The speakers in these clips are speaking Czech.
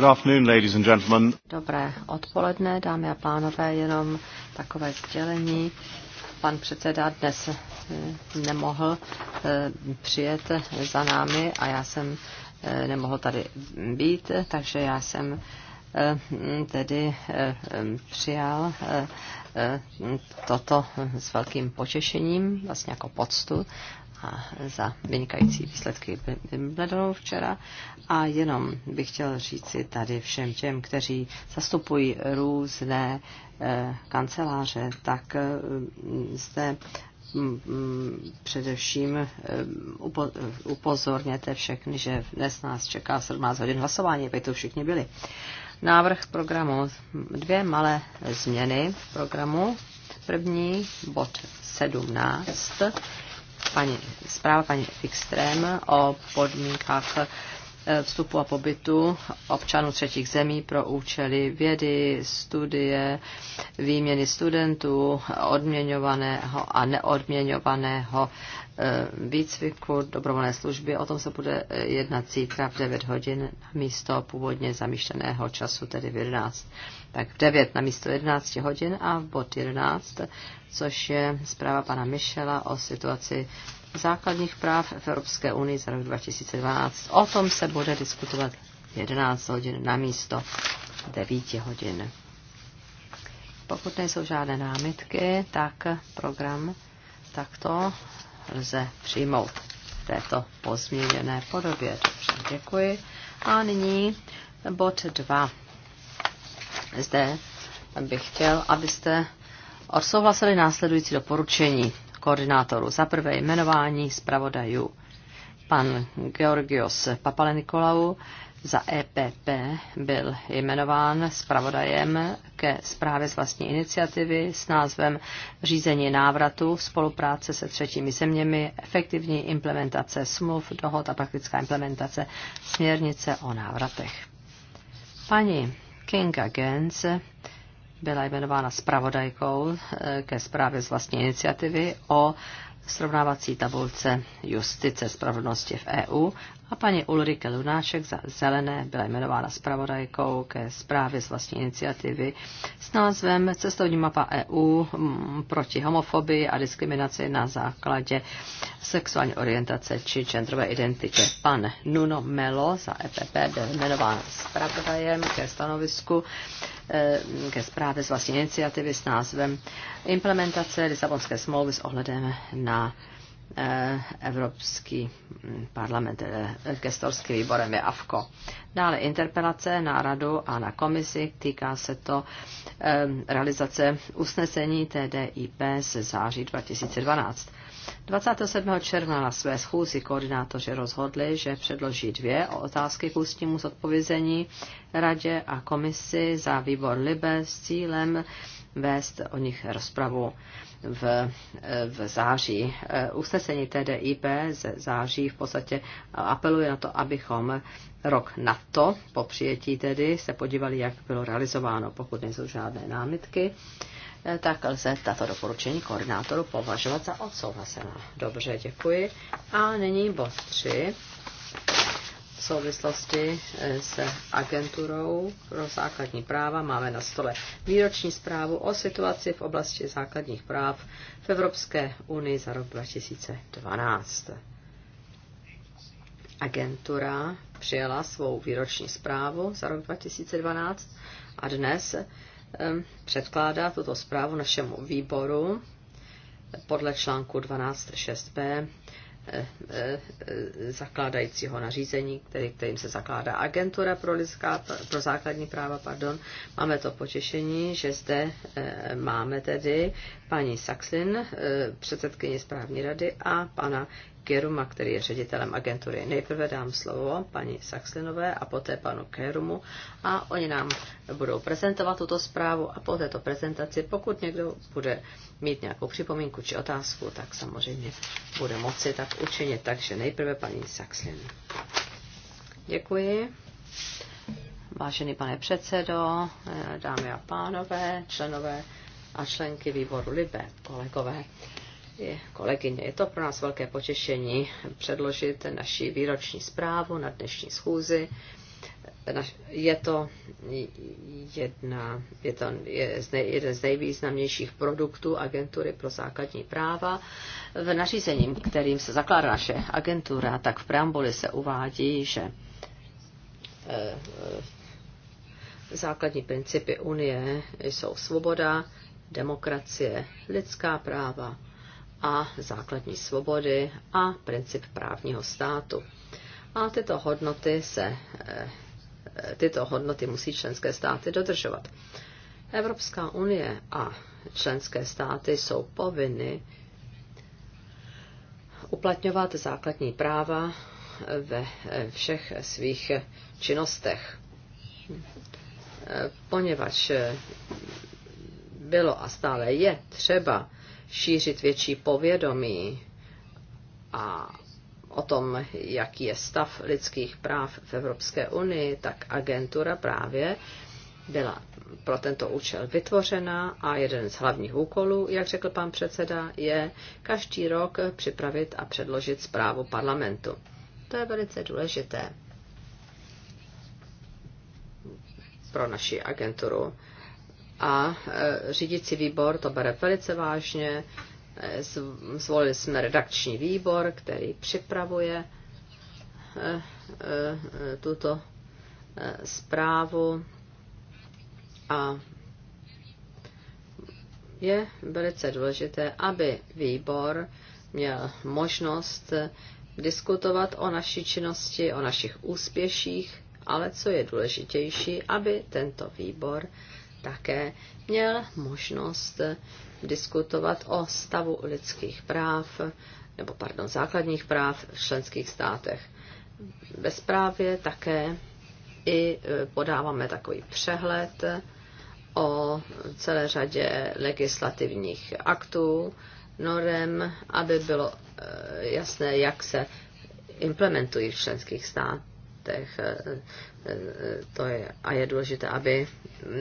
Good afternoon, ladies and gentlemen. Dobré odpoledne, dámy a pánové, jenom takové sdělení. Pan předseda dnes eh, nemohl eh, přijet za námi a já jsem eh, nemohl tady být, takže já jsem tedy přijal toto s velkým potěšením, vlastně jako poctu a za vynikající výsledky Wimbledonu včera. A jenom bych chtěl říci tady všem těm, kteří zastupují různé eh, kanceláře, tak eh, zde mm, mm, především eh, upozorněte všechny, že dnes nás čeká 17 hodin hlasování, aby tu všichni byli. Návrh programu. Dvě malé změny programu. První bod 17 paní, zpráva paní Fixtrem o podmínkách Eh, vstupu a pobytu občanů třetích zemí pro účely vědy, studie, výměny studentů, odměňovaného a neodměňovaného eh, výcviku, dobrovolné služby. O tom se bude jednat zítra v 9 hodin místo původně zamýšleného času, tedy v 11. Tak v 9 na místo 11 hodin a v bod 11, což je zpráva pana Michela o situaci základních práv v Evropské unii za rok 2012. O tom se bude diskutovat 11 hodin na místo 9 hodin. Pokud nejsou žádné námitky, tak program takto lze přijmout v této pozměněné podobě. Dobře, děkuji. A nyní bod 2. Zde bych chtěl, abyste odsouhlasili následující doporučení koordinátorů. Za prvé jmenování zpravodajů pan Georgios Papalenikolau za EPP byl jmenován zpravodajem ke zprávě z vlastní iniciativy s názvem Řízení návratu, spolupráce se třetími zeměmi, efektivní implementace smluv, dohod a praktická implementace směrnice o návratech. Paní Kinga Gens byla jmenována zpravodajkou eh, ke zprávě z vlastní iniciativy o srovnávací tabulce justice spravedlnosti v EU a paní Ulrike Lunáček za Zelené byla jmenována zpravodajkou ke zprávě z vlastní iniciativy s názvem Cestovní mapa EU mm, proti homofobii a diskriminaci na základě sexuální orientace či genderové identity. Pan Nuno Melo za EPP byl jmenován zpravodajem ke stanovisku eh, ke zprávě z vlastní iniciativy s názvem Implementace Lisabonské smlouvy s ohledem na Eh, Evropský mm, parlament, eh, gestorský výborem je AFKO. Dále interpelace na radu a na komisi, týká se to eh, realizace usnesení TDIP z září 2012. 27. června na své schůzi koordinátoři rozhodli, že předloží dvě otázky k ústnímu zodpovězení radě a komisi za výbor Libe s cílem vést o nich rozpravu v, v září. Usnesení TDIP z září v podstatě apeluje na to, abychom rok na to, po přijetí tedy, se podívali, jak bylo realizováno, pokud nejsou žádné námitky tak lze tato doporučení koordinátoru považovat za odsouhlasená. Dobře, děkuji. A nyní bod 3 v souvislosti eh, s agenturou pro základní práva máme na stole výroční zprávu o situaci v oblasti základních práv v Evropské unii za rok 2012. Agentura přijela svou výroční zprávu za rok 2012 a dnes eh, předkládá tuto zprávu našemu výboru podle článku 12.6b zakládajícího nařízení, který, kterým se zakládá agentura pro, lidská, pro základní práva. Pardon. Máme to potěšení, že zde eh, máme tedy paní Saxin, eh, předsedkyni správní rady a pana Keruma, který je ředitelem agentury. Nejprve dám slovo paní Saxlinové a poté panu Kerumu a oni nám budou prezentovat tuto zprávu a po této prezentaci, pokud někdo bude mít nějakou připomínku či otázku, tak samozřejmě bude moci tak učinit. Takže nejprve paní Saxlin. Děkuji. Vážený pane předsedo, dámy a pánové, členové a členky výboru Libe, kolegové. Je kolegyně. Je to pro nás velké potěšení předložit naši výroční zprávu na dnešní schůzi. Je to, jedna, je to je z jeden z nejvýznamnějších produktů agentury pro základní práva. V nařízení, kterým se zakládá naše agentura, tak v preambuli se uvádí, že eh, základní principy Unie jsou svoboda, demokracie, lidská práva, a základní svobody a princip právního státu. A tyto hodnoty, se, eh, tyto hodnoty musí členské státy dodržovat. Evropská unie a členské státy jsou povinny uplatňovat základní práva ve všech svých činnostech. Eh, poněvadž bylo a stále je třeba šířit větší povědomí a o tom, jaký je stav lidských práv v Evropské unii, tak agentura právě byla pro tento účel vytvořena a jeden z hlavních úkolů, jak řekl pan předseda, je každý rok připravit a předložit zprávu parlamentu. To je velice důležité pro naši agenturu a e, řídící výbor to bere velice vážně. E, zvolili jsme redakční výbor, který připravuje e, tuto zprávu a je velice důležité, aby výbor měl možnost diskutovat o naší činnosti, o našich úspěších, ale co je důležitější, aby tento výbor také měl možnost diskutovat o stavu lidských práv, nebo pardon, základních práv v členských státech. Ve zprávě také i e, podáváme takový přehled o celé řadě legislativních aktů, norem, aby bylo e, jasné, jak se implementují v členských stát, státech. Eh, eh, to je, a je důležité, aby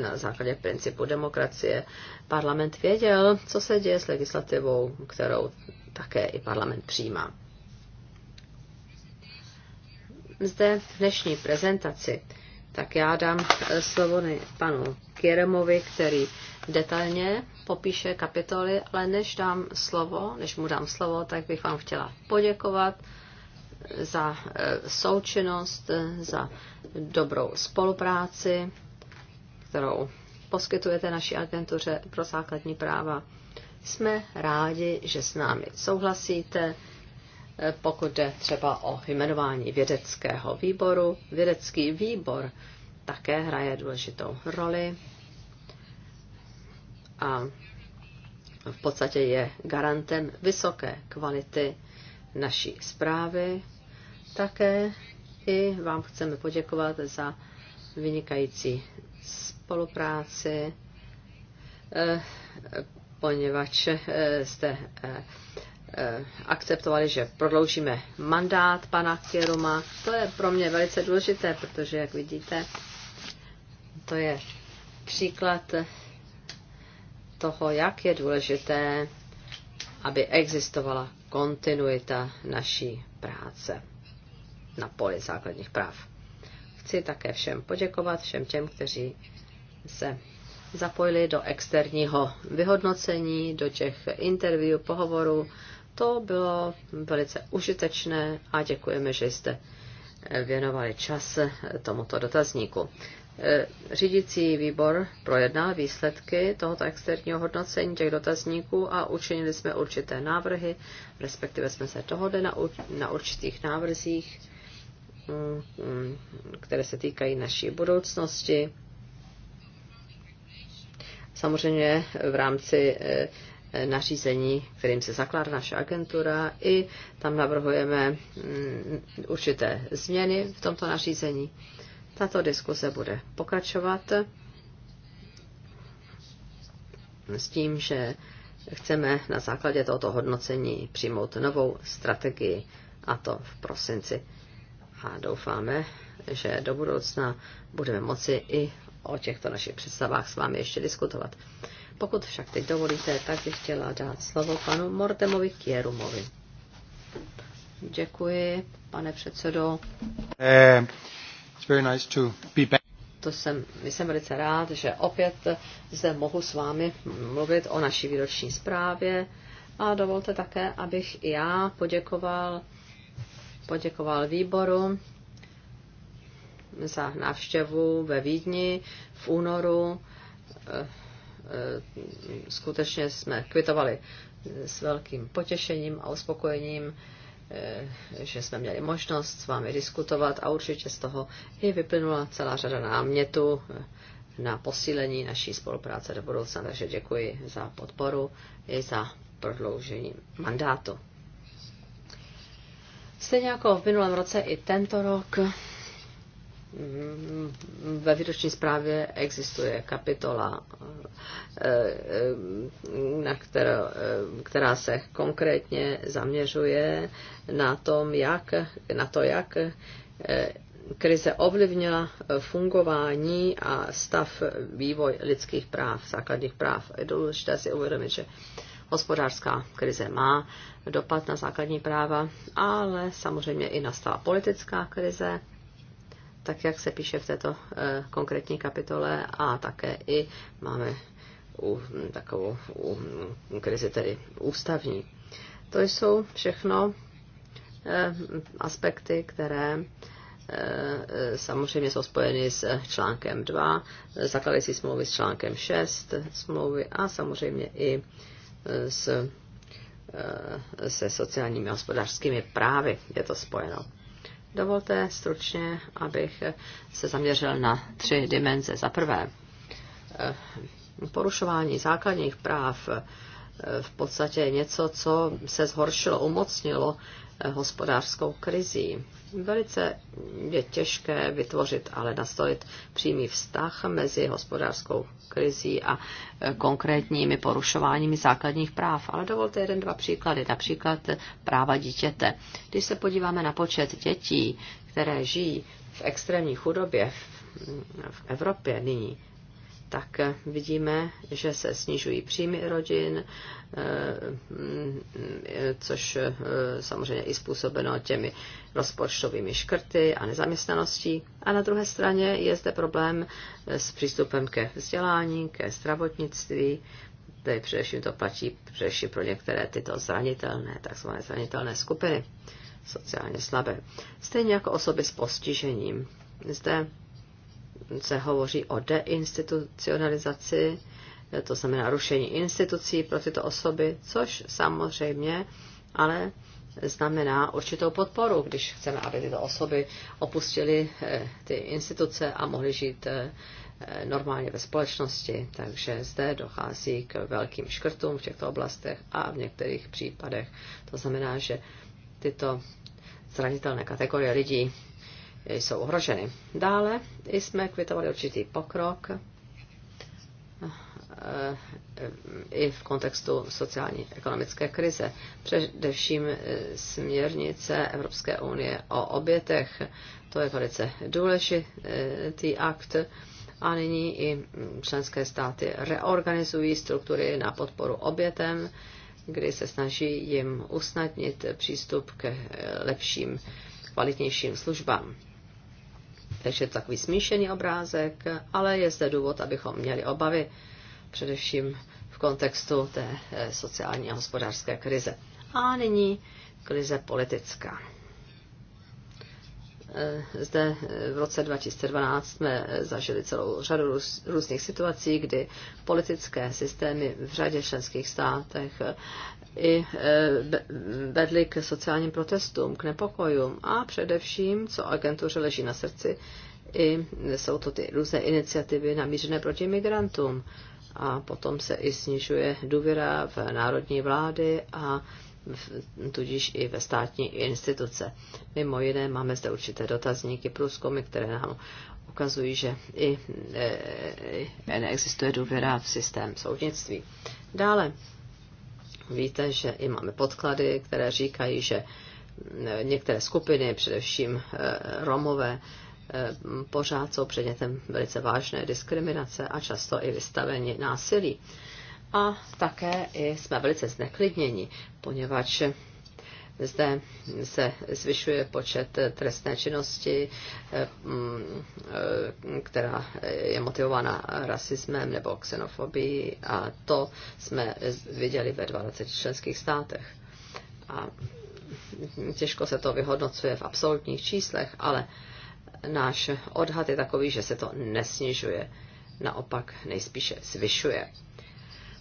na základě principu demokracie parlament věděl, co se děje s legislativou, kterou také i parlament přijímá. Zde v dnešní prezentaci tak já dám eh, slovo panu Kieremovi, který detailně popíše kapitoly, ale než dám slovo, než mu dám slovo, tak bych vám chtěla poděkovat za eh, součinnost, eh, za dobrou spolupráci, kterou poskytujete naší agentuře pro základní práva. Jsme rádi, že s námi souhlasíte, eh, pokud jde třeba o jmenování vědeckého výboru. Vědecký výbor také hraje důležitou roli a v podstatě je garantem vysoké kvality naší zprávy. Také i vám chceme poděkovat za vynikající spolupráci, eh, poněvadž eh, jste eh, akceptovali, že prodloužíme mandát pana Kiruma. To je pro mě velice důležité, protože, jak vidíte, to je příklad toho, jak je důležité, aby existovala kontinuita naší práce na poli základních práv. Chci také všem poděkovat, všem těm, kteří se zapojili do externího vyhodnocení, do těch interview, pohovorů. To bylo velice užitečné a děkujeme, že jste věnovali čas tomuto dotazníku. Eh, řídící výbor projednal výsledky tohoto externího hodnocení těch dotazníků a učinili jsme určité návrhy, respektive jsme se dohodli na, určitých návrzích, mm, mm, které se týkají naší budoucnosti. Samozřejmě v rámci eh, nařízení, kterým se zakládá naše agentura, i tam navrhujeme mm, určité změny v tomto nařízení. Tato diskuse bude pokračovat s tím, že chceme na základě tohoto hodnocení přijmout novou strategii, a to v prosinci. A doufáme, že do budoucna budeme moci i o těchto našich představách s vámi ještě diskutovat. Pokud však teď dovolíte, tak bych chtěla dát slovo panu Mortemovi Kierumovi. Děkuji, pane předsedo. Eh, to To jsem, jsem velice rád, že opět zde mohu s vámi mluvit o naší výroční zprávě a dovolte také, abych i já poděkoval, poděkoval výboru za návštěvu ve Vídni v únoru. Eh, eh, skutečně jsme kvitovali s velkým potěšením a uspokojením Eh, že jsme měli možnost s vámi diskutovat a určitě z toho i vyplynula celá řada námětů eh, na posílení naší spolupráce do budoucna. Takže děkuji za podporu i za prodloužení mandátu. Stejně jako v minulém roce i tento rok ve výroční zprávě existuje kapitola, eh, eh, na kterou, eh, která se konkrétně zaměřuje na, tom, jak, na to, jak krize ovlivnila fungování a stav vývoj lidských práv, základních práv. Je důležité si uvědomit, že hospodářská krize má dopad na základní práva, ale samozřejmě i nastala politická krize, tak jak se píše v této eh, konkrétní kapitole a také i máme u, takovou u, krizi tedy ústavní. To jsou všechno eh, aspekty, které eh, samozřejmě jsou spojeny s článkem 2, zakladající smlouvy s článkem 6 smlouvy a samozřejmě i s, se sociálními a hospodářskými právy je to spojeno. Dovolte stručně, abych se zaměřil na tři dimenze. Za prvé, eh, porušování základních práv eh, v podstatě je něco, co se zhoršilo, umocnilo hospodářskou krizí. Velice je těžké vytvořit, ale nastolit přímý vztah mezi hospodářskou krizí a eh, konkrétními porušováními základních práv. Ale dovolte jeden, dva příklady, například práva dítěte. Když se podíváme na počet dětí, které žijí v extrémní chudobě v Evropě nyní, tak vidíme, že se snižují příjmy rodin, eh, mm, což eh, samozřejmě i způsobeno těmi rozpočtovými škrty a nezaměstnaností. A na druhé straně je zde problém s přístupem ke vzdělání, ke zdravotnictví, tedy především to platí především pro některé tyto zranitelné, takzvané zranitelné skupiny, sociálně slabé. Stejně jako osoby s postižením. Zde se hovoří o deinstitucionalizaci, to znamená rušení institucí pro tyto osoby, což samozřejmě ale znamená určitou podporu, když chceme, aby tyto osoby opustily eh, ty instituce a mohly žít eh, normálně ve společnosti. Takže zde dochází k velkým škrtům v těchto oblastech a v některých případech. To znamená, že tyto zranitelné kategorie lidí jsou ohroženy. Dále jsme kvitovali určitý pokrok eh, eh, i v kontextu sociální ekonomické krize. Především eh, směrnice Evropské unie o obětech, to je velice důležitý akt. A nyní i členské státy reorganizují struktury na podporu obětem, kdy se snaží jim usnadnit přístup k lepším, kvalitnějším službám. Takže to takový smíšený obrázek, ale je zde důvod, abychom měli obavy, především v kontextu té eh, sociální a hospodářské krize. A nyní krize politická. Eh, zde eh, v roce 2012 jsme zažili celou řadu různých situací, kdy politické systémy v řadě členských státech i e, vedly k sociálním protestům, k nepokojům a především, co agentuře leží na srdci, i jsou to ty různé iniciativy namířené proti migrantům. A potom se i snižuje důvěra v národní vlády a v, tudíž i ve státní instituce. Mimo jiné máme zde určité dotazníky, průzkumy, které nám ukazují, že i e, neexistuje důvěra v systém soudnictví. Dále víte, že i máme podklady, které říkají, že některé skupiny, především eh, Romové, eh, pořád jsou předmětem velice vážné diskriminace a často i vystaveni násilí. A také jsme velice zneklidněni, poněvadž zde se zvyšuje počet trestné činnosti, eh, která je motivována rasismem nebo xenofobií a to jsme viděli ve 20 členských státech. A těžko se to vyhodnocuje v absolutních číslech, ale náš odhad je takový, že se to nesnižuje, naopak nejspíše zvyšuje.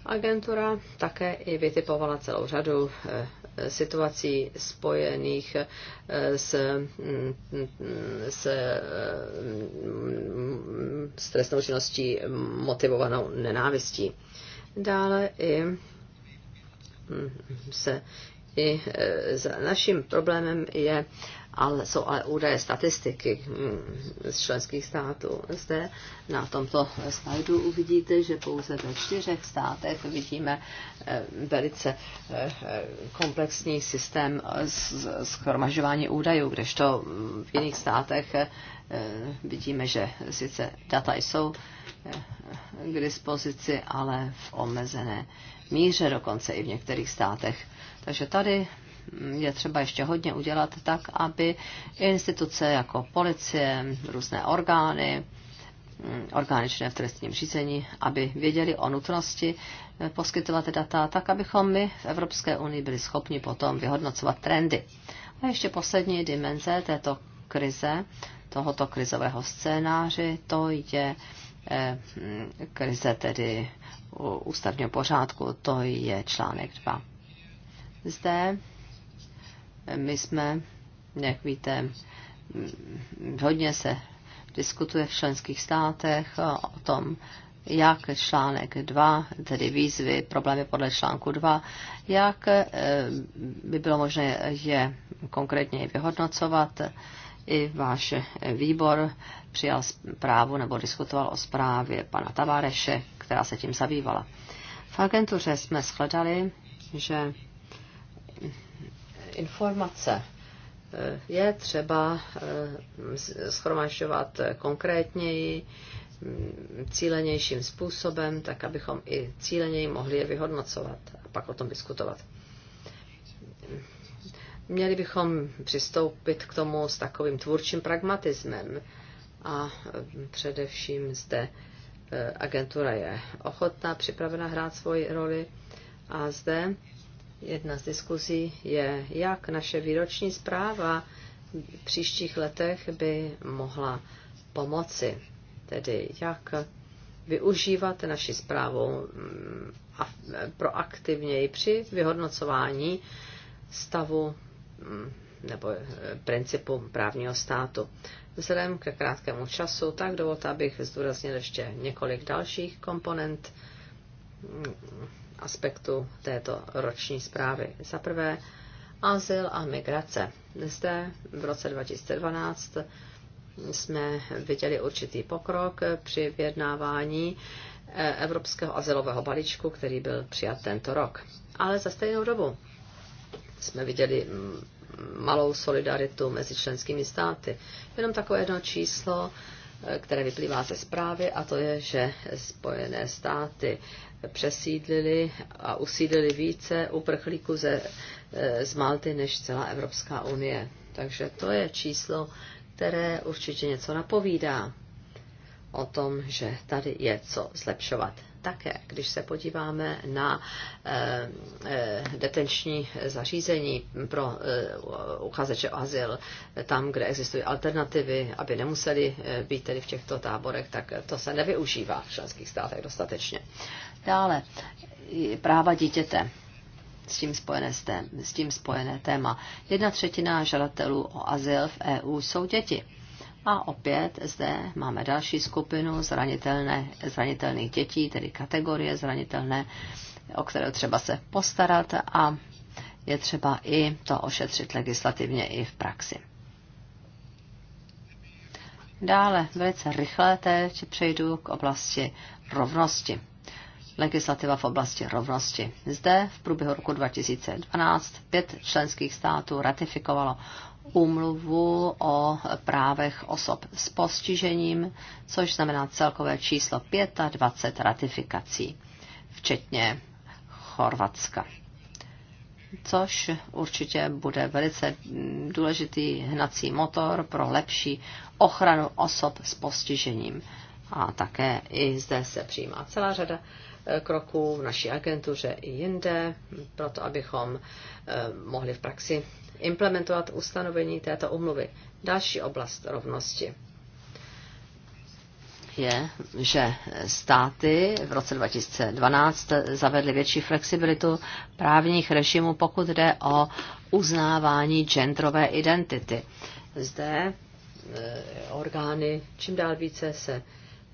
Agentura také i vytipovala celou řadu eh, situací spojených eh, s, mm, s, eh, s trestnou činností motivovanou nenávistí. Dále i mm, se i eh, za naším problémem je ale jsou ale údaje statistiky hm, z členských států. Zde na tomto slajdu uvidíte, že pouze ve čtyřech státech vidíme eh, velice eh, komplexní systém schromažování údajů, kdežto v jiných státech eh, vidíme, že sice data jsou k dispozici, ale v omezené míře dokonce i v některých státech. Takže tady je třeba ještě hodně udělat tak, aby instituce jako policie, různé orgány, orgány v trestním řízení, aby věděli o nutnosti eh, poskytovat data, tak abychom my v Evropské unii byli schopni potom vyhodnocovat trendy. A ještě poslední dimenze této krize, tohoto krizového scénáře, to je eh, krize tedy ústavního pořádku, to je článek 2. Zde my jsme, jak víte, hodně se diskutuje v členských státech o tom, jak článek 2, tedy výzvy, problémy podle článku 2, jak eh, by bylo možné je konkrétně vyhodnocovat. I váš výbor přijal zprávu nebo diskutoval o zprávě pana Tavareše, která se tím zabývala. V agentuře jsme shledali, že informace eh, je třeba eh, schromažďovat konkrétněji, mm, cílenějším způsobem, tak abychom i cíleněji mohli je vyhodnocovat a pak o tom diskutovat. Měli bychom přistoupit k tomu s takovým tvůrčím pragmatismem a eh, především zde agentura je ochotná, připravena hrát svoji roli a zde Jedna z diskuzí je, jak naše výroční zpráva v příštích letech by mohla pomoci. Tedy jak využívat naši zprávu mm, proaktivněji při vyhodnocování stavu mm, nebo e, principu právního státu. Vzhledem ke krátkému času, tak dovolte, abych zdůraznil ještě několik dalších komponent, mm, aspektu této roční zprávy. Za prvé, azyl a migrace. Zde v roce 2012 jsme viděli určitý pokrok při vyjednávání eh, Evropského azylového balíčku, který byl přijat tento rok. Ale za stejnou dobu jsme viděli mm, malou solidaritu mezi členskými státy. Jenom takové jedno číslo, eh, které vyplývá ze zprávy, a to je, že Spojené státy přesídlili a usídlili více uprchlíků ze, eh, z Malty než celá Evropská unie. Takže to je číslo, které určitě něco napovídá o tom, že tady je co zlepšovat také, když se podíváme na eh, eh, detenční zařízení pro eh, uchazeče o azyl, tam, kde existují alternativy, aby nemuseli být tedy v těchto táborech, tak to se nevyužívá v členských státech dostatečně. Dále, práva dítěte s tím spojené, s tím spojené téma. Jedna třetina žadatelů o azyl v EU jsou děti. A opět zde máme další skupinu zranitelné, zranitelných dětí, tedy kategorie zranitelné, o které třeba se postarat a je třeba i to ošetřit legislativně i v praxi. Dále velice rychle teď přejdu k oblasti rovnosti. Legislativa v oblasti rovnosti. Zde v průběhu roku 2012 pět členských států ratifikovalo úmluvu o právech osob s postižením, což znamená celkové číslo 25 ratifikací, včetně Chorvatska. Což určitě bude velice důležitý hnací motor pro lepší ochranu osob s postižením. A také i zde se přijímá celá řada eh, kroků v naší agentuře i jinde, proto abychom eh, mohli v praxi implementovat ustanovení této umluvy. Další oblast rovnosti je, že státy v roce 2012 zavedly větší flexibilitu právních režimů, pokud jde o uznávání genderové identity. Zde e, orgány čím dál více se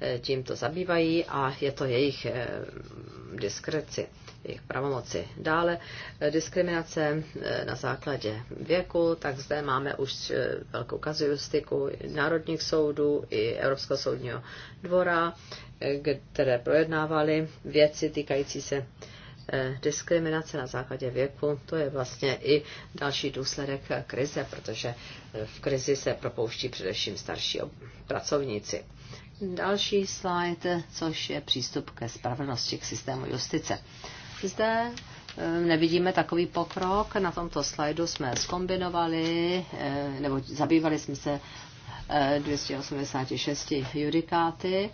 e, tímto zabývají a je to jejich e, diskreci jejich pravomoci. Dále eh, diskriminace eh, na základě věku, tak zde máme už eh, velkou kazuistiku národních soudů i Evropského soudního dvora, které projednávaly věci týkající se diskriminace na základě věku, to je vlastně i další důsledek krize, protože v krizi se propouští především starší pracovníci. Další slide, což je přístup ke spravedlnosti, k systému justice. Zde eh, nevidíme takový pokrok. Na tomto slajdu jsme skombinovali, eh, nebo zabývali jsme se 286 eh, judikáty,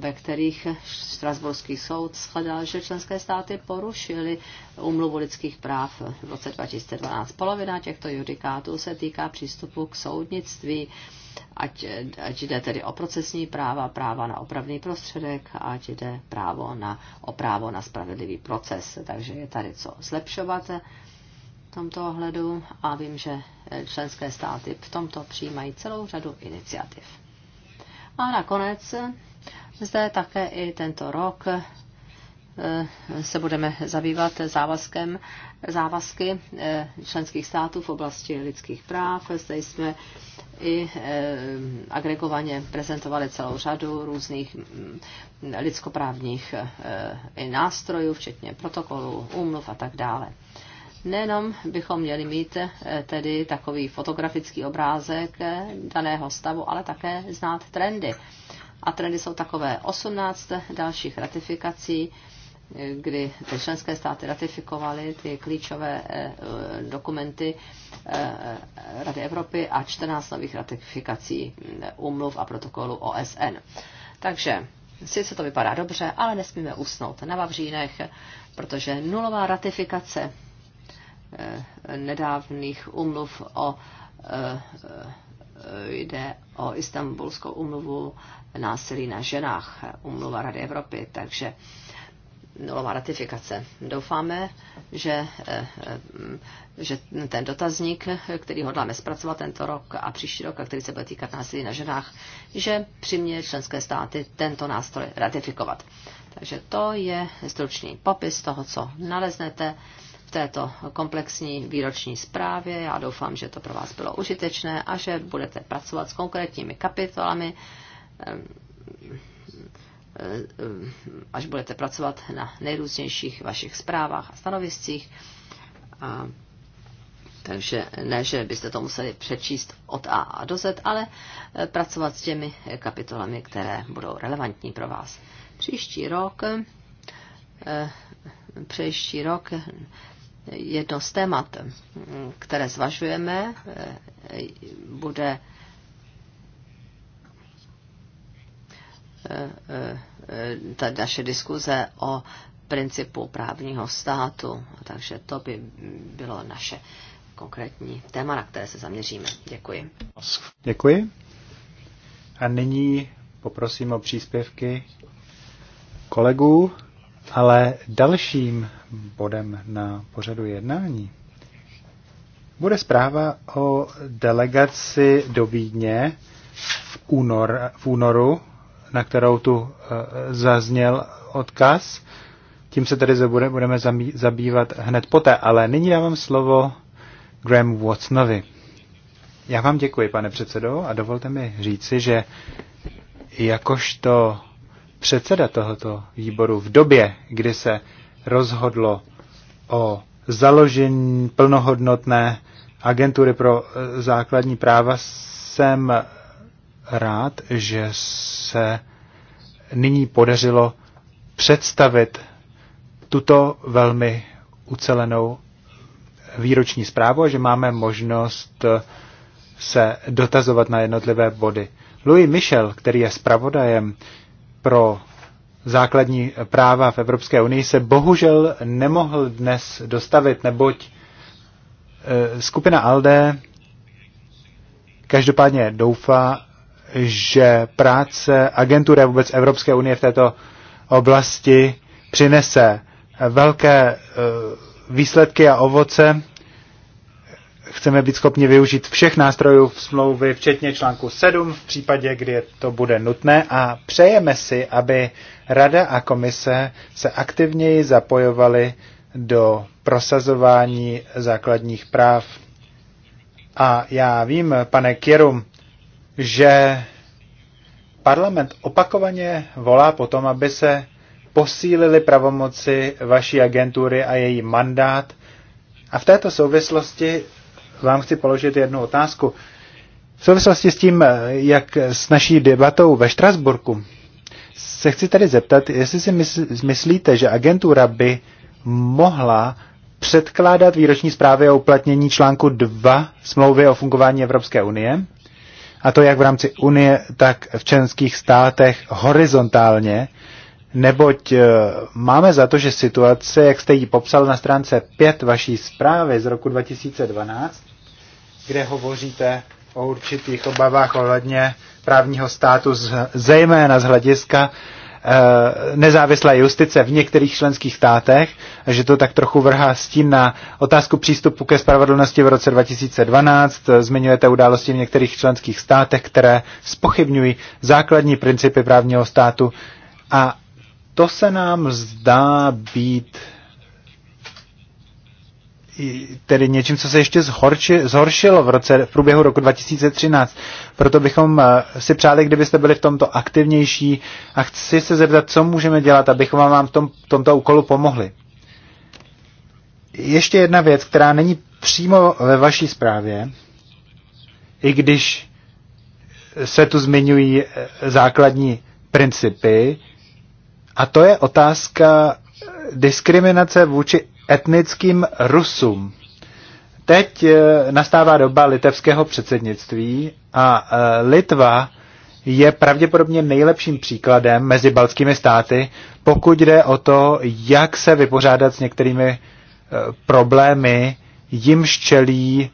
ve kterých Strasburský soud shledal, že členské státy porušily umluvu lidských práv v roce 2012. Polovina těchto judikátů se týká přístupu k soudnictví ať, ať jde tedy o procesní práva, práva na opravný prostředek, ať jde právo na, o právo na spravedlivý proces. Takže je tady co zlepšovat v tomto ohledu a vím, že členské státy v tomto přijímají celou řadu iniciativ. A nakonec zde také i tento rok Eh, se budeme zabývat závazkem, závazky eh, členských států v oblasti lidských práv. Zde jsme i eh, agregovaně prezentovali celou řadu různých mm, lidskoprávních nástrojů, včetně protokolů, úmluv a tak dále. Nejenom bychom měli mít tedy takový fotografický obrázek daného stavu, ale také znát trendy. A trendy jsou takové 18 dalších ratifikací, kdy členské státy ratifikovaly ty klíčové eh, dokumenty eh, Rady Evropy a 14 nových ratifikací umluv eh, a protokolu OSN. Takže sice to vypadá dobře, ale nesmíme usnout na Vavřínech, protože nulová ratifikace nedávných umluv o jde o istambulskou umluvu násilí na ženách, umluva Rady Evropy, takže nulová ratifikace. Doufáme, že, eh, že ten dotazník, který hodláme zpracovat tento rok a příští rok, a který se bude týkat násilí na ženách, že přiměje členské státy tento nástroj ratifikovat. Takže to je stručný popis toho, co naleznete v této komplexní výroční zprávě. Já doufám, že to pro vás bylo užitečné a že budete pracovat s konkrétními kapitolami eh, Eh, až budete pracovat na nejrůznějších vašich zprávách a stanoviscích. A, takže ne, že byste to museli přečíst od A do Z, ale eh, pracovat s těmi kapitolami, které budou relevantní pro vás. Příští rok, eh, příští rok jedno z témat, které zvažujeme, bude Eh, eh, eh, ta naše diskuze o principu právního státu. Takže to by bylo naše konkrétní téma, na které se zaměříme. Děkuji. Děkuji. A nyní poprosím o příspěvky kolegů, ale dalším bodem na pořadu jednání bude zpráva o delegaci do Vídně v, únor, v únoru na kterou tu eh, zazněl odkaz. Tím se tedy budeme zabývat hned poté, ale nyní dávám slovo Graham Watsonovi. Já vám děkuji, pane předsedo, a dovolte mi říci, že jakožto předseda tohoto výboru v době, kdy se rozhodlo o založení plnohodnotné agentury pro eh, základní práva, jsem rád, že se nyní podařilo představit tuto velmi ucelenou výroční zprávu a že máme možnost se dotazovat na jednotlivé body. Louis Michel, který je zpravodajem pro základní práva v Evropské unii, se bohužel nemohl dnes dostavit, neboť eh, skupina ALDE každopádně doufá, že práce agentury a vůbec Evropské unie v této oblasti přinese velké eh, výsledky a ovoce. Chceme být schopni využít všech nástrojů v smlouvy, včetně článku 7, v případě, kdy to bude nutné a přejeme si, aby Rada a komise se aktivněji zapojovaly do prosazování základních práv. A já vím, pane Kierum, že parlament opakovaně volá po tom, aby se posílily pravomoci vaší agentury a její mandát. A v této souvislosti vám chci položit jednu otázku. V souvislosti s tím, jak s naší debatou ve Štrasburku, se chci tady zeptat, jestli si myslíte, že agentura by mohla předkládat výroční zprávy o uplatnění článku 2 smlouvy o fungování Evropské unie a to jak v rámci Unie, tak v členských státech horizontálně, neboť e, máme za to, že situace, jak jste ji popsal na stránce 5 vaší zprávy z roku 2012, kde hovoříte o určitých obavách ohledně právního státu, zejména z hlediska Eh, nezávislé justice v některých členských státech, že to tak trochu vrhá s tím na otázku přístupu ke spravedlnosti v roce 2012. Zmiňujete události v některých členských státech, které spochybňují základní principy právního státu a to se nám zdá být tedy něčím, co se ještě zhorči, zhoršilo v, roce, v průběhu roku 2013. Proto bychom eh, si přáli, kdybyste byli v tomto aktivnější a chci se zeptat, co můžeme dělat, abychom vám v tom, tomto úkolu pomohli. Ještě jedna věc, která není přímo ve vaší zprávě, i když se tu zmiňují eh, základní principy, a to je otázka diskriminace vůči etnickým Rusům. Teď eh, nastává doba litevského předsednictví a eh, Litva je pravděpodobně nejlepším příkladem mezi baltskými státy, pokud jde o to, jak se vypořádat s některými eh, problémy, jimž čelí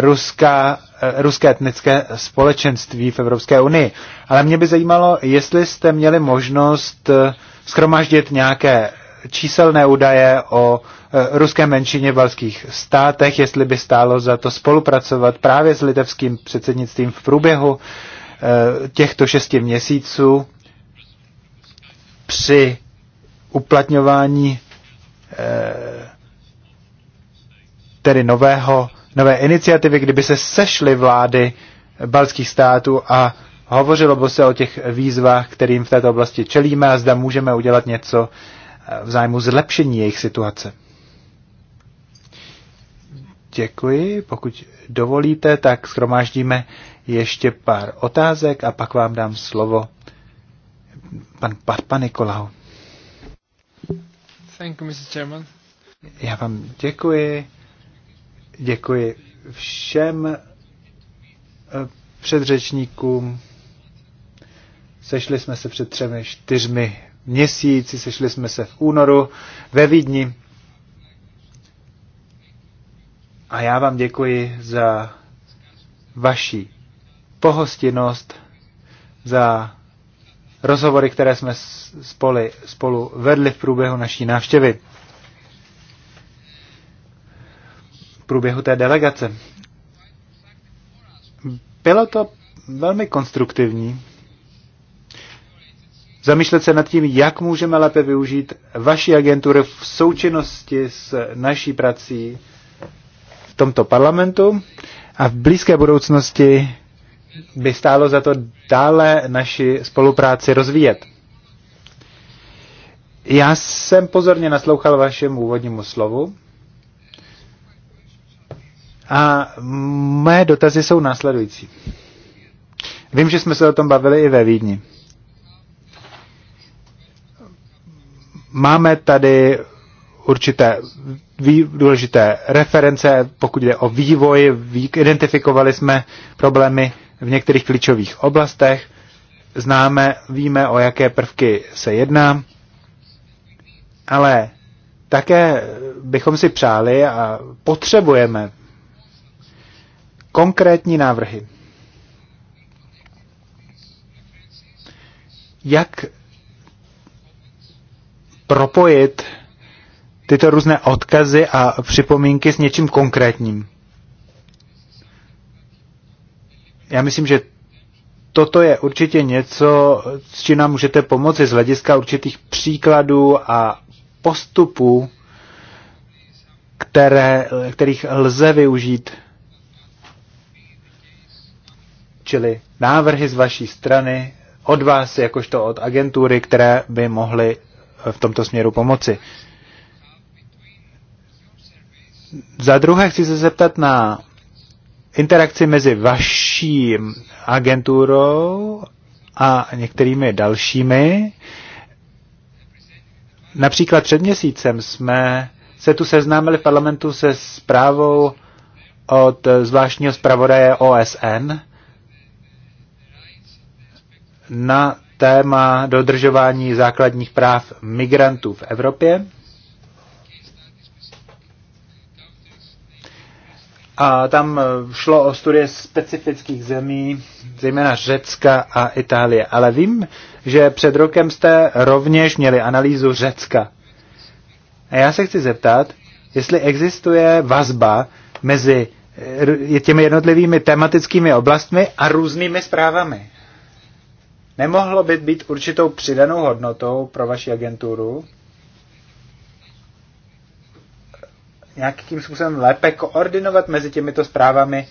ruská, ruské etnické společenství v Evropské unii. Ale mě by zajímalo, jestli jste měli možnost schromaždit nějaké číselné údaje o e, ruské menšině v balských státech, jestli by stálo za to spolupracovat právě s litevským předsednictvím v průběhu e, těchto šesti měsíců při uplatňování e, tedy nového, nové iniciativy, kdyby se sešly vlády balských států a hovořilo by se o těch výzvách, kterým v této oblasti čelíme a zda můžeme udělat něco v zájmu zlepšení jejich situace. Děkuji. Pokud dovolíte, tak schromáždíme ještě pár otázek a pak vám dám slovo. Pan Parpa Nikolau. Thank you, Mr. Chairman. Já vám děkuji. Děkuji všem eh, předřečníkům. Sešli jsme se před třemi, čtyřmi měsíci, sešli jsme se v únoru ve Vídni. A já vám děkuji za vaši pohostinnost, za rozhovory, které jsme spoli, spolu vedli v průběhu naší návštěvy. V průběhu té delegace. Bylo to velmi konstruktivní zamýšlet se nad tím, jak můžeme lépe využít vaši agenturu v součinnosti s naší prací v tomto parlamentu a v blízké budoucnosti by stálo za to dále naši spolupráci rozvíjet. Já jsem pozorně naslouchal vašemu úvodnímu slovu a mé dotazy jsou následující. Vím, že jsme se o tom bavili i ve Vídni. Máme tady určité důležité reference, pokud jde o vývoj, identifikovali jsme problémy v některých klíčových oblastech, známe, víme, o jaké prvky se jedná, ale také bychom si přáli a potřebujeme konkrétní návrhy. Jak propojit tyto různé odkazy a připomínky s něčím konkrétním. Já myslím, že toto je určitě něco, s čím nám můžete pomoci z hlediska určitých příkladů a postupů, které, kterých lze využít, čili návrhy z vaší strany, od vás, jakožto od agentury, které by mohly v tomto směru pomoci. Za druhé chci se zeptat na interakci mezi vaší agenturou a některými dalšími. Například před měsícem jsme se tu seznámili v parlamentu se zprávou od zvláštního zpravodaje OSN na téma dodržování základních práv migrantů v Evropě. A tam eh, šlo o studie specifických zemí, zejména Řecka a Itálie. Ale vím, že před rokem jste rovněž měli analýzu Řecka. A já se chci zeptat, jestli existuje vazba mezi eh, těmi jednotlivými tematickými oblastmi a různými zprávami nemohlo by být určitou přidanou hodnotou pro vaši agenturu? Nějakým způsobem lépe koordinovat mezi těmito zprávami,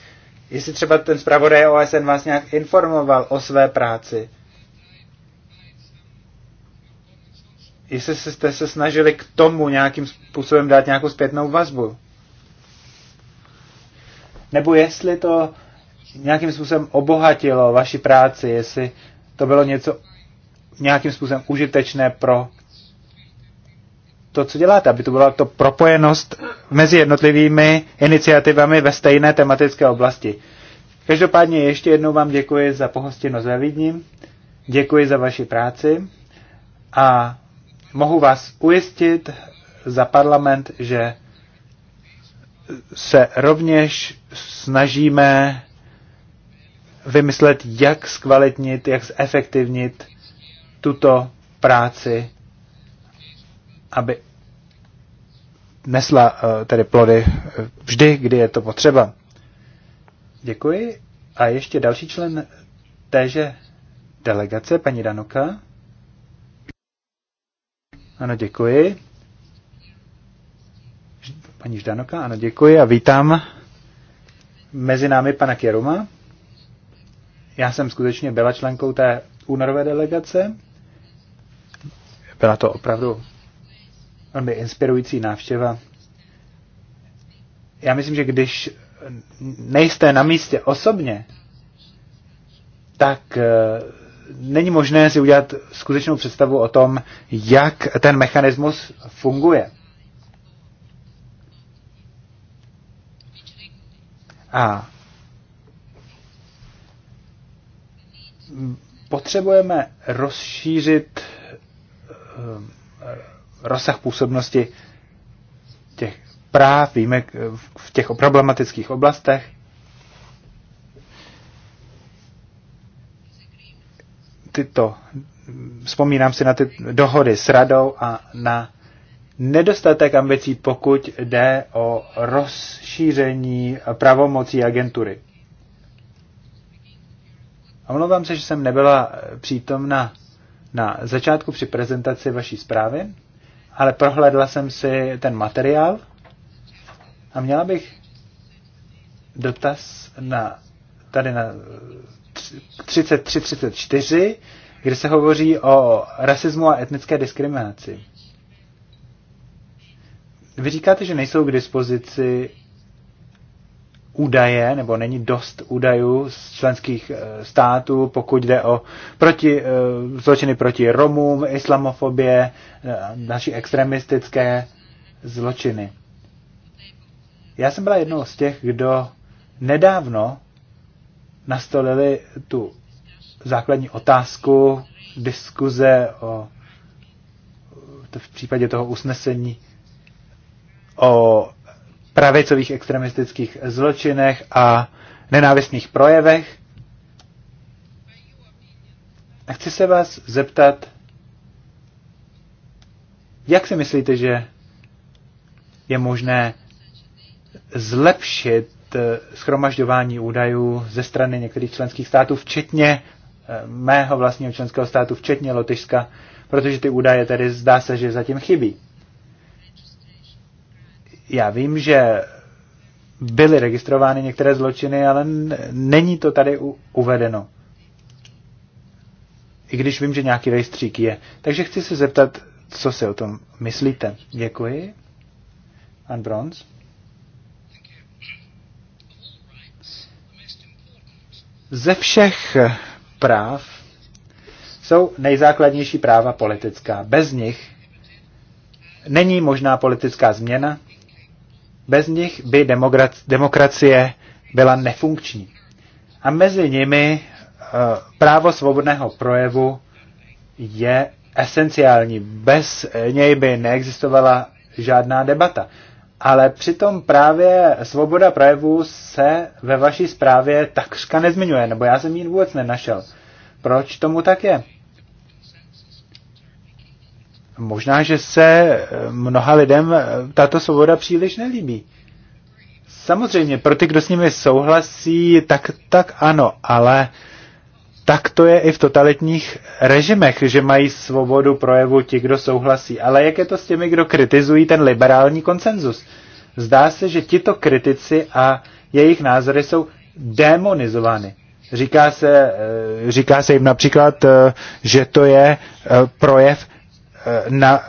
jestli třeba ten zpravodaj OSN vás nějak informoval o své práci. Jestli jste se snažili k tomu nějakým způsobem dát nějakou zpětnou vazbu. Nebo jestli to nějakým způsobem obohatilo vaši práci, jestli to bylo něco nějakým způsobem užitečné pro to, co děláte, aby to byla to propojenost mezi jednotlivými iniciativami ve stejné tematické oblasti. Každopádně ještě jednou vám děkuji za pohostinnost ve Vídni, děkuji za vaši práci a mohu vás ujistit za parlament, že se rovněž snažíme vymyslet, jak zkvalitnit, jak zefektivnit tuto práci, aby nesla eh, tedy plody eh, vždy, kdy je to potřeba. Děkuji. A ještě další člen téže delegace, paní Danoka. Ano, děkuji. Paní Ždanoka, ano, děkuji a vítám mezi námi pana Kieruma. Já jsem skutečně byla členkou té únorové delegace. Byla to opravdu velmi inspirující návštěva. Já myslím, že když nejste na místě osobně, tak eh, není možné si udělat skutečnou představu o tom, jak ten mechanismus funguje. A potřebujeme rozšířit eh, rozsah působnosti těch práv, víme v těch problematických oblastech. Tyto, vzpomínám si na ty dohody s radou a na nedostatek ambicí, pokud jde o rozšíření pravomocí agentury. A omlouvám se, že jsem nebyla eh, přítomna na začátku při prezentaci vaší zprávy, ale prohlédla jsem si ten materiál a měla bych dotaz na, tady na 33-34, kde se hovoří o rasismu a etnické diskriminaci. Vy říkáte, že nejsou k dispozici údaje, nebo není dost údajů z členských eh, států, pokud jde o proti, eh, zločiny proti Romům, islamofobie, eh, naši extremistické zločiny. Já jsem byla jednou z těch, kdo nedávno nastolili tu základní otázku diskuze o v případě toho usnesení o pravicových extremistických zločinech a nenávistných projevech. A chci se vás zeptat, jak si myslíte, že je možné zlepšit eh, schromažďování údajů ze strany některých členských států, včetně eh, mého vlastního členského státu, včetně Lotyšska, protože ty údaje tedy zdá se, že zatím chybí já vím, že byly registrovány některé zločiny, ale není to tady uvedeno. I když vím, že nějaký rejstřík je. Takže chci se zeptat, co si o tom myslíte. Děkuji. An Bronz. Ze všech práv jsou nejzákladnější práva politická. Bez nich není možná politická změna, bez nich by demokracie byla nefunkční. A mezi nimi eh, právo svobodného projevu je esenciální. Bez něj by neexistovala žádná debata. Ale přitom právě svoboda projevu se ve vaší zprávě takřka nezmiňuje, nebo já jsem ji vůbec nenašel. Proč tomu tak je? Možná, že se eh, mnoha lidem eh, tato svoboda příliš nelíbí. Samozřejmě, pro ty, kdo s nimi souhlasí, tak, tak ano, ale tak to je i v totalitních režimech, že mají svobodu projevu ti, kdo souhlasí. Ale jak je to s těmi, kdo kritizují ten liberální konsenzus? Zdá se, že tito kritici a jejich názory jsou demonizovány. Říká se, eh, říká se jim například, že to je projev Eh, na,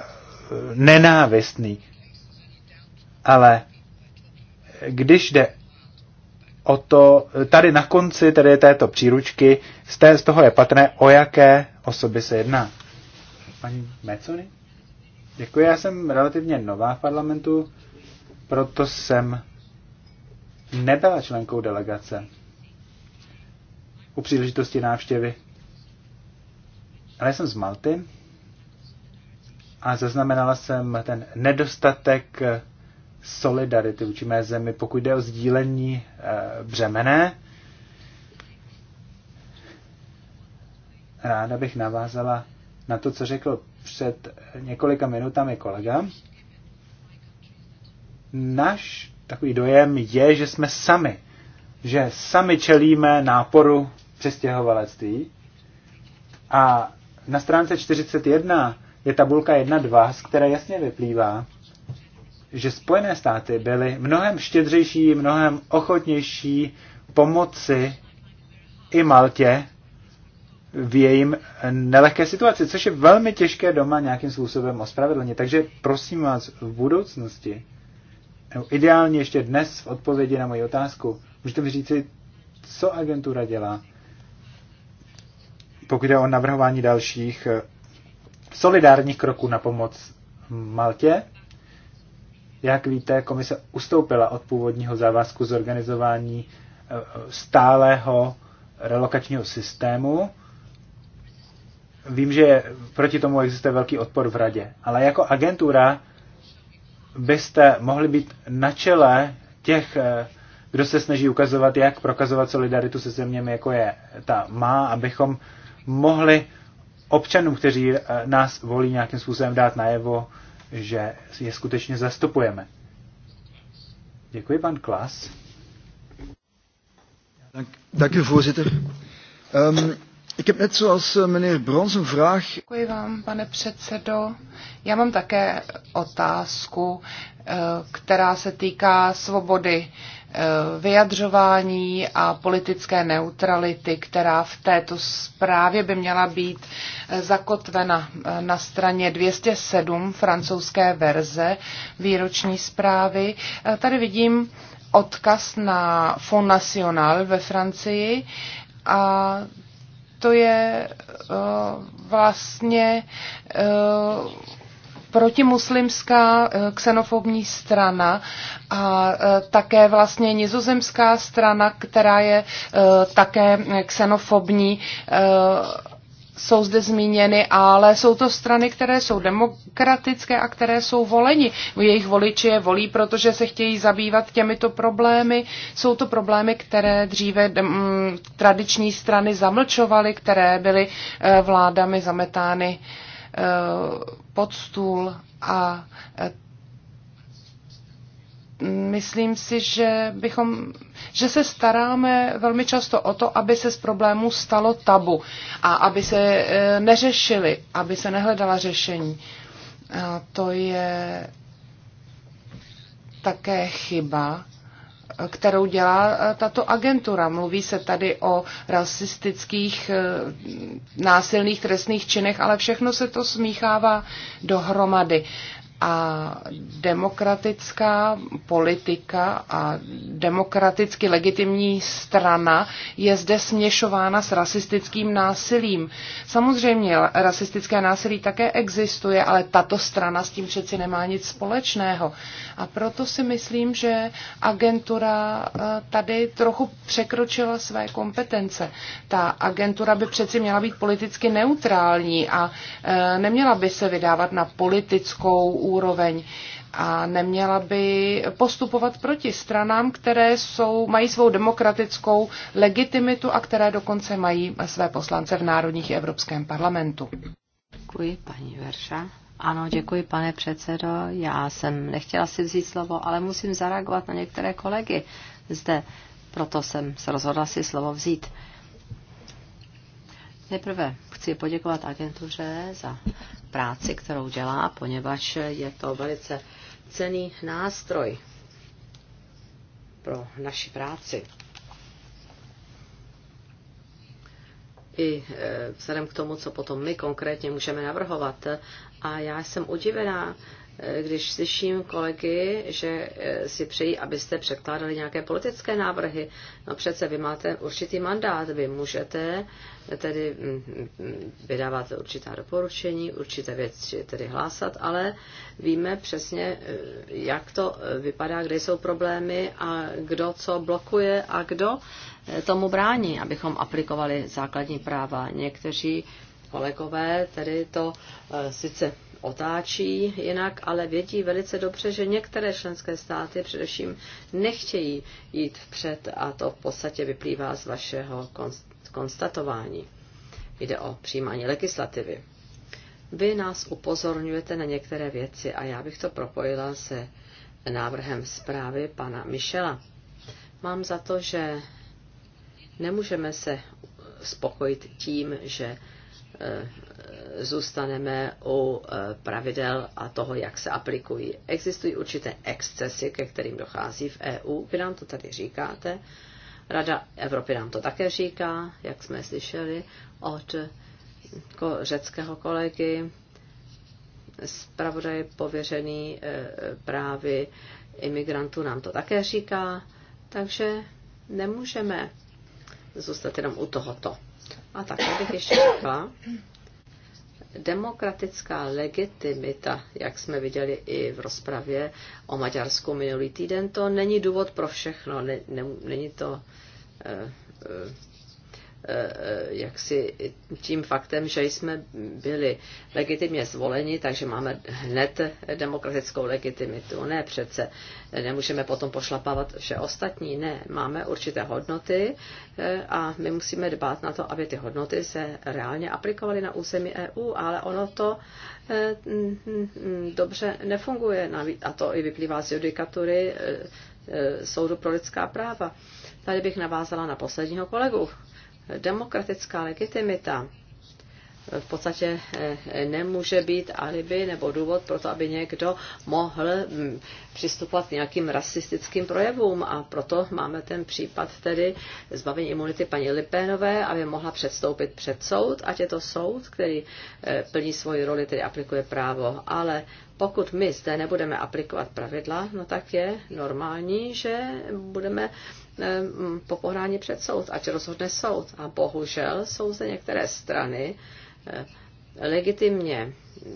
nenávistný. Ale když jde o to, tady na konci tady této příručky, z, té, z toho je patrné, o jaké osoby se jedná. Paní Mecony? Děkuji, já jsem relativně nová v parlamentu, proto jsem nebyla členkou delegace u příležitosti návštěvy. Ale jsem z Malty a zaznamenala jsem ten nedostatek solidarity vůči mé zemi, pokud jde o sdílení eh, břemene. Ráda bych navázala na to, co řekl před několika minutami kolega. Náš takový dojem je, že jsme sami, že sami čelíme náporu přestěhovalectví. A na stránce 41 je tabulka 1.2, z které jasně vyplývá, že Spojené státy byly mnohem štědřejší, mnohem ochotnější pomoci i Maltě v jejím nelehké situaci, což je velmi těžké doma nějakým způsobem ospravedlnit. Takže prosím vás, v budoucnosti, nebo ideálně ještě dnes v odpovědi na moji otázku, můžete mi říci, co agentura dělá, pokud je o navrhování dalších solidárních kroků na pomoc Maltě. Jak víte, komise ustoupila od původního závazku zorganizování eh, stálého relokačního systému. Vím, že proti tomu existuje velký odpor v radě, ale jako agentura byste mohli být na čele těch, eh, kdo se snaží ukazovat, jak prokazovat solidaritu se zeměmi, jako je ta má, abychom mohli občanům, kteří eh, nás volí nějakým způsobem dát najevo, že je skutečně zastupujeme. Děkuji, pan Klas. Děkuji, dank voorzitter. Um, Ik heb net zoals eh, meneer Brons een vraag. Děkuji vám, pane předsedo. Já mám také otázku, eh, která se týká svobody eh, vyjadřování a politické neutrality, která v této zprávě by měla být zakotvena na straně 207 francouzské verze výroční zprávy. Tady vidím odkaz na Fond National ve Francii a to je eh, vlastně eh, protimuslimská xenofobní eh, strana a také vlastně nizozemská strana, která je také xenofobní jsou zde zmíněny, ale jsou to strany, které jsou demokratické a které jsou voleni. Jejich voliči je volí, protože se chtějí zabývat těmito problémy. Jsou to problémy, které dříve mm, tradiční strany zamlčovaly, které byly e, vládami zametány e, pod stůl a e, myslím si, že, bychom, že se staráme velmi často o to, aby se z problémů stalo tabu a aby se eh, neřešili, aby se nehledala řešení. A to je také chyba, kterou dělá eh, tato agentura. Mluví se tady o rasistických eh, násilných trestných činech, ale všechno se to smíchává dohromady a demokratická politika a demokraticky legitimní strana je zde směšována s rasistickým násilím. Samozřejmě rasistické násilí také existuje, ale tato strana s tím přeci nemá nic společného. A proto si myslím, že agentura eh, tady trochu překročila své kompetence. Ta agentura by přeci měla být politicky neutrální a eh, neměla by se vydávat na politickou úroveň a neměla by postupovat proti stranám, které jsou, mají svou demokratickou legitimitu a které dokonce mají své poslance v národních Evropském parlamentu. Děkuji, paní Verša. Ano, děkuji, pane předsedo. Já jsem nechtěla si vzít slovo, ale musím zareagovat na některé kolegy zde. Proto jsem se rozhodla si slovo vzít. Nejprve chci poděkovat agentuře za práci, kterou dělá, poněvadž je to velice cený nástroj pro naši práci. i e, vzhledem k tomu, co potom my konkrétně můžeme navrhovat. A já jsem udivená, e, když slyším kolegy, že e, si přejí, abyste překládali nějaké politické návrhy. No přece vy máte určitý mandát, vy můžete tedy mm, mm, vydáváte určitá doporučení, určité věci tedy hlásat, ale víme přesně, eh, jak to eh, vypadá, kde jsou problémy a kdo co blokuje a kdo eh, tomu brání, abychom aplikovali základní práva. Někteří kolegové tedy to sice otáčí jinak, ale vědí velice dobře, že některé členské státy především nechtějí jít vpřed a to v podstatě vyplývá z vašeho konst konstatování. Jde o přijímání legislativy. Vy nás upozorňujete na některé věci a já bych to propojila se návrhem zprávy pana Michela. Mám za to, že nemůžeme se spokojit tím, že e, zůstaneme u e, pravidel a toho, jak se aplikují. Existují určité excesy, ke kterým dochází v EU, vy nám to tady říkáte, Rada Evropy nám to také říká, jak jsme slyšeli od řeckého kolegy, zpravodaj pověřený e, právy imigrantů nám to také říká, takže nemůžeme zůstat jenom u tohoto. A tak bych ještě řekla, demokratická legitimita, jak jsme viděli i v rozpravě o Maďarsku minulý týden, to není důvod pro všechno, není to eh, eh, Eh, eh, jaksi tím faktem, že jsme byli legitimně zvoleni, takže máme hned demokratickou legitimitu. Ne přece, nemůžeme potom pošlapávat vše ostatní, ne, máme určité hodnoty eh, a my musíme dbát na to, aby ty hodnoty se reálně aplikovaly na území EU, ale ono to dobře nefunguje a to i vyplývá z judikatury Soudu pro lidská práva. Tady bych navázala na posledního kolegu, demokratická legitimita v podstatě eh, nemůže být alibi nebo důvod pro to, aby někdo mohl hm, přistupovat k nějakým rasistickým projevům a proto máme ten případ tedy zbavení imunity paní Lipénové, aby mohla předstoupit před soud, ať je to soud, který eh, plní svoji roli, tedy aplikuje právo, ale pokud my zde nebudeme aplikovat pravidla, no tak je normální, že budeme po pohrání před soud, ať rozhodne soud. A bohužel jsou zde některé strany eh, legitimně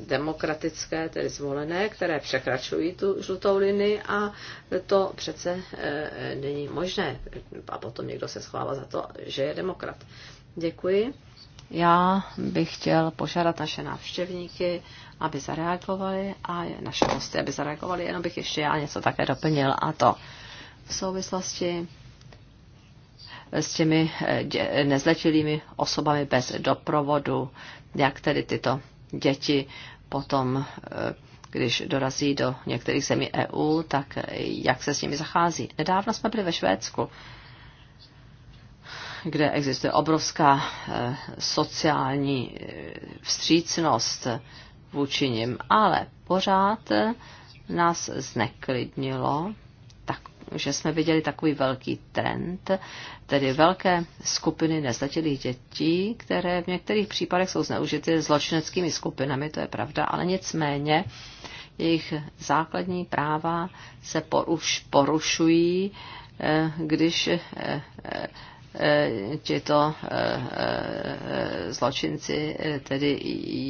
demokratické, tedy zvolené, které překračují tu žlutou linii a to přece eh, není možné. A potom někdo se schovává za to, že je demokrat. Děkuji. Já bych chtěl požádat naše návštěvníky, aby zareagovali a naše hosty, aby zareagovali. Jenom bych ještě já něco také doplnil a to v souvislosti s těmi eh, nezletilými osobami bez doprovodu, jak tedy tyto děti potom, eh, když dorazí do některých zemí EU, tak eh, jak se s nimi zachází. Nedávno jsme byli ve Švédsku, kde existuje obrovská sociální vstřícnost vůči nim, ale pořád nás zneklidnilo že jsme viděli takový velký trend, tedy velké skupiny nezletilých dětí, které v některých případech jsou zneužity zločineckými skupinami, to je pravda, ale nicméně jejich základní práva se poruš, porušují, eh, když eh, eh, Eh, tito eh, eh, zločinci tedy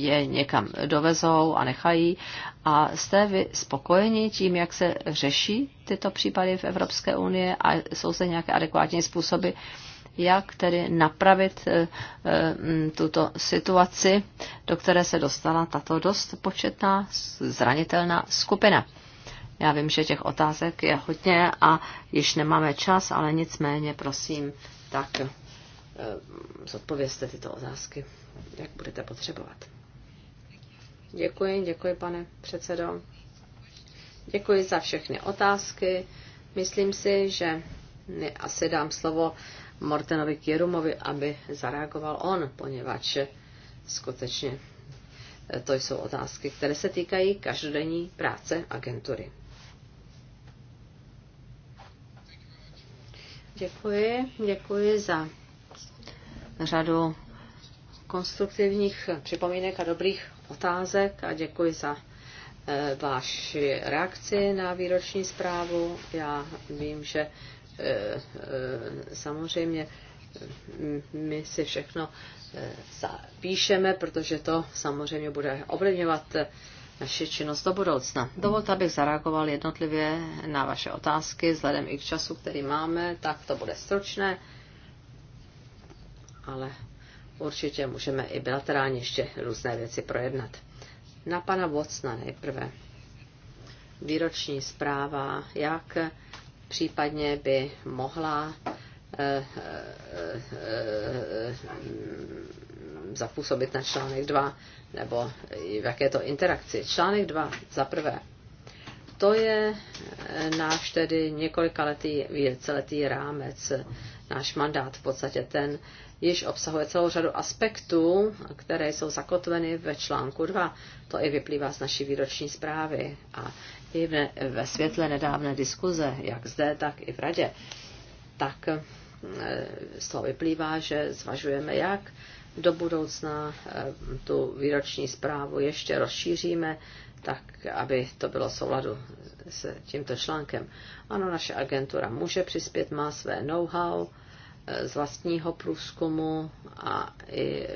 je někam dovezou a nechají. A jste vy spokojeni tím, jak se řeší tyto případy v Evropské unii a jsou se nějaké adekvátní způsoby, jak tedy napravit tuto situaci, do které se dostala tato dost početná zranitelná skupina. Já vím, že těch otázek je hodně a již nemáme čas, ale nicméně prosím tak eh, zodpovězte tyto otázky, jak budete potřebovat. Děkuji, děkuji, pane předsedo. Děkuji za všechny otázky. Myslím si, že asi dám slovo Mortenovi Kierumovi, aby zareagoval on, poněvadž skutečně eh, to jsou otázky, které se týkají každodenní práce agentury. Děkuji, děkuji za řadu konstruktivních připomínek a dobrých otázek a děkuji za eh, vaši reakci na výroční zprávu. Já vím, že eh, eh, samozřejmě mm, my si všechno zapíšeme, protože to samozřejmě bude ovlivňovat naši činnost do budoucna. Dovolte, abych zareagoval jednotlivě na vaše otázky, vzhledem i k času, který máme, tak to bude stručné, ale určitě můžeme i bilaterálně ještě různé věci projednat. Na pana Vocna nejprve. Výroční zpráva, jak případně by mohla eh, eh, eh, eh zapůsobit na článek 2 nebo v jaké to interakci. Článek 2, za prvé. To je eh, náš tedy několikaletý, víceletý rámec, náš mandát v podstatě ten, již obsahuje celou řadu aspektů, které jsou zakotveny ve článku 2. To i vyplývá z naší výroční zprávy a i ve, ve světle nedávné diskuze, jak zde, tak i v radě, tak eh, z toho vyplývá, že zvažujeme, jak do budoucna eh, tu výroční zprávu ještě rozšíříme, tak aby to bylo v souladu s tímto článkem. Ano, naše agentura může přispět, má své know-how eh, z vlastního průzkumu a i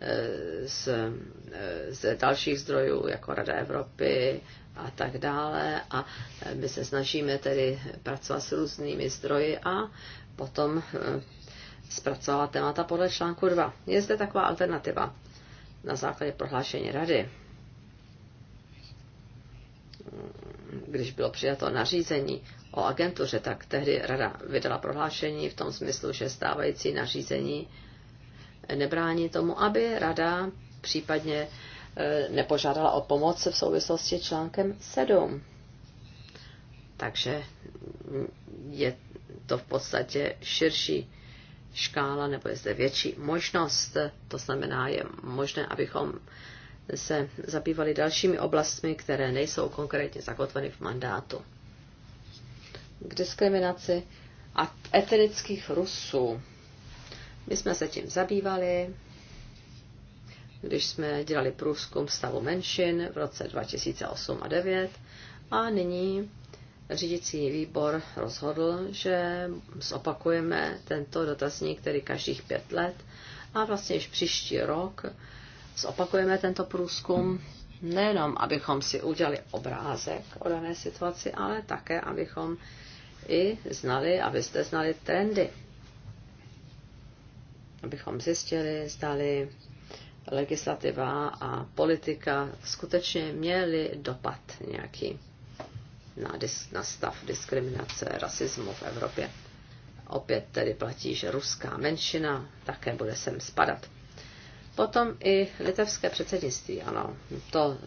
eh, z, z dalších zdrojů, jako Rada Evropy a tak dále. A my se snažíme tedy pracovat s různými zdroji a potom zpracovala témata podle článku 2. Je zde taková alternativa na základě prohlášení rady. Když bylo přijato nařízení o agentuře, tak tehdy rada vydala prohlášení v tom smyslu, že stávající nařízení nebrání tomu, aby rada případně e, nepožádala o pomoc v souvislosti s článkem 7. Takže je to v podstatě širší škála, nebo je zde větší možnost. To znamená, je možné, abychom se zabývali dalšími oblastmi, které nejsou konkrétně zakotveny v mandátu. K diskriminaci a etnických Rusů. My jsme se tím zabývali, když jsme dělali průzkum stavu menšin v roce 2008 a 2009 a nyní řídící výbor rozhodl, že zopakujeme tento dotazník, tedy každých pět let, a vlastně již příští rok zopakujeme tento průzkum, nejenom abychom si udělali obrázek o dané situaci, ale také abychom i znali, abyste znali trendy. Abychom zjistili, zdali legislativa a politika skutečně měly dopad nějaký na, dis, na stav diskriminace, rasismu v Evropě. Opět tedy platí, že ruská menšina také bude sem spadat. Potom i litevské předsednictví, ano, to,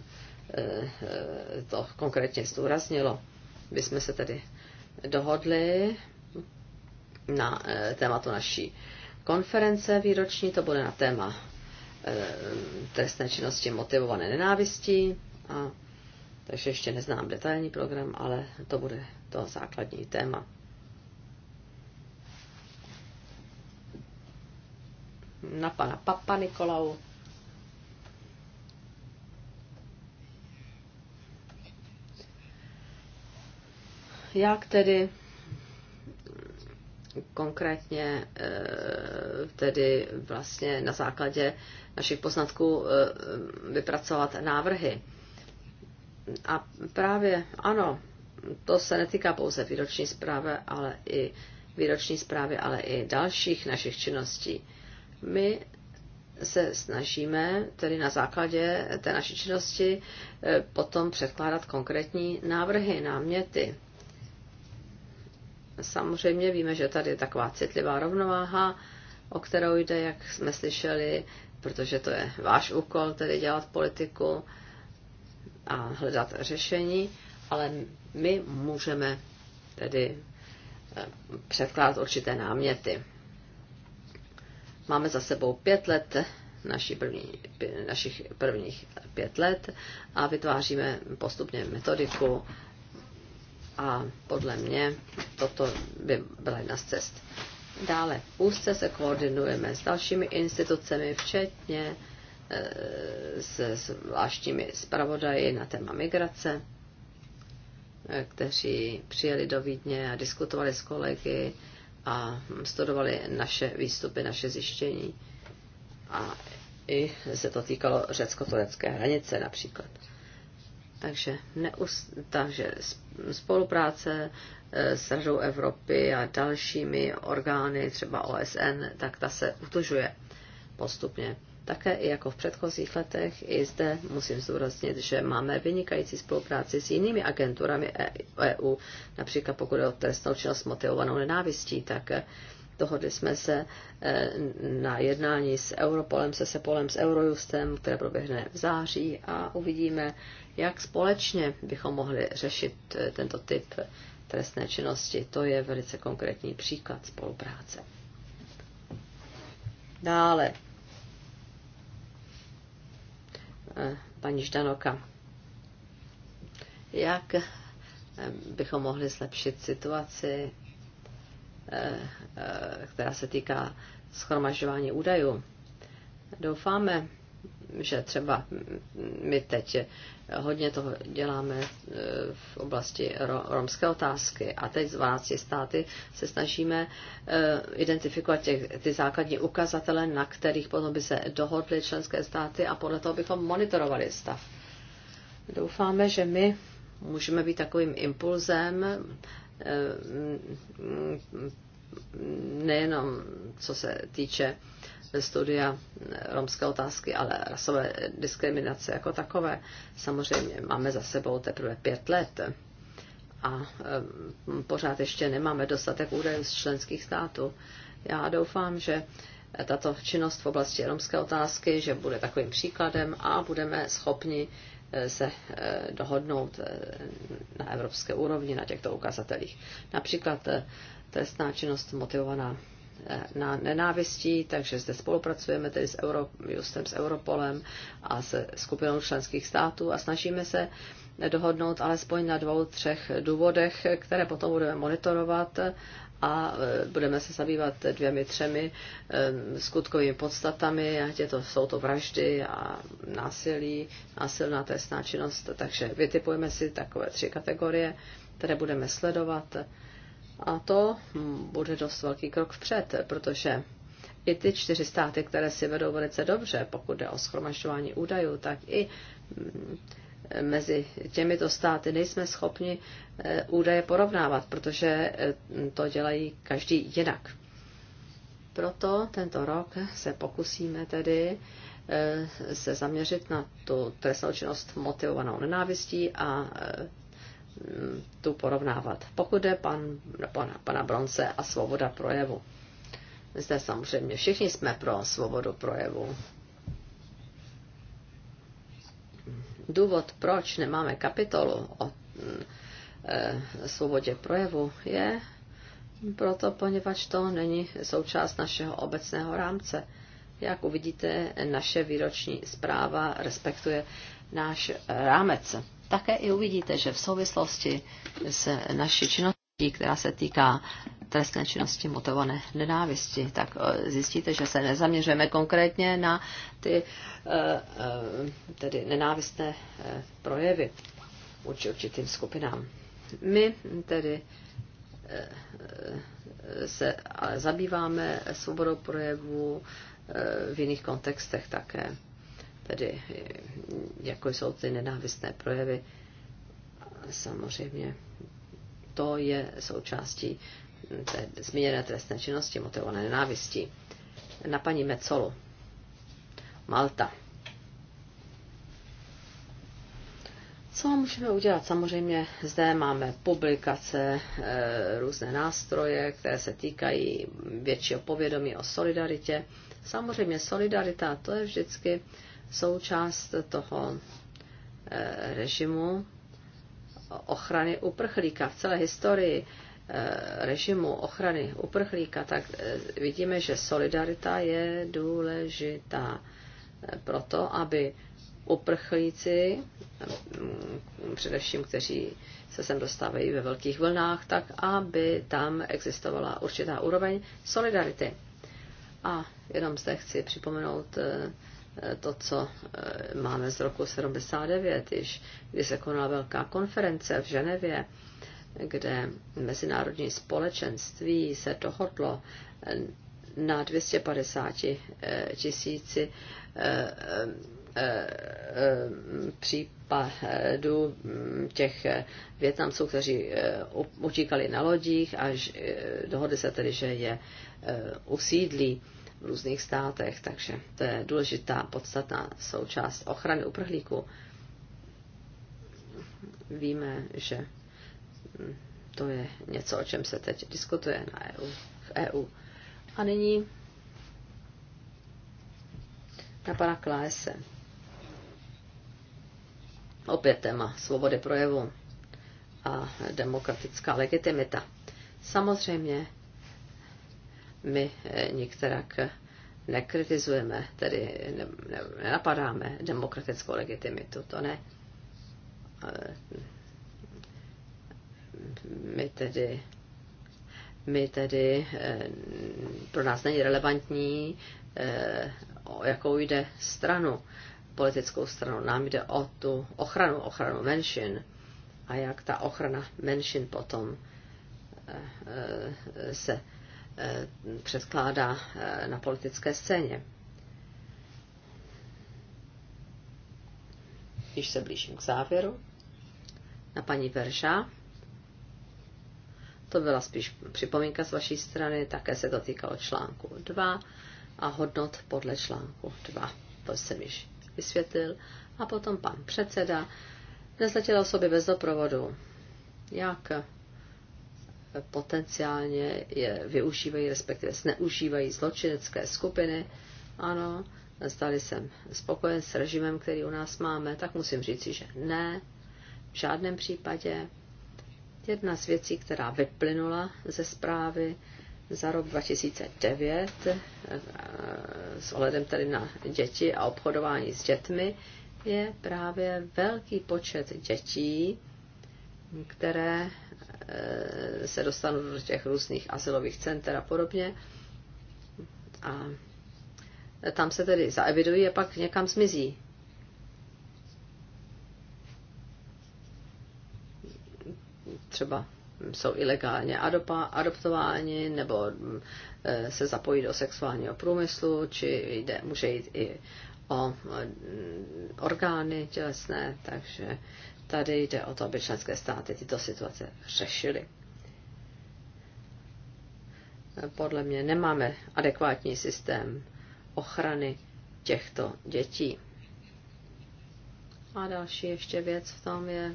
eh, eh, to konkrétně zdůraznilo. My jsme se tedy dohodli na eh, tématu naší konference výroční, to bude na téma trestné činnosti motivované nenávistí a takže ještě neznám detailní program, ale to bude to základní téma. Na pana Papa Nikolau. Jak tedy konkrétně eh, tedy vlastně na základě našich poznatků eh, vypracovat návrhy. A právě ano, to se netýká pouze výroční zprávy, ale i výroční zprávy, ale i dalších našich činností. My se snažíme tedy na základě té naší činnosti eh, potom předkládat konkrétní návrhy, náměty. Samozřejmě víme, že tady je taková citlivá rovnováha, o kterou jde, jak jsme slyšeli, protože to je váš úkol, tedy dělat politiku a hledat řešení, ale my můžeme tedy eh, předkládat určité náměty. Máme za sebou pět let, naši první, našich prvních pět let a vytváříme postupně metodiku a podle mě toto by byla jedna z cest. Dále úzce se koordinujeme s dalšími institucemi, včetně Eh, se zvláštními zpravodaji na téma migrace, eh, kteří přijeli do Vídně a diskutovali s kolegy a studovali naše výstupy, naše zjištění. A i se to týkalo řecko-turecké hranice například. Takže, neust, takže spolupráce eh, s Radou Evropy a dalšími orgány, třeba OSN, tak ta se utužuje postupně. Také i jako v předchozích letech, i zde musím zdůraznit, že máme vynikající spolupráci s jinými agenturami EU, například pokud je o trestnou činnost motivovanou nenávistí, tak eh, dohodli jsme se eh, na jednání s Europolem, se Sepolem, s Eurojustem, které proběhne v září a uvidíme, jak společně bychom mohli řešit eh, tento typ trestné činnosti. To je velice konkrétní příklad spolupráce. Dále Eh, paní Ždanoka. Jak eh, bychom mohli zlepšit situaci, eh, která se týká schromažďování údajů? Doufáme, že třeba my teď hodně toho děláme eh, v oblasti romské otázky a teď z 12 státy se snažíme eh, identifikovat těch, ty základní ukazatele, na kterých potom by se dohodly členské státy a podle toho bychom monitorovali stav. Doufáme, že my můžeme být takovým impulzem eh, nejenom co se týče studia eh, romské otázky, ale rasové diskriminace jako takové. Samozřejmě máme za sebou teprve pět let a eh, pořád ještě nemáme dostatek údajů z členských států. Já doufám, že tato činnost v oblasti romské otázky, že bude takovým příkladem a budeme schopni eh, se dohodnout na evropské úrovni na těchto ukazatelích. Například trestná činnost motivovaná na nenávistí, takže zde spolupracujeme tedy s Eurojustem, s Europolem a se skupinou členských států a snažíme se dohodnout alespoň na dvou, třech důvodech, které potom budeme monitorovat a e, budeme se zabývat dvěmi, třemi e, skutkovými podstatami, ať je to, jsou to vraždy a násilí, násilná trestná činnost. Takže vytipujeme si takové tři kategorie, které budeme sledovat a to hm, bude dost velký krok vpřed, protože i ty čtyři státy, které si vedou velice dobře, pokud jde o schromažďování údajů, tak i hm, mezi těmito státy nejsme schopni eh, údaje porovnávat, protože eh, to dělají každý jinak. Proto tento rok se pokusíme tedy eh, se zaměřit na tu trestnou činnost motivovanou nenávistí a tu porovnávat. Pokud je pan, pana, pana Bronce a svoboda projevu. Zde samozřejmě všichni jsme pro svobodu projevu. Důvod, proč nemáme kapitolu o e, svobodě projevu, je proto, poněvadž to není součást našeho obecného rámce. Jak uvidíte, naše výroční zpráva respektuje náš eh, rámec také i uvidíte, že v souvislosti s naší činností, která se týká trestné činnosti motivované nenávisti, tak eh, zjistíte, že se nezaměřujeme konkrétně na ty eh, eh, tedy nenávistné projevy vůči určitým skupinám. My tedy se ale zabýváme svobodou projevu v jiných kontextech také tedy jako jsou ty nenávistné projevy. Samozřejmě to je součástí té zmíněné trestné činnosti, motivované nenávistí. Na paní Mecolu. Malta. Co můžeme udělat? Samozřejmě zde máme publikace, eh, různé nástroje, které se týkají většího povědomí o solidaritě. Samozřejmě solidarita to je vždycky součást toho eh, režimu ochrany uprchlíka. V celé historii eh, režimu ochrany uprchlíka, tak eh, vidíme, že solidarita je důležitá proto, aby uprchlíci, mm, především kteří se sem dostávají ve velkých vlnách, tak aby tam existovala určitá úroveň solidarity. A jenom zde chci připomenout to, co eh, máme z roku 79, již, kdy se konala velká konference v Ženevě, kde mezinárodní společenství se dohodlo eh, na 250 eh, tisíci případů hm, těch Větnamců, kteří utíkali na lodích a dohodli se tedy, že je usídlí v různých státech, takže to je důležitá, podstatná součást ochrany uprchlíků. Víme, že hm, to je něco, o čem se teď diskutuje na EU, v EU. A nyní na pana Kláese. Opět téma svobody projevu a demokratická legitimita. Samozřejmě my eh, některak nekritizujeme, tedy nenapadáme demokratickou legitimitu, to ne. My tedy, my tedy eh, pro nás není relevantní, eh, o jakou jde stranu, politickou stranu. Nám jde o tu ochranu, ochranu menšin a jak ta ochrana menšin potom se Eh, předkládá eh, na politické scéně. Když se blížím k závěru, na paní Verša. To byla spíš připomínka z vaší strany, také se to týkalo článku 2 a hodnot podle článku 2. To jsem již vysvětlil. A potom pan předseda Nezletěl osoby bez doprovodu. Jak potenciálně je využívají, respektive zneužívají zločinecké skupiny. Ano, zdali jsem spokojen s režimem, který u nás máme, tak musím říci, že ne, v žádném případě. Jedna z věcí, která vyplynula ze zprávy za rok 2009 eh, s ohledem tedy na děti a obchodování s dětmi, je právě velký počet dětí, které se dostanou do těch různých asilových center a podobně. A tam se tedy zaevidují a pak někam zmizí. Třeba jsou ilegálně adoptováni nebo e, se zapojí do sexuálního průmyslu, či jde, může jít i o e, orgány tělesné, takže Tady jde o to, aby členské státy tyto situace řešily. Podle mě nemáme adekvátní systém ochrany těchto dětí. A další ještě věc v tom je,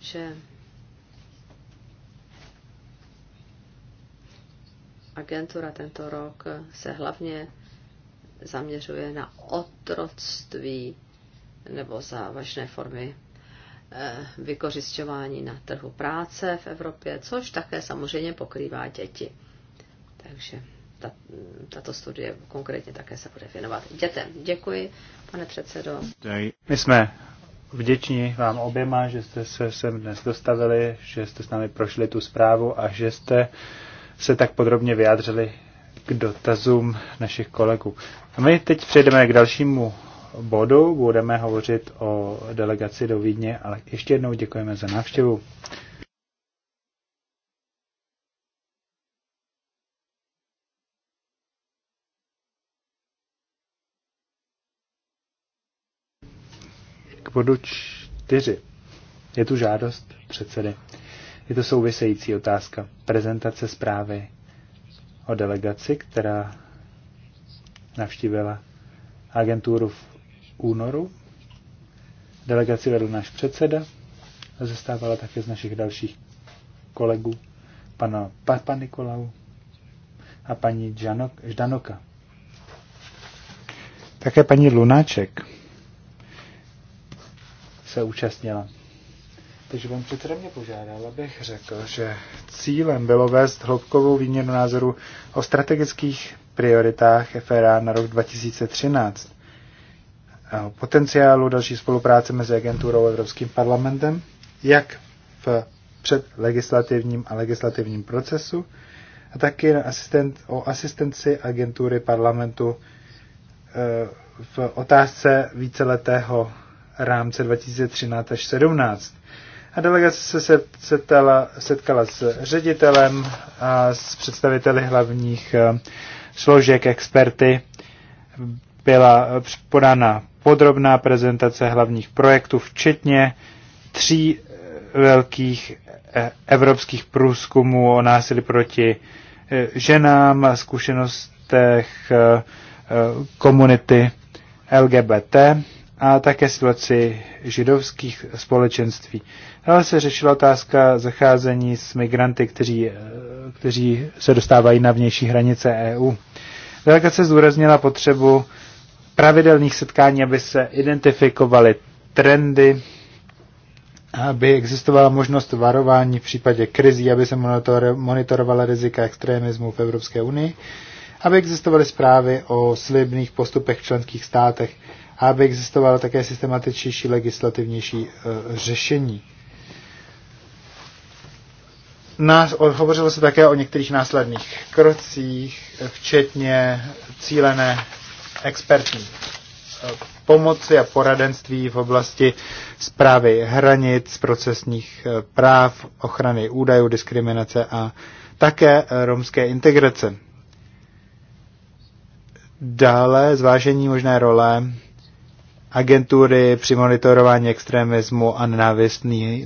že agentura tento rok se hlavně zaměřuje na otroctví nebo závažné formy Eh, vykořišťování na trhu práce v Evropě, což také samozřejmě pokrývá děti. Takže ta, tato studie konkrétně také se bude věnovat dětem. Děkuji, pane předsedo. My jsme vděční vám oběma, že jste se sem dnes dostavili, že jste s námi prošli tu zprávu a že jste se tak podrobně vyjádřili k dotazům našich kolegů. A my teď přejdeme k dalšímu bodu budeme hovořit o delegaci do Vídně, ale ještě jednou děkujeme za návštěvu. K bodu čtyři. Je tu žádost předsedy. Je to související otázka. Prezentace zprávy o delegaci, která navštívila agenturu v únoru. Delegaci vedl náš předseda, a zastávala také z našich dalších kolegů, pana Papa Nikolau a paní Džanok, Ždanoka. Také paní Lunáček se účastnila. Takže vám předseda mě požádal, abych řekl, že cílem bylo vést hloubkovou výměnu názoru o strategických prioritách FRA na rok 2013. Eh, potenciálu další spolupráce mezi agenturou a Evropským parlamentem, jak v předlegislativním a legislativním procesu, a taky asistent, o asistenci agentury parlamentu eh, v otázce víceletého rámce 2013 až 17. A delegace se setkala, setkala s ředitelem a s představiteli hlavních eh, složek experty. Byla podána podrobná prezentace hlavních projektů, včetně tří eh, velkých eh, evropských průzkumů o násilí proti eh, ženám a zkušenostech komunity LGBT a také situaci židovských společenství. Dále se řešila otázka zacházení s migranty, kteří, kteří se dostávají na vnější hranice EU. Delegace zdůraznila potřebu pravidelných setkání, aby se identifikovaly trendy, aby existovala možnost varování v případě krizí, aby se monitor, monitorovala rizika extremismu v Evropské unii, aby existovaly zprávy o slibných postupech v členských státech a aby existovalo také systematičnější legislativnější e, řešení. Nás, hovořilo se také o některých následných krocích, včetně cílené expertní eh, pomoci a poradenství v oblasti zprávy hranic, procesních eh, práv, ochrany údajů, diskriminace a také eh, romské integrace. Dále zvážení možné role agentury při monitorování extremismu a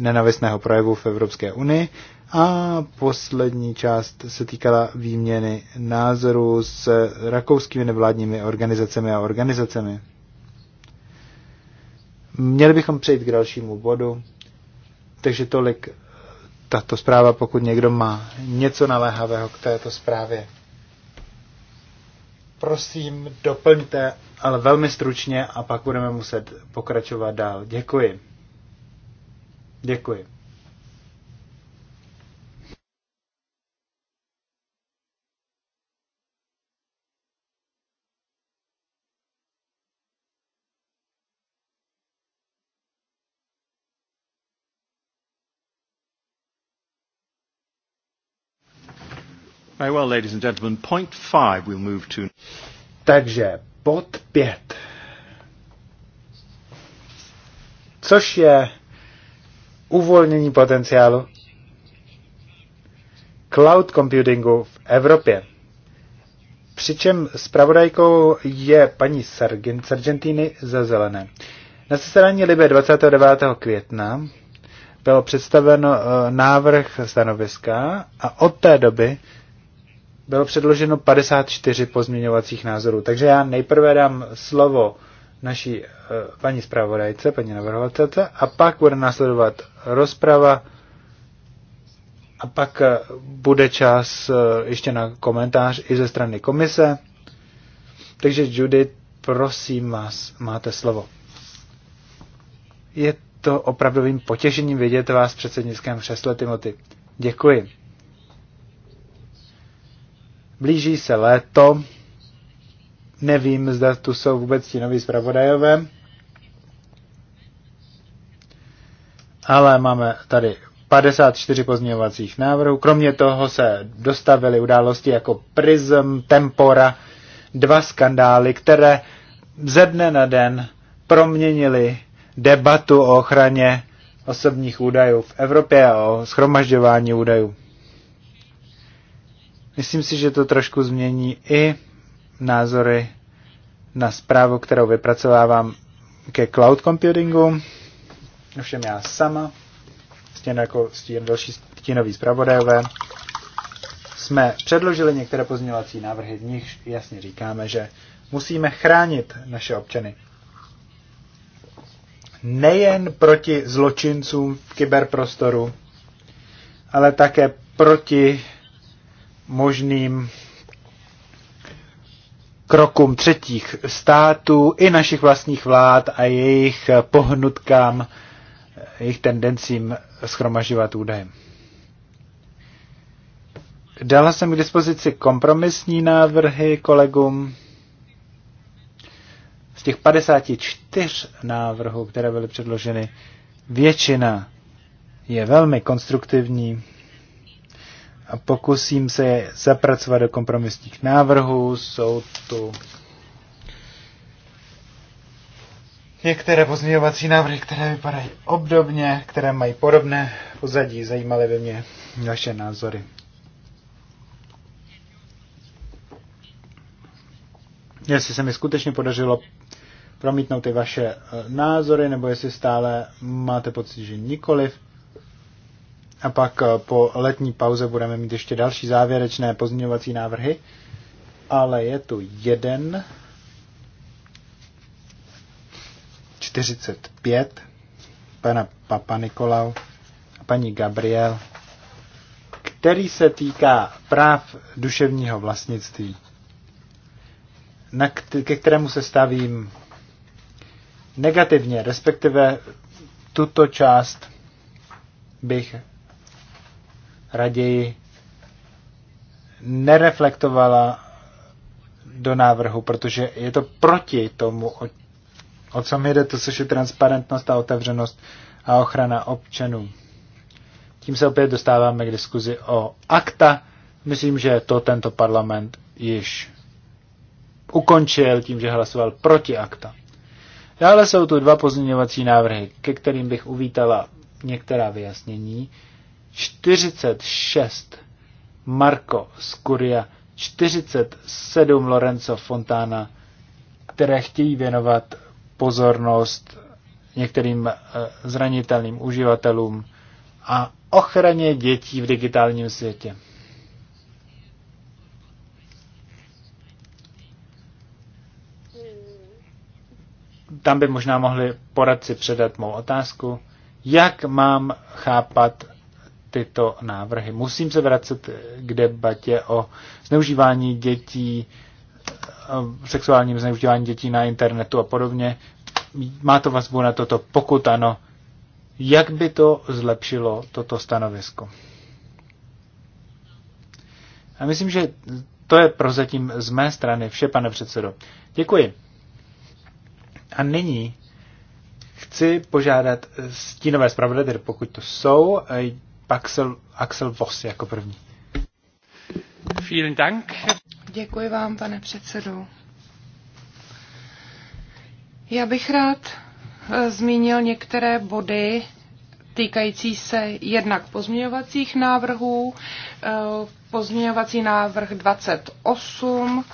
nenávistného projevu v Evropské unii a poslední část se týkala výměny názorů s rakouskými nevládními organizacemi a organizacemi. Měli bychom přejít k dalšímu bodu, takže tolik tato zpráva, pokud někdo má něco naléhavého k této zprávě. Prosím, doplňte, ale velmi stručně a pak budeme muset pokračovat dál. Děkuji. Děkuji. Very well, ladies and gentlemen, point five we'll move to. Takže bod pět. Což je uvolnění potenciálu cloud computingu v Evropě. Přičem zpravodajkou je paní Sargent, Sargentini za zelené. Na zasedání Libe 29. května bylo představeno eh, návrh stanoviska a od té doby bylo předloženo 54 pozměňovacích názorů. Takže já nejprve dám slovo naší eh, paní zpravodajce, paní navrhovatelce, a pak bude následovat rozprava a pak eh, bude čas eh, ještě na komentář i ze strany komise. Takže Judith, prosím vás, máte slovo. Je to opravdovým potěšením vidět vás v předsednickém křesle, Timothy. Děkuji. Blíží se léto, nevím, zda tu jsou vůbec ti noví zpravodajové, ale máme tady 54 pozměňovacích návrhů. Kromě toho se dostavily události jako Prism, Tempora, dva skandály, které ze dne na den proměnily debatu o ochraně osobních údajů v Evropě a o schromažďování údajů. Myslím si, že to trošku změní i názory na zprávu, kterou vypracovávám ke cloud computingu. Ovšem já sama, stejně jako stín, další stínový zpravodajové, jsme předložili některé pozměňovací návrhy, v nich jasně říkáme, že musíme chránit naše občany. Nejen proti zločincům v kyberprostoru, ale také proti možným krokům třetích států i našich vlastních vlád a jejich pohnutkám, jejich tendencím schromažovat údaje. Dala jsem k dispozici kompromisní návrhy kolegům. Z těch 54 návrhů, které byly předloženy, většina je velmi konstruktivní a pokusím se je zapracovat do kompromisních návrhů. Jsou tu některé pozměňovací návrhy, které vypadají obdobně, které mají podobné pozadí. Zajímaly by mě vaše názory. Jestli se mi skutečně podařilo promítnout ty vaše eh, názory, nebo jestli stále máte pocit, že nikoliv. A pak eh, po letní pauze budeme mít ještě další závěrečné pozměňovací návrhy. Ale je tu jeden 45 pana Papa Nikolau a paní Gabriel, který se týká práv duševního vlastnictví, na, ke kterému se stavím negativně, respektive tuto část bych raději nereflektovala do návrhu, protože je to proti tomu, o, o co mi jde, to což je transparentnost a otevřenost a ochrana občanů. Tím se opět dostáváme k diskuzi o akta. Myslím, že to tento parlament již ukončil tím, že hlasoval proti akta. Dále jsou tu dva pozměňovací návrhy, ke kterým bych uvítala některá vyjasnění. 46 Marco Scuria, 47 Lorenzo Fontana, které chtějí věnovat pozornost některým eh, zranitelným uživatelům a ochraně dětí v digitálním světě. Tam by možná mohli poradci předat mou otázku, jak mám chápat tyto návrhy. Musím se vracet k debatě o zneužívání dětí, o eh, sexuálním zneužívání dětí na internetu a podobně. Má to vazbu na toto? Pokud ano, jak by to zlepšilo toto stanovisko? A myslím, že to je prozatím z mé strany vše, pane předsedo. Děkuji. A nyní chci požádat stínové zpravodaje, pokud to jsou, Axel, Axel Voss jako první. Vielen Dank. Děkuji vám, pane předsedu. Já bych rád eh, zmínil některé body týkající se jednak pozměňovacích návrhů, eh, pozměňovací návrh 28,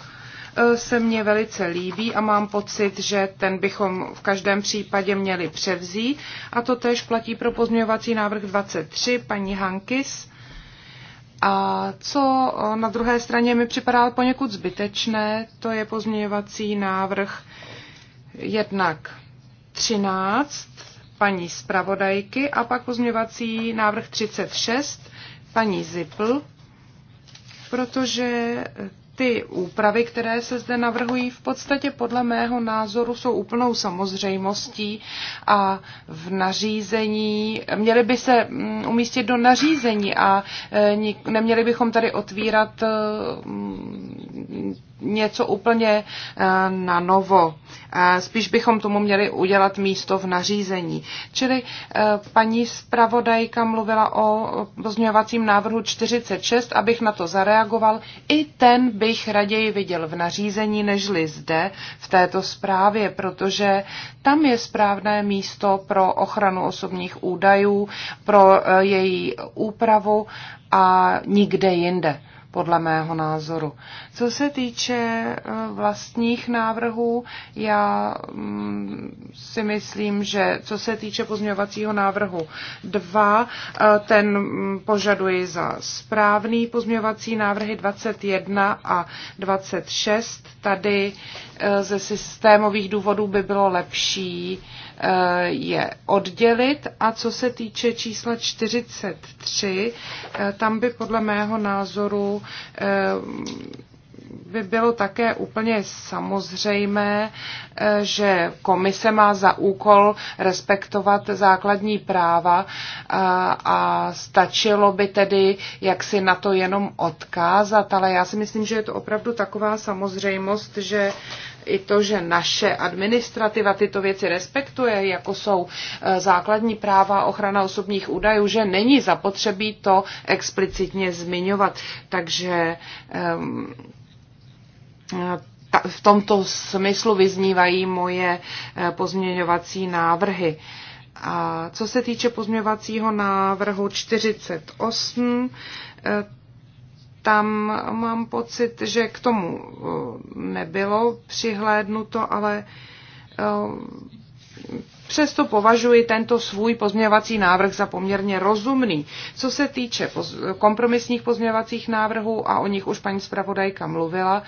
Eh, se mně velice líbí a mám pocit, že ten bychom v každém případě měli převzít. A to tež platí pro pozměňovací návrh 23 paní Hankis. A co eh, na druhé straně mi připadá poněkud zbytečné, to je pozměňovací návrh jednak 13 paní zpravodajky a pak pozměňovací návrh 36 paní Zipl, protože eh, ty úpravy, které se zde navrhují, v podstatě podle mého názoru jsou úplnou samozřejmostí a v nařízení, měly by se mm, umístit do nařízení a e, neměli bychom tady otvírat e, něco úplně eh, na novo. Eh, spíš bychom tomu měli udělat místo v nařízení. Čili eh, paní zpravodajka mluvila o pozměňovacím návrhu 46, abych na to zareagoval. I ten bych raději viděl v nařízení, nežli zde v této zprávě, protože tam je správné místo pro ochranu osobních údajů, pro její úpravu a nikde jinde podle mého názoru. Co se týče eh, vlastních návrhů, já mm, si myslím, že co se týče pozměňovacího návrhu 2, eh, ten mm, požaduji za správný pozměňovací návrhy 21 a 26. Tady eh, ze systémových důvodů by bylo lepší, Eh, je oddělit. A co se týče čísla 43, eh, tam by podle mého názoru eh, by bylo také úplně samozřejmé, že komise má za úkol respektovat základní práva a, a stačilo by tedy, jak si na to jenom odkázat, ale já si myslím, že je to opravdu taková samozřejmost, že i to, že naše administrativa tyto věci respektuje, jako jsou e, základní práva ochrana osobních údajů, že není zapotřebí to explicitně zmiňovat. Takže e, v tomto smyslu vyznívají moje e, pozměňovací návrhy. A co se týče pozměňovacího návrhu 48, tam mám pocit, že k tomu eh, nebylo přihlédnuto, ale eh, přesto považuji tento svůj pozměňovací návrh za poměrně rozumný. Co se týče kompromisních pozměňovacích návrhů, a o nich už paní zpravodajka mluvila,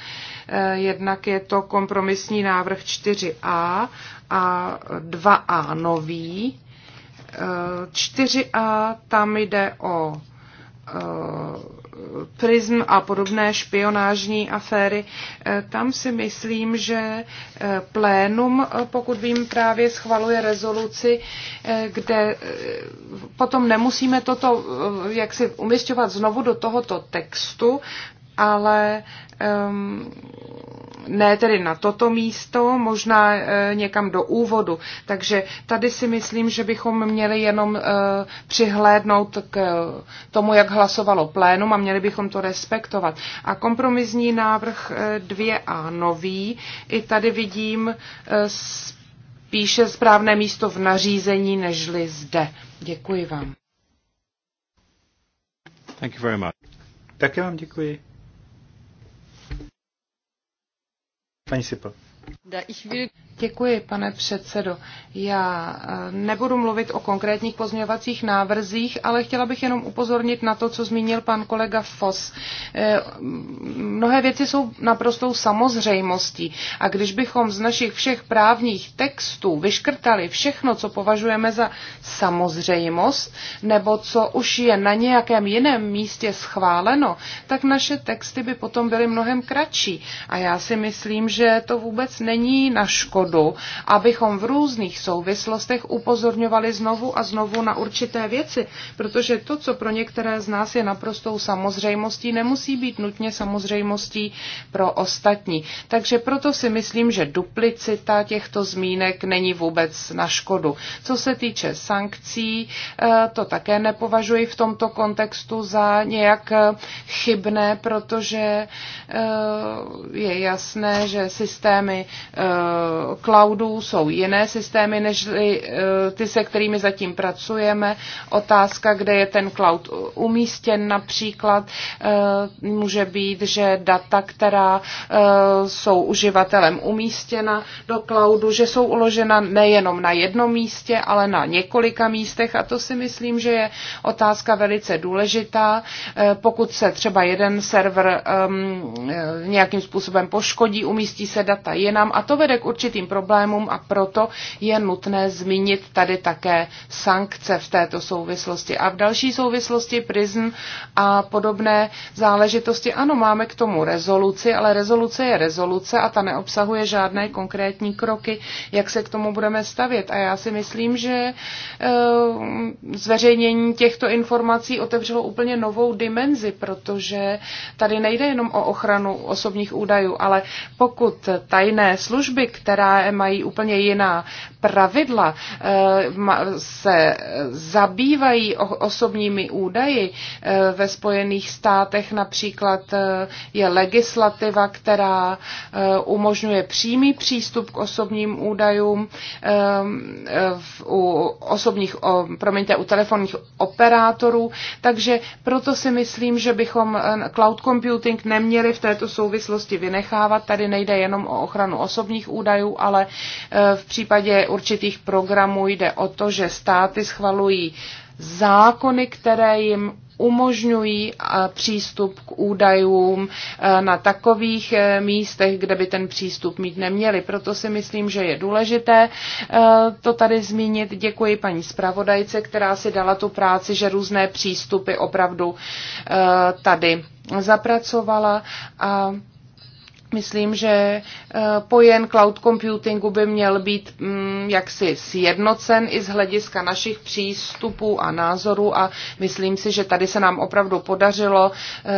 eh, jednak je to kompromisní návrh 4a a 2a nový. 4a tam jde o prism a podobné špionážní aféry. Eh, tam si myslím, že eh, plénum, eh, pokud vím, právě schvaluje rezoluci, kde potom nemusíme toto jak si umistovat znovu do tohoto textu, ale um, ne tedy na toto místo, možná e, někam do úvodu. Takže tady si myslím, že bychom měli jenom e, přihlédnout k tomu, jak hlasovalo plénum a měli bychom to respektovat. A kompromisní návrh 2a e, nový, i tady vidím spíše správné místo v nařízení, nežli zde. Děkuji vám. Thank you very much. Také vám děkuji. Paní Sipl. Děkuji, pane předsedo. Já eh, nebudu mluvit o konkrétních pozměňovacích návrzích, ale chtěla bych jenom upozornit na to, co zmínil pan kolega Fos. Eh, mnohé věci jsou naprostou samozřejmostí a když bychom z našich všech právních textů vyškrtali všechno, co považujeme za samozřejmost, nebo co už je na nějakém jiném místě schváleno, tak naše texty by potom byly mnohem kratší. A já si myslím, že to vůbec není na škodu důvodu, abychom v různých souvislostech upozorňovali znovu a znovu na určité věci, protože to, co pro některé z nás je naprostou samozřejmostí, nemusí být nutně samozřejmostí pro ostatní. Takže proto si myslím, že duplicita těchto zmínek není vůbec na škodu. Co se týče sankcí, eh, to také nepovažuji v tomto kontextu za nějak eh, chybné, protože eh, je jasné, že systémy cloudů jsou jiné systémy než eh, ty, se kterými zatím pracujeme. Otázka, kde je ten cloud umístěn například, eh, může být, že data, která eh, jsou uživatelem umístěna do cloudu, že jsou uložena nejenom na jednom místě, ale na několika místech a to si myslím, že je otázka velice důležitá. Pokud se třeba jeden server ehm, nějakým způsobem poškodí, umístí se data jinam a to vede k určitým problémům a proto je nutné zmínit tady také sankce v této souvislosti. A v další souvislosti prism a podobné záležitosti. Ano, máme k tomu rezoluci, ale rezoluce je rezoluce a ta neobsahuje žádné konkrétní kroky, jak se k tomu budeme stavět. A já si myslím, že eh, zveřejnění těchto informací otevřelo úplně novou dimenzi, protože tady nejde jenom o ochranu osobních údajů, ale pokud tajné služby, která mají úplně jiná pravidla, eh, se zabývají osobními údaji. Eh, ve Spojených státech například eh, je legislativa, která umožňuje přímý přístup k osobním údajům ehm, u osobních, promiňte, u telefonních operátorů, takže proto si myslím, že bychom cloud computing neměli v této souvislosti vynechávat. Tady nejde jenom o ochranu osobních údajů, ale e, v případě určitých programů jde o to, že státy schvalují zákony, které jim umožňují e, přístup k údajům e, na takových místech, kde by ten přístup mít neměli. Proto si myslím, že je důležité to tady zmínit. Děkuji paní zpravodajce, která si dala tu práci, že různé přístupy opravdu tady zapracovala a Myslím, že eh, pojen cloud computingu by měl být mm, jaksi sjednocen i z hlediska našich přístupů a názorů a myslím si, že tady se nám opravdu podařilo eh,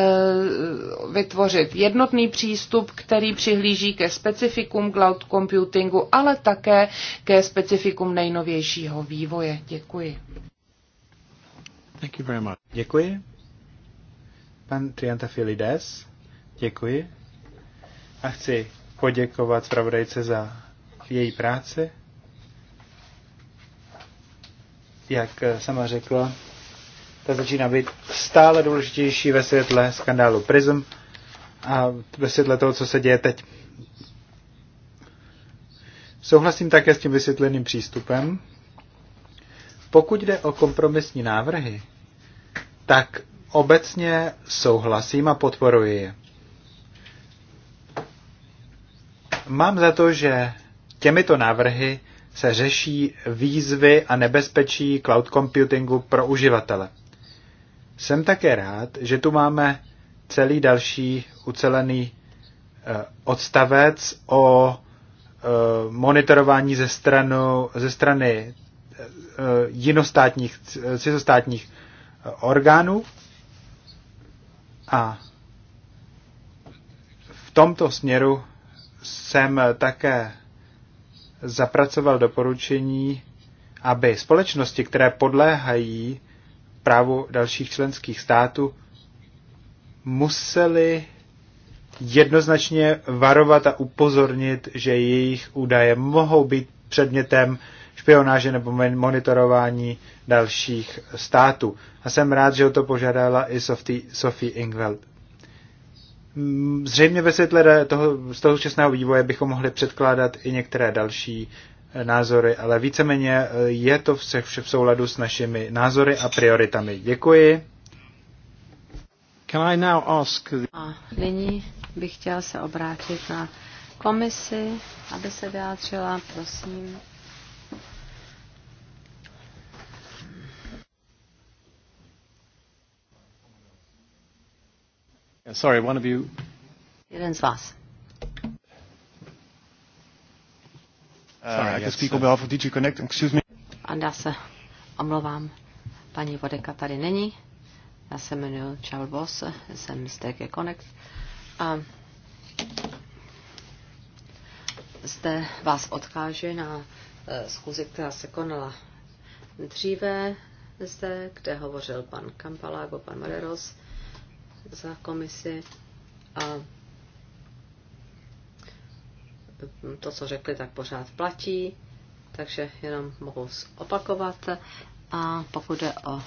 vytvořit jednotný přístup, který přihlíží ke specifikům cloud computingu, ale také ke specifikům nejnovějšího vývoje. Děkuji. Thank you very much. Děkuji. Pan Triantafilides. Děkuji a chci poděkovat zpravodajce za její práci. Jak eh, sama řekla, ta začíná být stále důležitější ve světle skandálu PRISM a ve světle toho, co se děje teď. Souhlasím také s tím vysvětleným přístupem. Pokud jde o kompromisní návrhy, tak obecně souhlasím a podporuji je. Mám za to, že těmito návrhy se řeší výzvy a nebezpečí cloud computingu pro uživatele. Jsem také rád, že tu máme celý další ucelený eh, odstavec o eh, monitorování ze, stranu, ze strany eh, jinostátních, cizostátních orgánů. A v tomto směru jsem také zapracoval doporučení, aby společnosti, které podléhají právu dalších členských států, museli jednoznačně varovat a upozornit, že jejich údaje mohou být předmětem špionáže nebo monitorování dalších států. A jsem rád, že o to požádala i Sophie Ingveld. Mm, zřejmě ve světle toho, z toho časného vývoje bychom mohli předkládat i některé další eh, názory, ale víceméně eh, je to vše v souladu s našimi názory a prioritami. Děkuji. Can I now ask... A nyní bych chtěl se obrátit na komisi, aby se vyjádřila, prosím. Yeah, Sorry, one of you. Jeden z vás. Uh, Sorry, I can speak uh, on of Connect. Excuse me. já se omlouvám. Paní Vodeka tady není. Já se jmenuji Charles Boss, jsem z DG Connect. A zde vás odkáže na uh, zkuzi, která se konala dříve zde, kde hovořil pan Kampala nebo pan Maleros za komisi a to, co řekli, tak pořád platí, takže jenom mohu zopakovat. A pokud jde o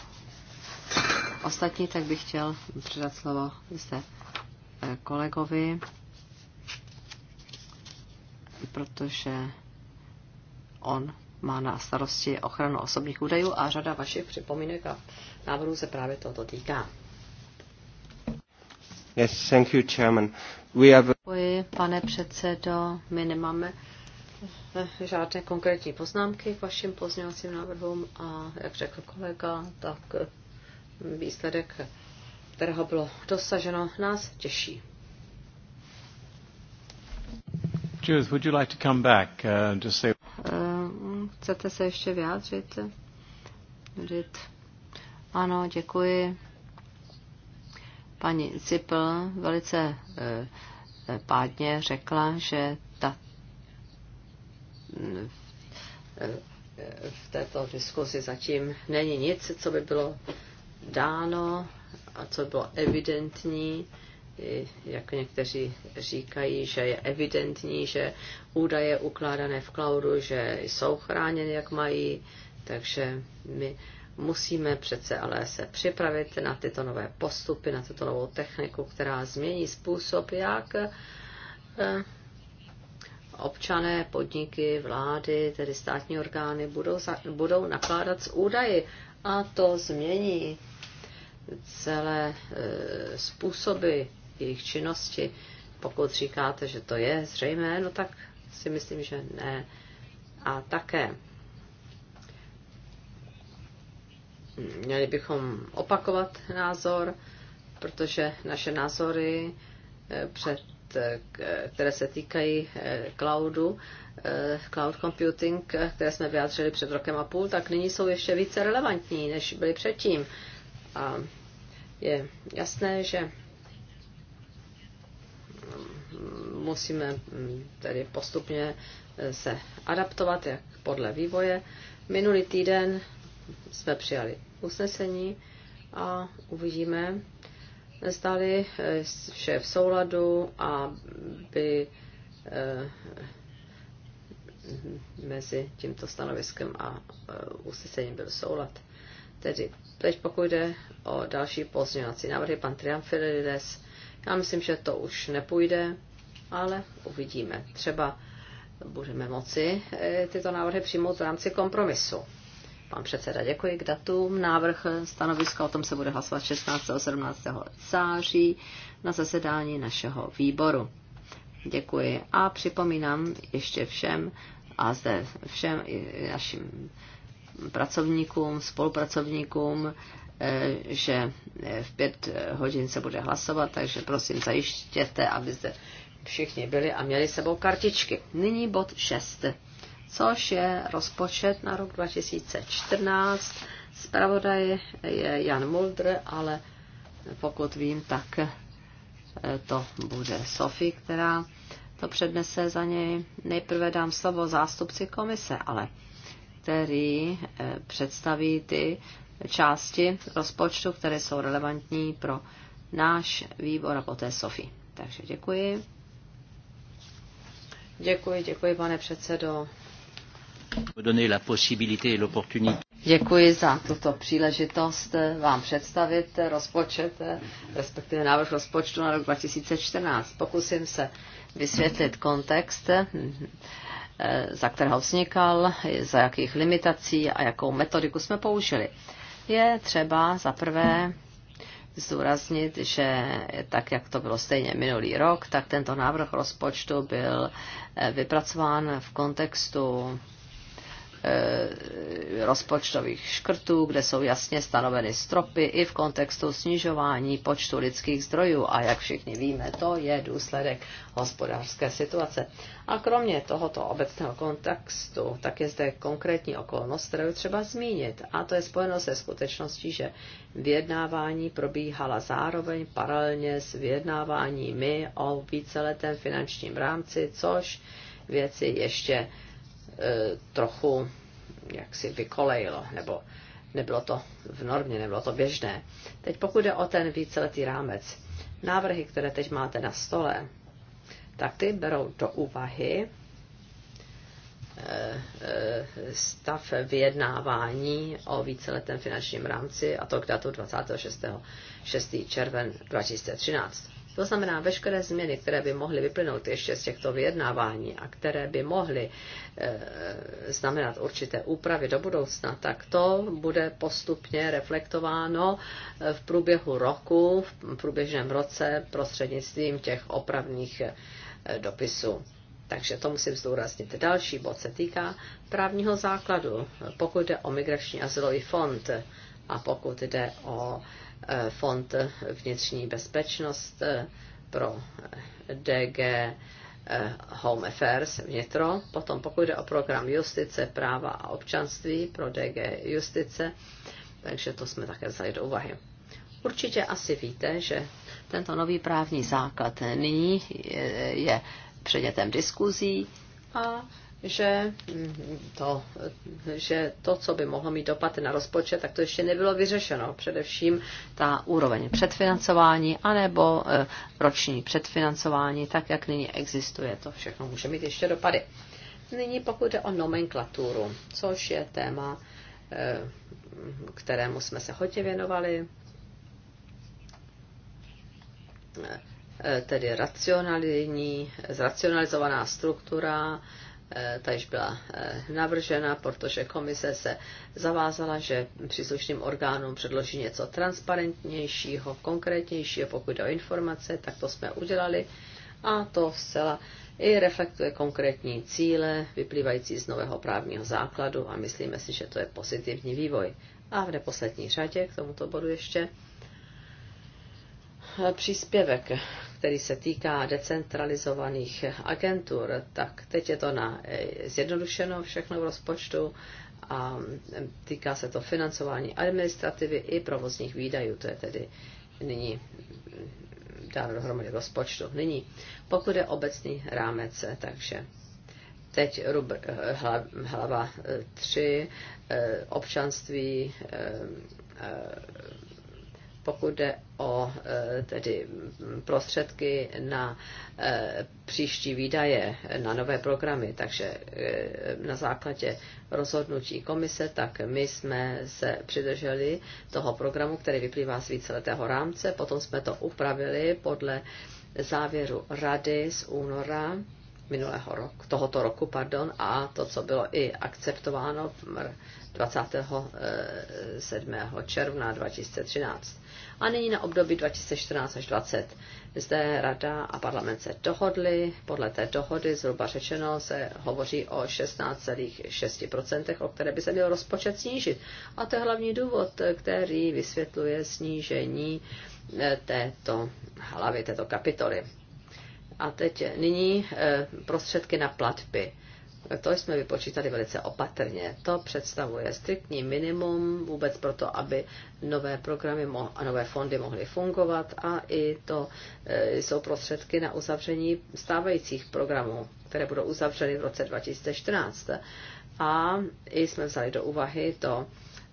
ostatní, tak bych chtěl předat slovo zde eh, kolegovi, protože on má na starosti ochranu osobních údajů a řada vašich připomínek a návrhů se právě toto týká. Yes, thank you, Chairman. We have... Děkuji, pane předsedo. My nemáme eh, žádné konkrétní poznámky k vašim pozměňovacím návrhům a jak řekl kolega, tak eh, výsledek, kterého bylo dosaženo, nás těší. Jules, would you like to come back uh, to say... Eh, chcete se ještě vyjádřit? Ano, děkuji. Paní Cipl velice eh, eh, pádně řekla, že ta, mm, eh, v této diskuzi zatím není nic, co by bylo dáno a co by bylo evidentní, jak někteří říkají, že je evidentní, že údaje ukládané v cloudu, že jsou chráněny, jak mají, takže my Musíme přece ale se připravit na tyto nové postupy, na tuto novou techniku, která změní způsob, jak eh, občané, podniky, vlády, tedy státní orgány budou, za, budou nakládat s údaji a to změní celé e, způsoby jejich činnosti. Pokud říkáte, že to je zřejmé, no tak si myslím, že ne. A také měli bychom opakovat názor, protože naše názory, eh, před, eh, které se týkají eh, cloudu, cloud computing, které jsme vyjádřili před rokem a půl, tak nyní jsou ještě více relevantní, než byly předtím. A je jasné, že mm, musíme mm, tedy postupně se adaptovat, jak podle vývoje. Minulý týden jsme přijali usnesení a uvidíme, zdali eh, vše v souladu, aby eh, mezi tímto stanoviskem a eh, usnesením byl soulad. Tedy teď pokud jde o další pozměňovací návrhy, pan Triamfilides, já myslím, že to už nepůjde, ale uvidíme. Třeba budeme moci tyto návrhy přijmout v rámci kompromisu. Pan předseda, děkuji k datům. Návrh stanoviska o tom se bude hlasovat 16. a 17. září na zasedání našeho výboru. Děkuji a připomínám ještě všem a zde všem i našim pracovníkům, spolupracovníkům, eh, že eh, v pět hodin se bude hlasovat, takže prosím zajištěte, aby zde všichni byli a měli sebou kartičky. Nyní bod 6 což je rozpočet na rok 2014. Zpravodaj je Jan Muldr, ale pokud vím, tak eh, to bude Sofie, která to přednese za něj. Nejprve dám slovo zástupci komise, ale který eh, představí ty části rozpočtu, které jsou relevantní pro náš výbor a poté Sofie. Takže děkuji. Děkuji, děkuji, pane předsedo. Děkuji za tuto příležitost eh, vám představit eh, rozpočet, eh, respektive návrh rozpočtu na rok 2014. Pokusím se vysvětlit kontext, za kterého vznikal, za jakých limitací a jakou metodiku jsme použili. Je třeba zaprvé zdůraznit, že tak, jak to bylo stejně minulý rok, tak tento návrh rozpočtu byl vypracován v kontextu Eh, rozpočtových škrtů, kde jsou jasně stanoveny stropy i v kontextu snižování počtu lidských zdrojů. A jak všichni víme, to je důsledek hospodářské situace. A kromě tohoto obecného kontextu, tak je zde konkrétní okolnost, kterou třeba zmínit. A to je spojeno se skutečností, že vyjednávání probíhala zároveň paralelně s vyjednáváními o víceletém finančním rámci, což věci ještě E, trochu jaksi vykolejilo, nebo nebylo to v normě, nebylo to běžné. Teď pokud jde o ten víceletý rámec, návrhy, které teď máte na stole, tak ty berou do úvahy e, e, stav vyjednávání o víceletém finančním rámci a to k datu 26. 6. červen 2013. To znamená, veškeré změny, které by mohly vyplynout ještě z těchto vyjednávání a které by mohly e, znamenat určité úpravy do budoucna, tak to bude postupně reflektováno eh, v průběhu roku, v průběžném roce prostřednictvím těch opravných eh, dopisů. Takže to musím zdůraznit. Další bod se týká právního základu, pokud jde o migrační azylový fond a pokud jde o e, fond vnitřní bezpečnost pro DG eh, Home Affairs vnitro. Potom pokud jde o program justice, práva a občanství pro DG justice, takže to jsme také vzali do úvahy. Určitě asi víte, že tento nový právní základ nyní eh, je předmětem diskuzí a že mm, to, že to, co by mohlo mít dopad na rozpočet, tak to ještě nebylo vyřešeno. Především ta úroveň předfinancování anebo e, roční předfinancování, tak jak nyní existuje. To všechno může mít ještě dopady. Nyní pokud jde o nomenklaturu, což je téma, e, kterému jsme se hodně věnovali, e, tedy racionální, zracionalizovaná struktura, ta již byla eh, navržena, protože komise se zavázala, že příslušným orgánům předloží něco transparentnějšího, konkrétnějšího, pokud jde o informace, tak to jsme udělali a to zcela i reflektuje konkrétní cíle vyplývající z nového právního základu a myslíme si, že to je pozitivní vývoj. A v neposlední řadě k tomuto bodu ještě příspěvek, který se týká decentralizovaných agentur, tak teď je to na eh, zjednodušeno všechno v rozpočtu a týká se to financování administrativy i provozních výdajů, to je tedy nyní dáno dohromady rozpočtu. Nyní, pokud je obecný rámec, eh, takže teď rubr, eh, hlava 3, občanství, pokud jde o e, tedy prostředky na e, příští výdaje na nové programy. Takže e, na základě rozhodnutí komise, tak my jsme se přidrželi toho programu, který vyplývá z víceletého rámce, potom jsme to upravili podle závěru rady z února minulého roku, tohoto roku, pardon, a to, co bylo i akceptováno 27. června 2013. A nyní na období 2014 až 2020. Zde rada a parlament se dohodli. Podle té dohody zhruba řečeno se hovoří o 16,6%, o které by se měl rozpočet snížit. A to je hlavní důvod, který vysvětluje snížení eh, této hlavy, této kapitoly. A teď nyní eh, prostředky na platby to jsme vypočítali velice opatrně. To představuje striktní minimum vůbec proto, aby nové programy a nové fondy mohly fungovat a i to e, jsou prostředky na uzavření stávajících programů, které budou uzavřeny v roce 2014. A i jsme vzali do úvahy to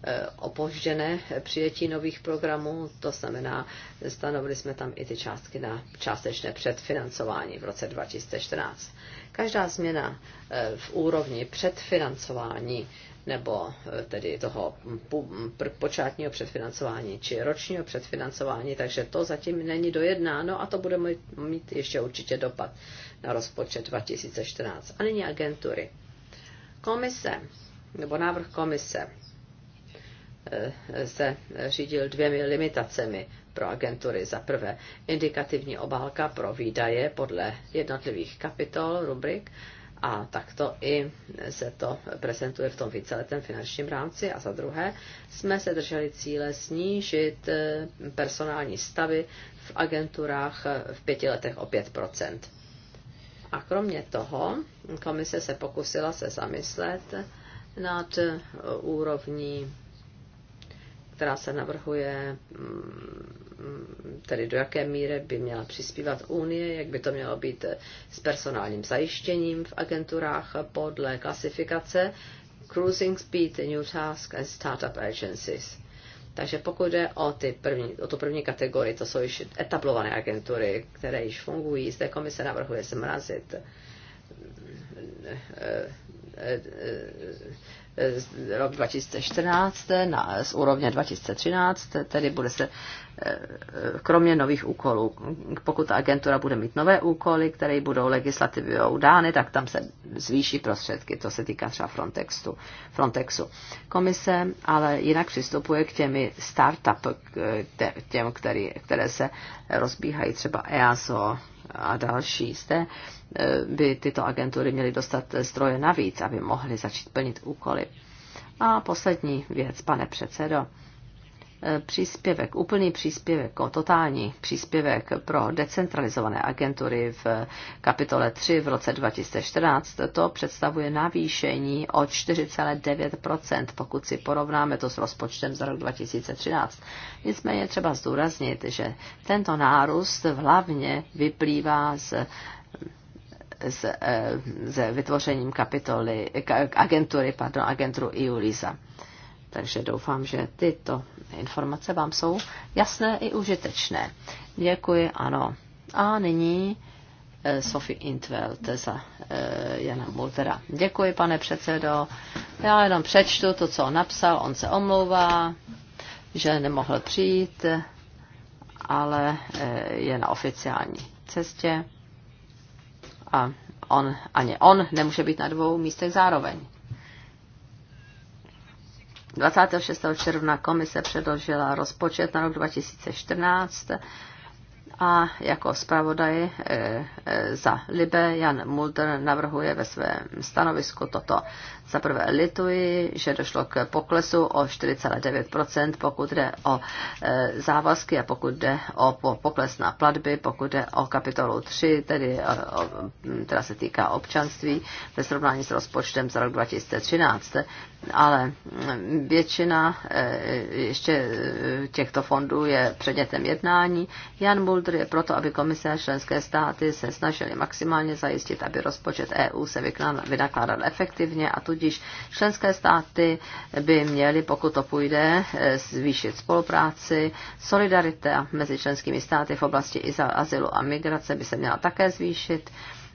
Eh, opožděné přijetí nových programů, to znamená, stanovili jsme tam i ty částky na částečné předfinancování v roce 2014. Každá změna eh, v úrovni předfinancování nebo eh, tedy toho počátního předfinancování či ročního předfinancování, takže to zatím není dojednáno a to bude mít ještě určitě dopad na rozpočet 2014. A nyní agentury. Komise, nebo návrh komise Eh, se řídil dvěmi limitacemi pro agentury. Za prvé, indikativní obálka pro výdaje podle jednotlivých kapitol, rubrik, a takto i se to prezentuje v tom víceletém finančním rámci. A za druhé, jsme se drželi cíle snížit eh, personální stavy v agenturách eh, v pěti letech o 5 A kromě toho, komise se pokusila se zamyslet nad úrovní která se navrhuje, mm, tedy do jaké míry by měla přispívat Unie, jak by to mělo být s personálním zajištěním v agenturách podle klasifikace Cruising Speed, New Task and Startup Agencies. Takže pokud jde o, ty první, o tu první kategorii, to jsou již etablované agentury, které již fungují, zde komise navrhuje zmrazit mm, eh, eh, eh, rok 2014 na, z úrovně 2013, tedy bude se eh, kromě nových úkolů, pokud ta agentura bude mít nové úkoly, které budou legislativou dány, tak tam se zvýší prostředky, to se týká třeba Frontexu. Frontexu. Komise ale jinak přistupuje k těmi startup, k eh, těm, který, které se rozbíhají třeba EASO, a další zde eh, by tyto agentury měly dostat stroje navíc, aby mohly začít plnit úkoly. A poslední věc, pane předsedo příspěvek, úplný příspěvek, totální příspěvek pro decentralizované agentury v kapitole 3 v roce 2014, to představuje navýšení o 4,9%, pokud si porovnáme to s rozpočtem za rok 2013. Nicméně třeba zdůraznit, že tento nárůst hlavně vyplývá z s, s eh, vytvořením kapitoly, agentury, pardon, agenturu EU LISA. Takže doufám, že tyto informace vám jsou jasné i užitečné. Děkuji, ano. A nyní eh, Sophie Intveld za eh, Jana Multera. Děkuji, pane předsedo. Já jenom přečtu to, co on napsal. On se omlouvá, že nemohl přijít, ale eh, je na oficiální cestě a on, ani on nemůže být na dvou místech zároveň. 26. června komise předložila rozpočet na rok 2014 a jako zpravodaj eh, eh, za Libe Jan Mulder navrhuje ve svém stanovisku toto. Za prvé lituji, že došlo k poklesu o 4,9%, pokud jde o e, závazky a pokud jde o pokles na platby, pokud jde o kapitolu 3, tedy e, o, která se týká občanství ve srovnání s rozpočtem za rok 2013. Ale mm, většina e, ještě těchto fondů je předmětem jednání. Jan Mulder je proto, aby komise a členské státy se snažili maximálně zajistit, aby rozpočet EU se vynakládal efektivně a tudíž Tudíž členské státy by měly, pokud to půjde, zvýšit spolupráci. Solidarita mezi členskými státy v oblasti azylu a migrace by se měla také zvýšit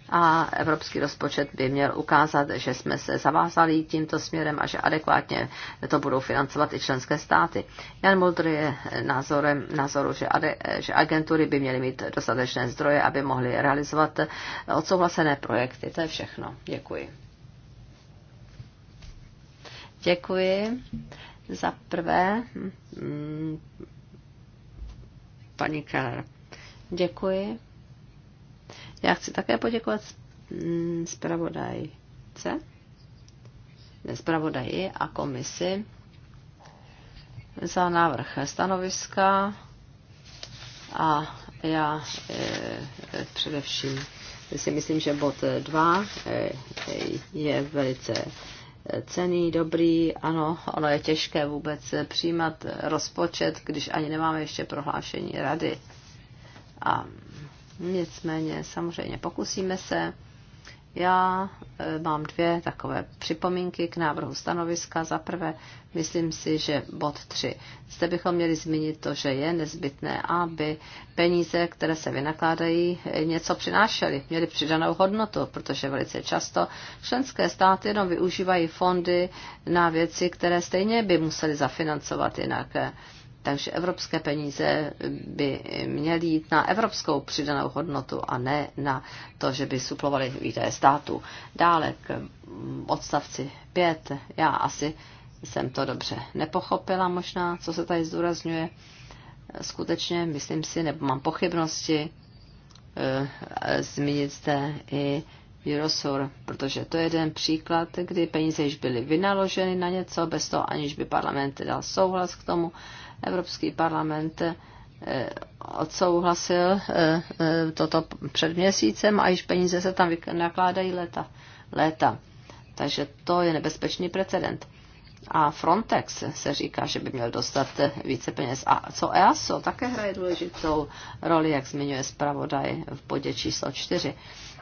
a evropský rozpočet by měl ukázat, že jsme se zavázali tímto směrem a že adekvátně to budou financovat i členské státy. Jan Mulder je názorem, názoru, že, ade, že agentury by měly mít dostatečné zdroje, aby mohly realizovat odsouhlasené projekty. To je všechno. Děkuji. Děkuji. Za prvé, mm, paní Keller, děkuji. Já chci také poděkovat mm, zpravodajce, zpravodaji a komisi za návrh stanoviska a já e, e především si myslím, že bod 2 e, e, je velice cený, dobrý. Ano, ono je těžké vůbec přijímat rozpočet, když ani nemáme ještě prohlášení rady. A hm, nicméně samozřejmě pokusíme se já e, mám dvě takové připomínky k návrhu stanoviska. Za prvé, myslím si, že bod 3. Zde bychom měli zmínit to, že je nezbytné, aby peníze, které se vynakládají, e, něco přinášely, měly přidanou hodnotu, protože velice často členské státy jenom využívají fondy na věci, které stejně by museli zafinancovat jinak. Takže evropské peníze by měly jít na evropskou přidanou hodnotu a ne na to, že by suplovaly výdaje státu. Dále k odstavci 5. Já asi jsem to dobře nepochopila možná, co se tady zdůrazňuje. Skutečně, myslím si, nebo mám pochybnosti, eh, zmínit zde i Eurosur, protože to je jeden příklad, kdy peníze již byly vynaloženy na něco, bez toho aniž by parlament dal souhlas k tomu. Evropský parlament eh, odsouhlasil eh, eh, toto před měsícem a již peníze se tam nakládají léta. léta. Takže to je nebezpečný precedent a Frontex se říká, že by měl dostat více peněz. A co EASO také hraje důležitou roli, jak zmiňuje zpravodaj v bodě číslo 4.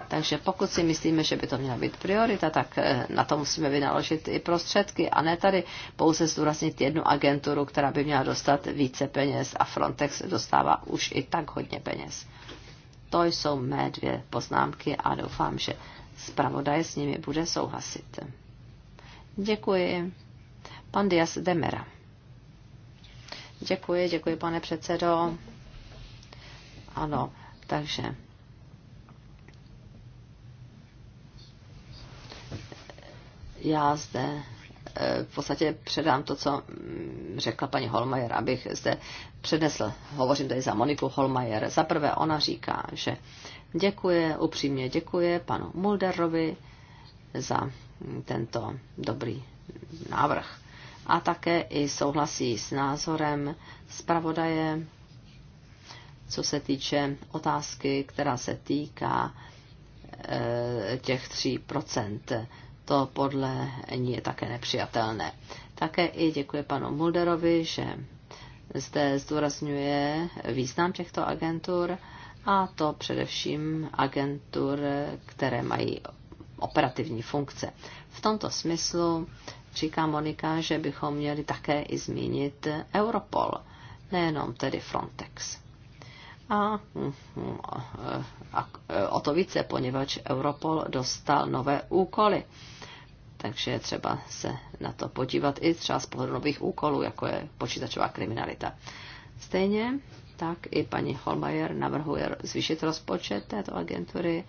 Takže pokud si myslíme, že by to měla být priorita, tak eh, na to musíme vynaložit i prostředky a ne tady pouze zdůraznit jednu agenturu, která by měla dostat více peněz a Frontex dostává už i tak hodně peněz. To jsou mé dvě poznámky a doufám, že zpravodaj s nimi bude souhlasit. Děkuji. Pan Dias Demera. Děkuji, děkuji, pane předsedo. Ano, takže. Já zde eh, v podstatě předám to, co mm, řekla paní Holmajer, abych zde přednesl. Hovořím tady za Moniku Holmajer. Za prvé, ona říká, že děkuje, upřímně děkuje panu Mulderovi za tento dobrý návrh a také i souhlasí s názorem zpravodaje, co se týče otázky, která se týká e, těch 3%. To podle ní je také nepřijatelné. Také i děkuji panu Mulderovi, že zde zdůrazňuje význam těchto agentur a to především agentur, které mají operativní funkce. V tomto smyslu říká Monika, že bychom měli také i zmínit Europol, nejenom tedy Frontex. A, a o to více, poněvadž Europol dostal nové úkoly. Takže je třeba se na to podívat i třeba z pohledu nových úkolů, jako je počítačová kriminalita. Stejně tak i paní Holmajer navrhuje zvýšit rozpočet této agentury,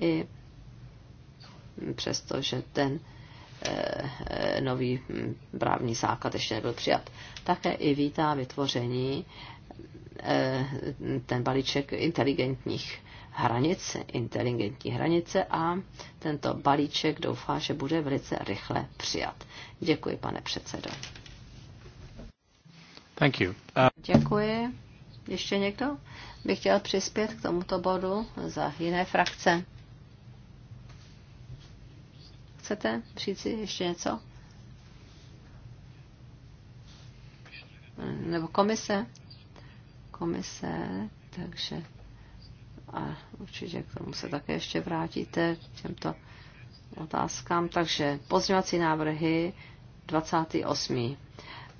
i přestože ten Eh, nový hm, právní základ ještě nebyl přijat. Také i vítá vytvoření eh, ten balíček inteligentních hranic, inteligentní hranice a tento balíček doufá, že bude velice rychle přijat. Děkuji, pane předsedo. Thank you. Uh... Děkuji. Ještě někdo Bych chtěl přispět k tomuto bodu za jiné frakce? Chcete přijít si ještě něco? Nebo komise? Komise, takže a určitě k tomu se také ještě vrátíte, k těmto otázkám. Takže pozměňovací návrhy 28.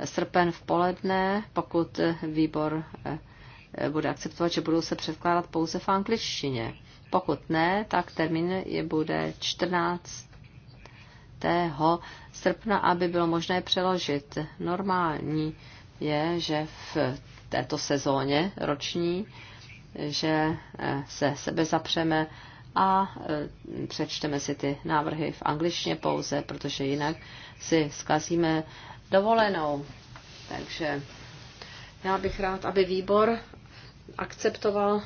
srpen v poledne, pokud výbor eh, bude akceptovat, že budou se předkládat pouze v angličtině. Pokud ne, tak termín je bude 14 srpna, aby bylo možné přeložit. Normální je, že v této sezóně roční, že eh, se sebe zapřeme a eh, přečteme si ty návrhy v angličtině pouze, protože jinak si zkazíme dovolenou. Takže já bych rád, aby výbor akceptoval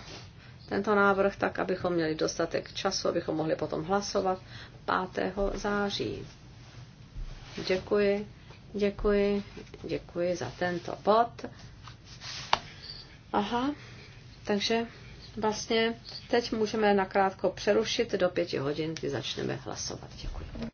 tento návrh tak, abychom měli dostatek času, abychom mohli potom hlasovat 5. září. Děkuji, děkuji, děkuji za tento bod. Aha, takže vlastně teď můžeme nakrátko přerušit do pěti hodin, kdy začneme hlasovat. Děkuji.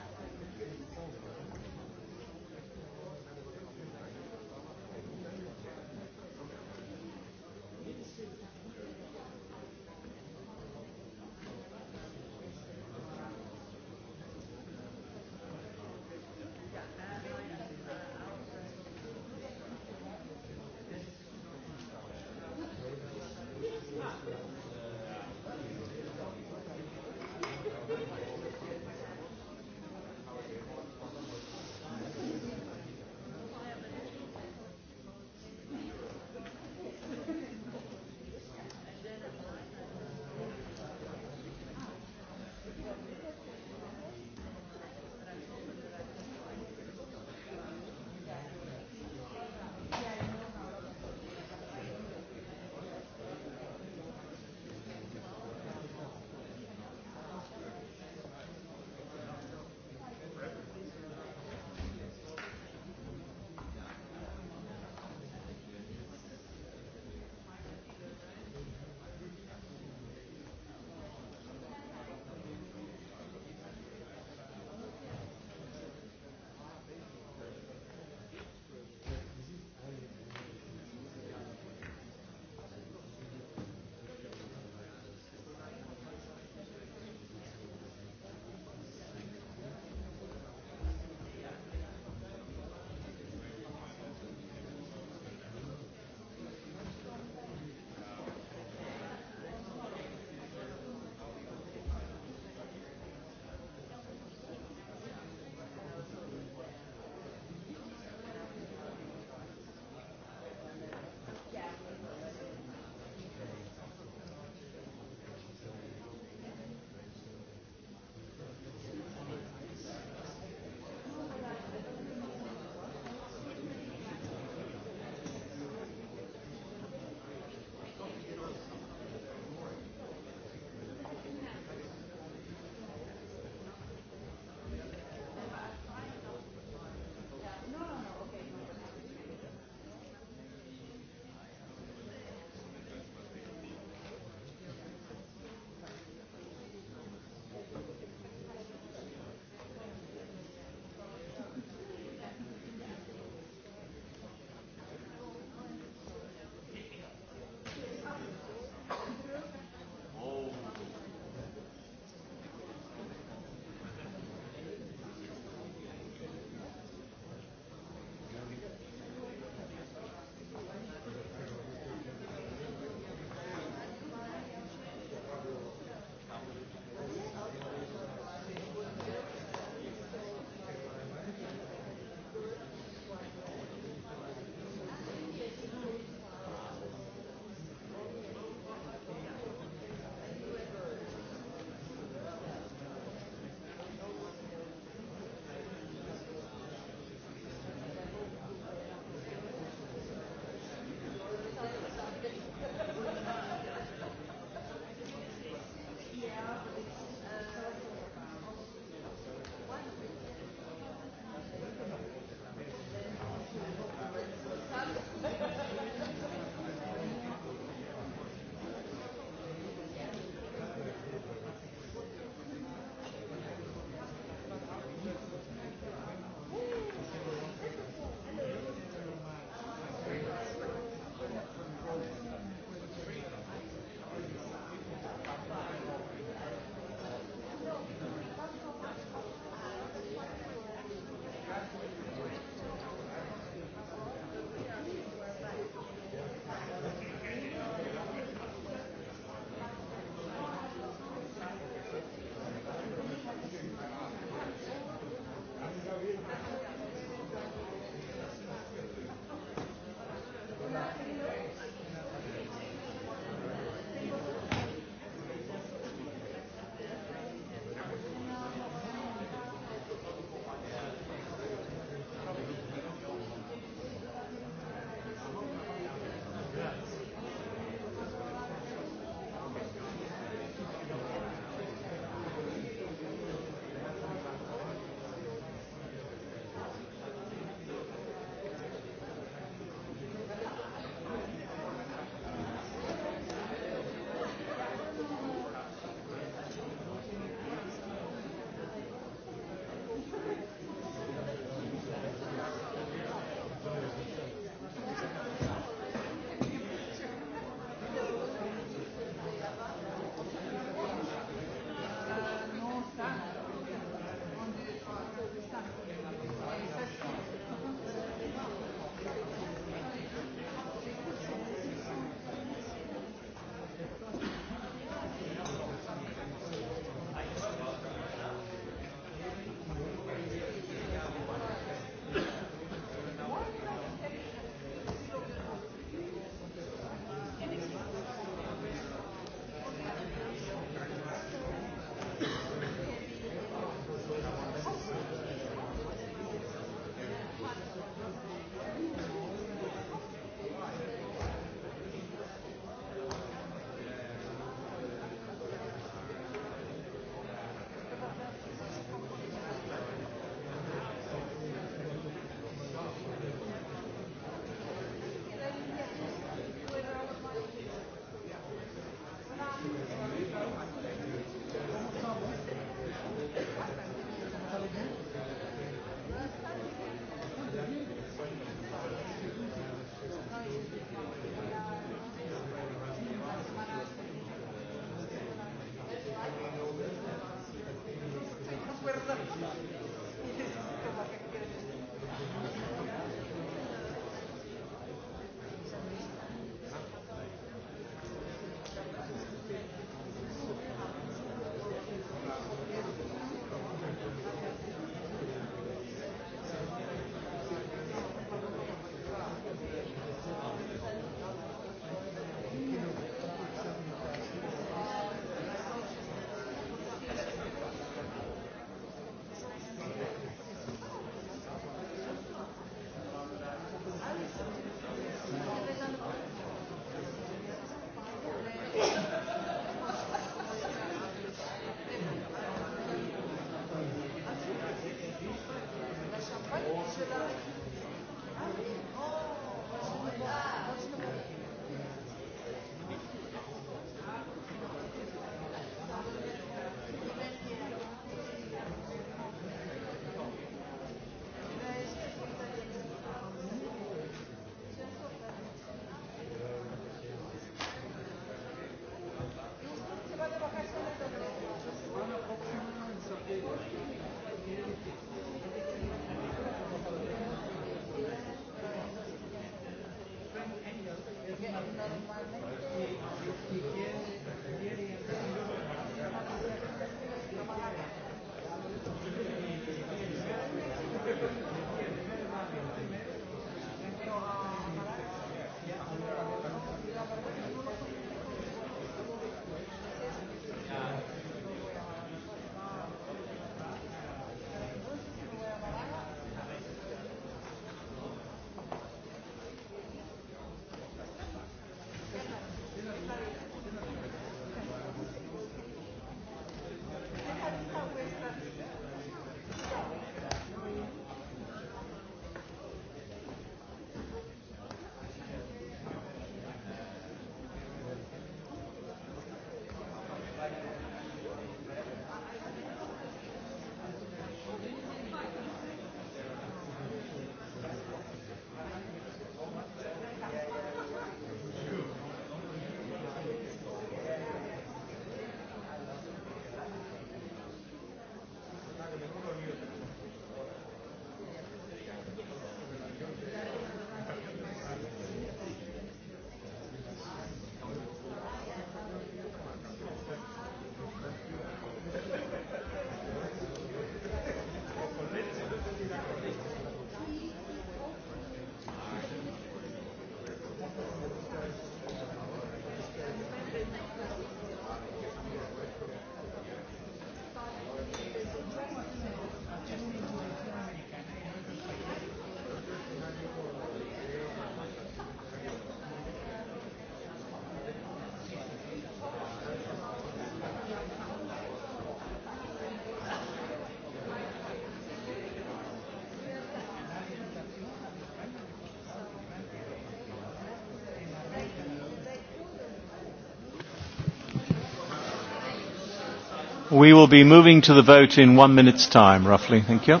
We will be moving to the vote in one minute's time, roughly. Thank you.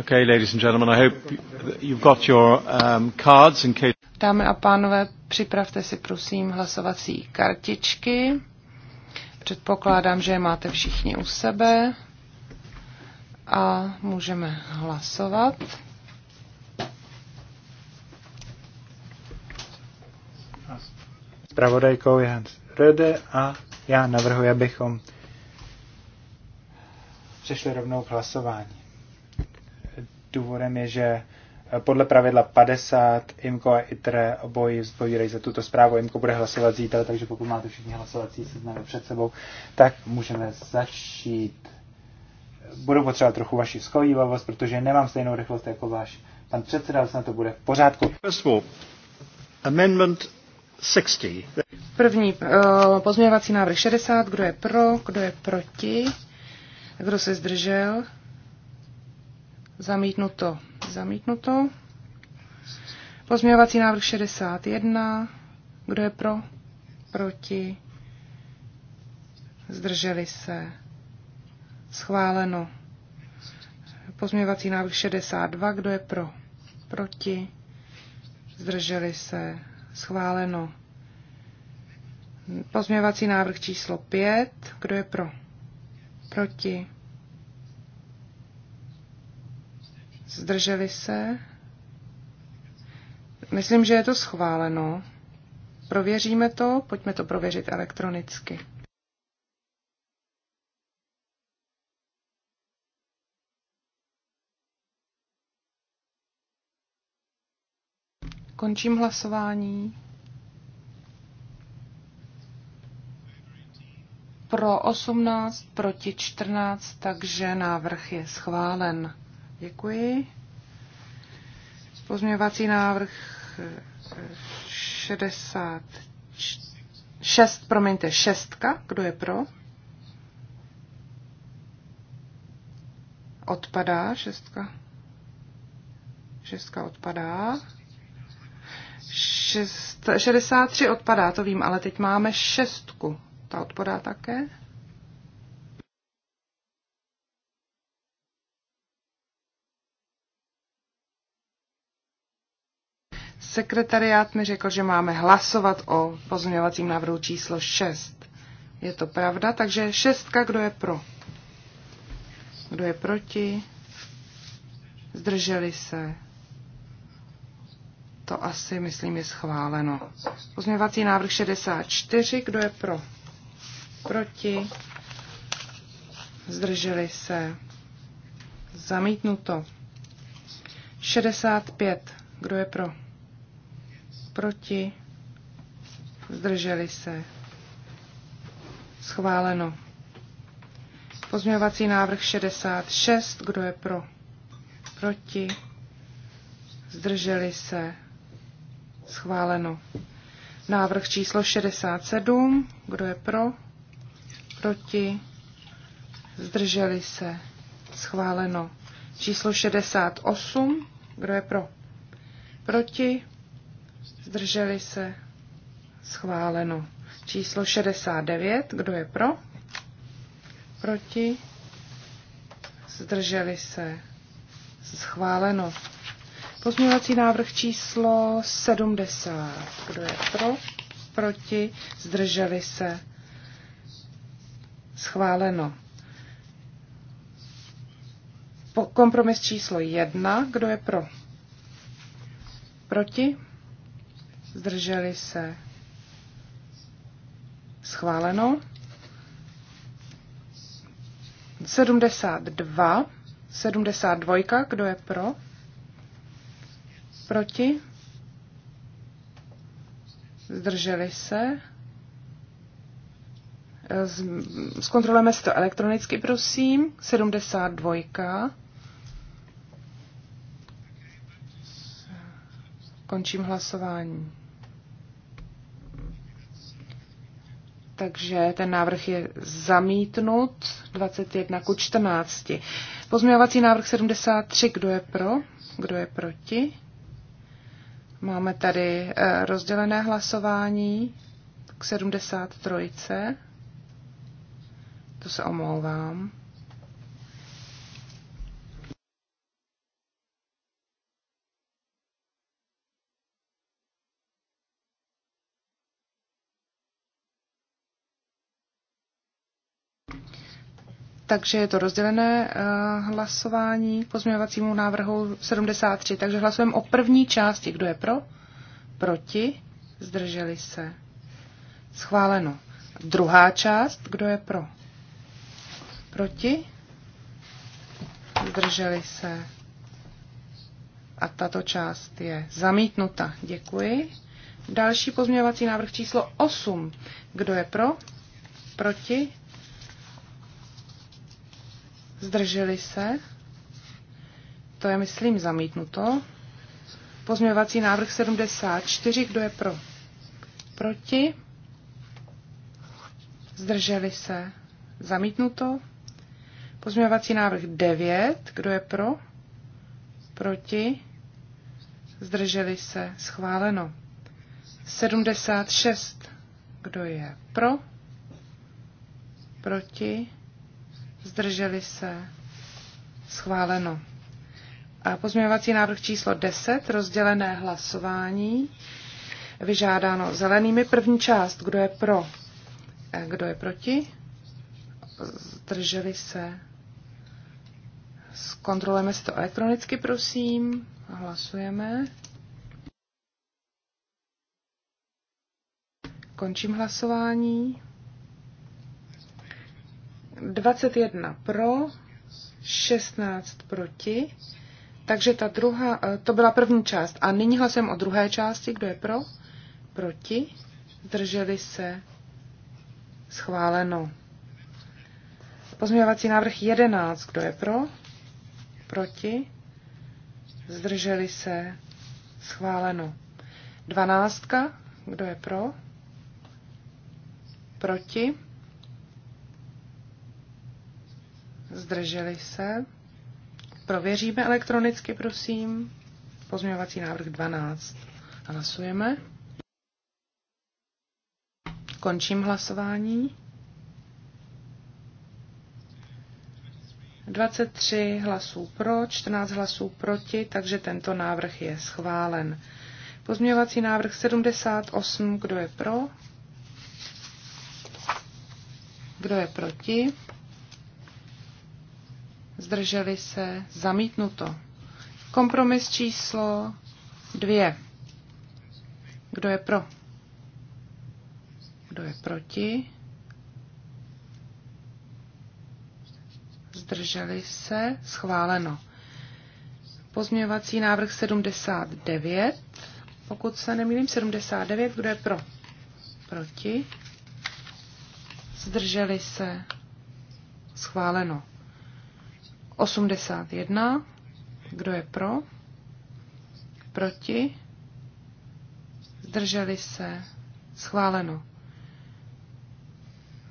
Okay, ladies and gentlemen, I hope you've got your um, cards in case... Dámy a pánové, připravte si prosím hlasovací kartičky. Předpokládám, že je máte všichni u sebe a můžeme hlasovat. Spravodajkou je Hans Röde a já navrhuji, abychom přešli rovnou k hlasování. Důvodem je, že eh, podle pravidla 50 IMCO a ITRE obojí zpovídají za tuto zprávu. IMCO bude hlasovat zítra, takže pokud máte všichni hlasovací seznamy před sebou, tak můžeme začít. Budu potřebovat trochu vaši schovývavost, protože nemám stejnou rychlost jako váš pan předseda, snad to bude v pořádku. Amendment 60. První uh, pozměňovací návrh 60. Kdo je pro, kdo je proti, kdo se zdržel? Zamítnuto. Zamítnuto. Pozměňovací návrh 61. Kdo je pro? Proti? Zdrželi se? Schváleno. Pozměňovací návrh 62. Kdo je pro? Proti? Zdrželi se? Schváleno. Pozměňovací návrh číslo 5. Kdo je pro? Proti? Zdrželi se? Myslím, že je to schváleno. Prověříme to, pojďme to prověřit elektronicky. Končím hlasování. Pro 18, proti 14, takže návrh je schválen. Děkuji. Pozměňovací návrh 66, eh, eh, promiňte, šestka. Kdo je pro? Odpadá šestka. Šestka odpadá. Šest, 63 odpadá, to vím, ale teď máme šestku. Ta odpadá také? Sekretariát mi řekl, že máme hlasovat o pozměňovacím návrhu číslo 6. Je to pravda, takže šestka, kdo je pro? Kdo je proti? Zdrželi se? To asi, myslím, je schváleno. Pozměňovací návrh 64, kdo je pro? Proti? Zdrželi se? Zamítnuto. 65, kdo je pro? proti, zdrželi se, schváleno. Pozměňovací návrh 66, kdo je pro, proti, zdrželi se, schváleno. Návrh číslo 67, kdo je pro, proti, zdrželi se, schváleno. Číslo 68, kdo je pro, proti, zdrželi se, schváleno. Číslo 69, kdo je pro? Proti, zdrželi se, schváleno. Pozměňovací návrh číslo 70, kdo je pro? Proti, zdrželi se, schváleno. kompromis číslo 1, kdo je pro? Proti? zdrželi se schváleno. 72, 72, kdo je pro? Proti? Zdrželi se? Zkontrolujeme si to elektronicky, prosím. 72. Končím hlasování. Takže ten návrh je zamítnut 21 ku 14. Pozměňovací návrh 73, kdo je pro, kdo je proti? Máme tady eh, rozdělené hlasování k 73. To se omlouvám. Takže je to rozdělené eh, hlasování k pozměňovacímu návrhu 73. Takže hlasujeme o první části. Kdo je pro? Proti? Zdrželi se. Schváleno. Druhá část. Kdo je pro? Proti? Zdrželi se. A tato část je zamítnuta. Děkuji. Další pozměňovací návrh číslo 8. Kdo je pro? Proti? Zdrželi se? To je, myslím, zamítnuto. Pozměňovací návrh 74. Kdo je pro? Proti? Zdrželi se? Zamítnuto. Pozměňovací návrh 9. Kdo je pro? Proti? Zdrželi se? Schváleno. 76. Kdo je pro? Proti? zdrželi se, schváleno. A pozměňovací návrh číslo 10, rozdělené hlasování, vyžádáno zelenými. První část, kdo je pro, eh, kdo je proti, zdrželi se. Zkontrolujeme si to elektronicky, prosím. Hlasujeme. Končím hlasování. 21 pro, 16 proti. Takže ta druhá, eh, to byla první část. A nyní hlasujeme o druhé části. Kdo je pro? Proti. Zdrželi se. Schváleno. Pozměňovací návrh 11. Kdo je pro? Proti. Zdrželi se. Schváleno. 12, Kdo je pro? Proti. zdrželi se. Prověříme elektronicky, prosím. Pozměňovací návrh 12. Hlasujeme. Končím hlasování. 23 hlasů pro, 14 hlasů proti, takže tento návrh je schválen. Pozměňovací návrh 78, kdo je pro? Kdo je proti? zdrželi se, zamítnuto. Kompromis číslo dvě. Kdo je pro? Kdo je proti? Zdrželi se, schváleno. Pozměňovací návrh 79. Pokud se nemýlím, 79. Kdo je pro? Proti? Zdrželi se. Schváleno. 81. Kdo je pro? Proti? Zdrželi se? Schváleno.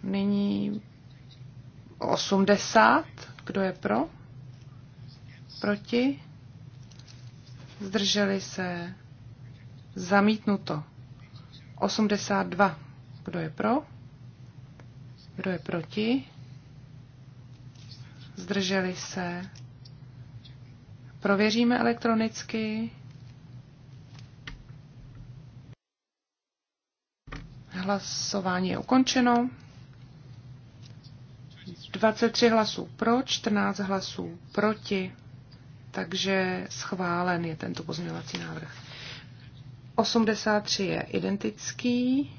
Nyní 80. Kdo je pro? Proti? Zdrželi se? Zamítnuto. 82. Kdo je pro? Kdo je proti? zdrželi se. Prověříme elektronicky. Hlasování je ukončeno. 23 hlasů pro, 14 hlasů proti, takže schválen je tento pozměňovací návrh. 83 je identický.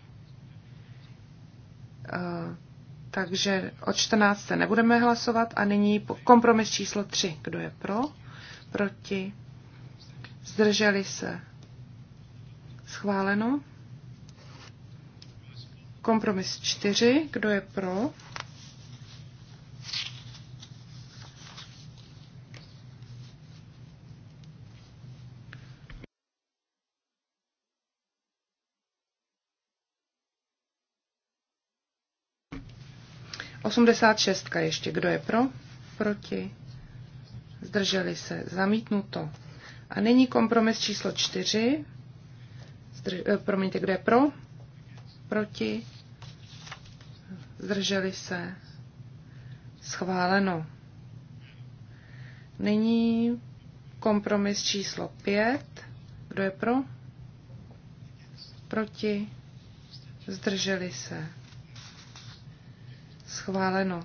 Eh, takže o 14. nebudeme hlasovat a nyní kompromis číslo 3. Kdo je pro? Proti? Zdrželi se? Schváleno. Kompromis 4. Kdo je pro? 86 ještě. Kdo je pro? Proti? Zdrželi se. Zamítnuto. A nyní kompromis číslo 4. Zdrž, eh, promiňte, kdo je pro? Proti? Zdrželi se. Schváleno. Nyní kompromis číslo 5. Kdo je pro? Proti? Zdrželi se schváleno.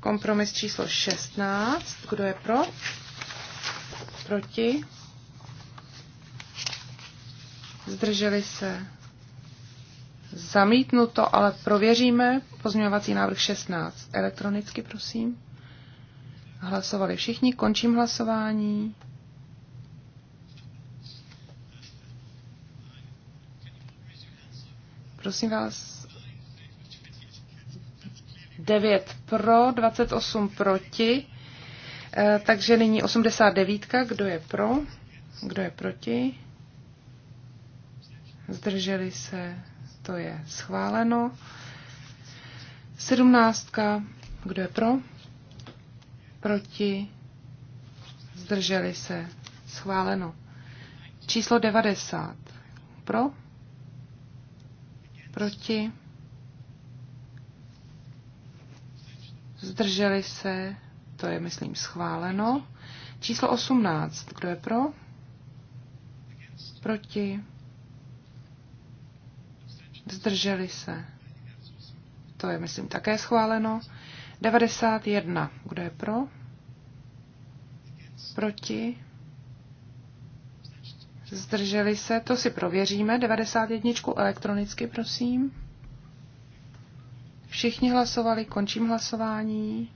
Kompromis číslo 16. Kdo je pro? Proti? Zdrželi se? Zamítnuto, ale prověříme. Pozměňovací návrh 16. Elektronicky, prosím. Hlasovali všichni. Končím hlasování. Prosím vás, 9 pro, 28 proti. Eh, takže nyní 89. Kdo je pro? Kdo je proti? Zdrželi se. To je schváleno. 17. Kdo je pro? Proti? Zdrželi se. Schváleno. Číslo 90. Pro? Proti? zdrželi se, to je, myslím, schváleno. Číslo 18, kdo je pro? Proti? Zdrželi se. To je, myslím, také schváleno. 91. Kdo je pro? Proti? Zdrželi se. To si prověříme. 91. elektronicky, prosím. Všichni hlasovali, končím hlasování.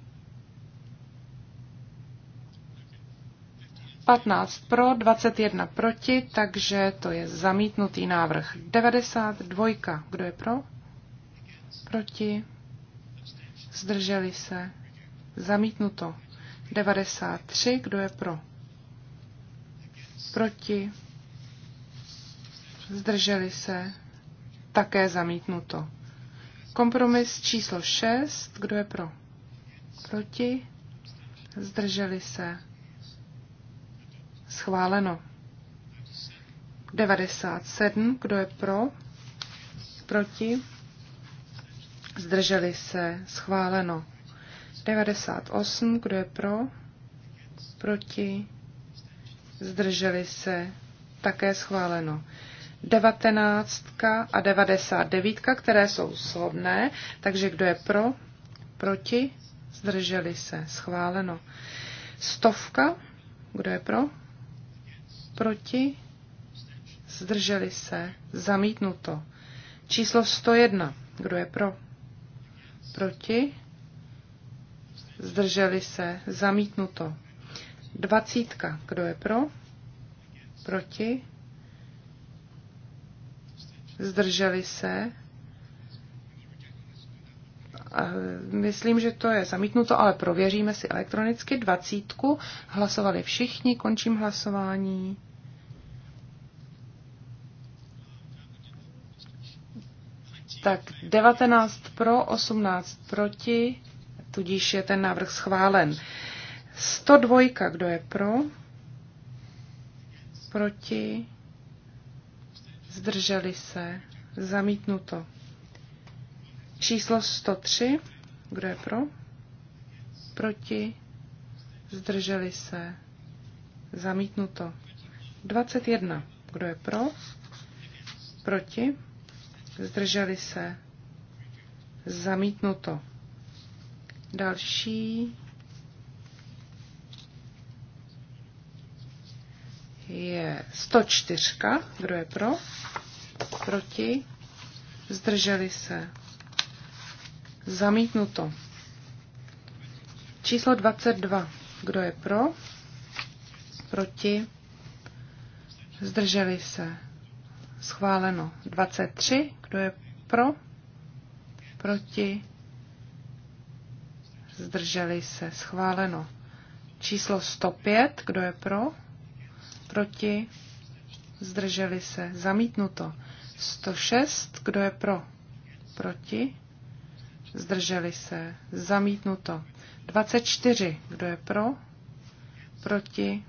15 pro, 21 proti, takže to je zamítnutý návrh. 92, kdo je pro? Proti. Zdrželi se. Zamítnuto. 93, kdo je pro? Proti. Zdrželi se. Také zamítnuto. Kompromis číslo 6. Kdo je pro? Proti? Zdrželi se? Schváleno. 97. Kdo je pro? Proti? Zdrželi se? Schváleno. 98. Kdo je pro? Proti? Zdrželi se? Také schváleno. 19 a 99, které jsou shodné, takže kdo je pro, proti, zdrželi se, schváleno. Stovka, kdo je pro, proti, zdrželi se, zamítnuto. Číslo 101, kdo je pro, proti, zdrželi se, zamítnuto. Dvacítka, kdo je pro, proti, zdrželi se. Myslím, že to je zamítnuto, ale prověříme si elektronicky. Dvacítku hlasovali všichni, končím hlasování. Tak 19 pro, 18 proti, tudíž je ten návrh schválen. 102, kdo je pro? Proti? zdrželi se, zamítnuto. Číslo 103, kdo je pro? Proti, zdrželi se, zamítnuto. 21, kdo je pro? Proti, zdrželi se, zamítnuto. Další je 104. Kdo je pro? Proti? Zdrželi se. Zamítnuto. Číslo 22. Kdo je pro? Proti? Zdrželi se. Schváleno. 23. Kdo je pro? Proti? Zdrželi se. Schváleno. Číslo 105. Kdo je pro? Proti? Zdrželi se. Zamítnuto. 106. Kdo je pro? Proti? Zdrželi se. Zamítnuto. 24. Kdo je pro? Proti?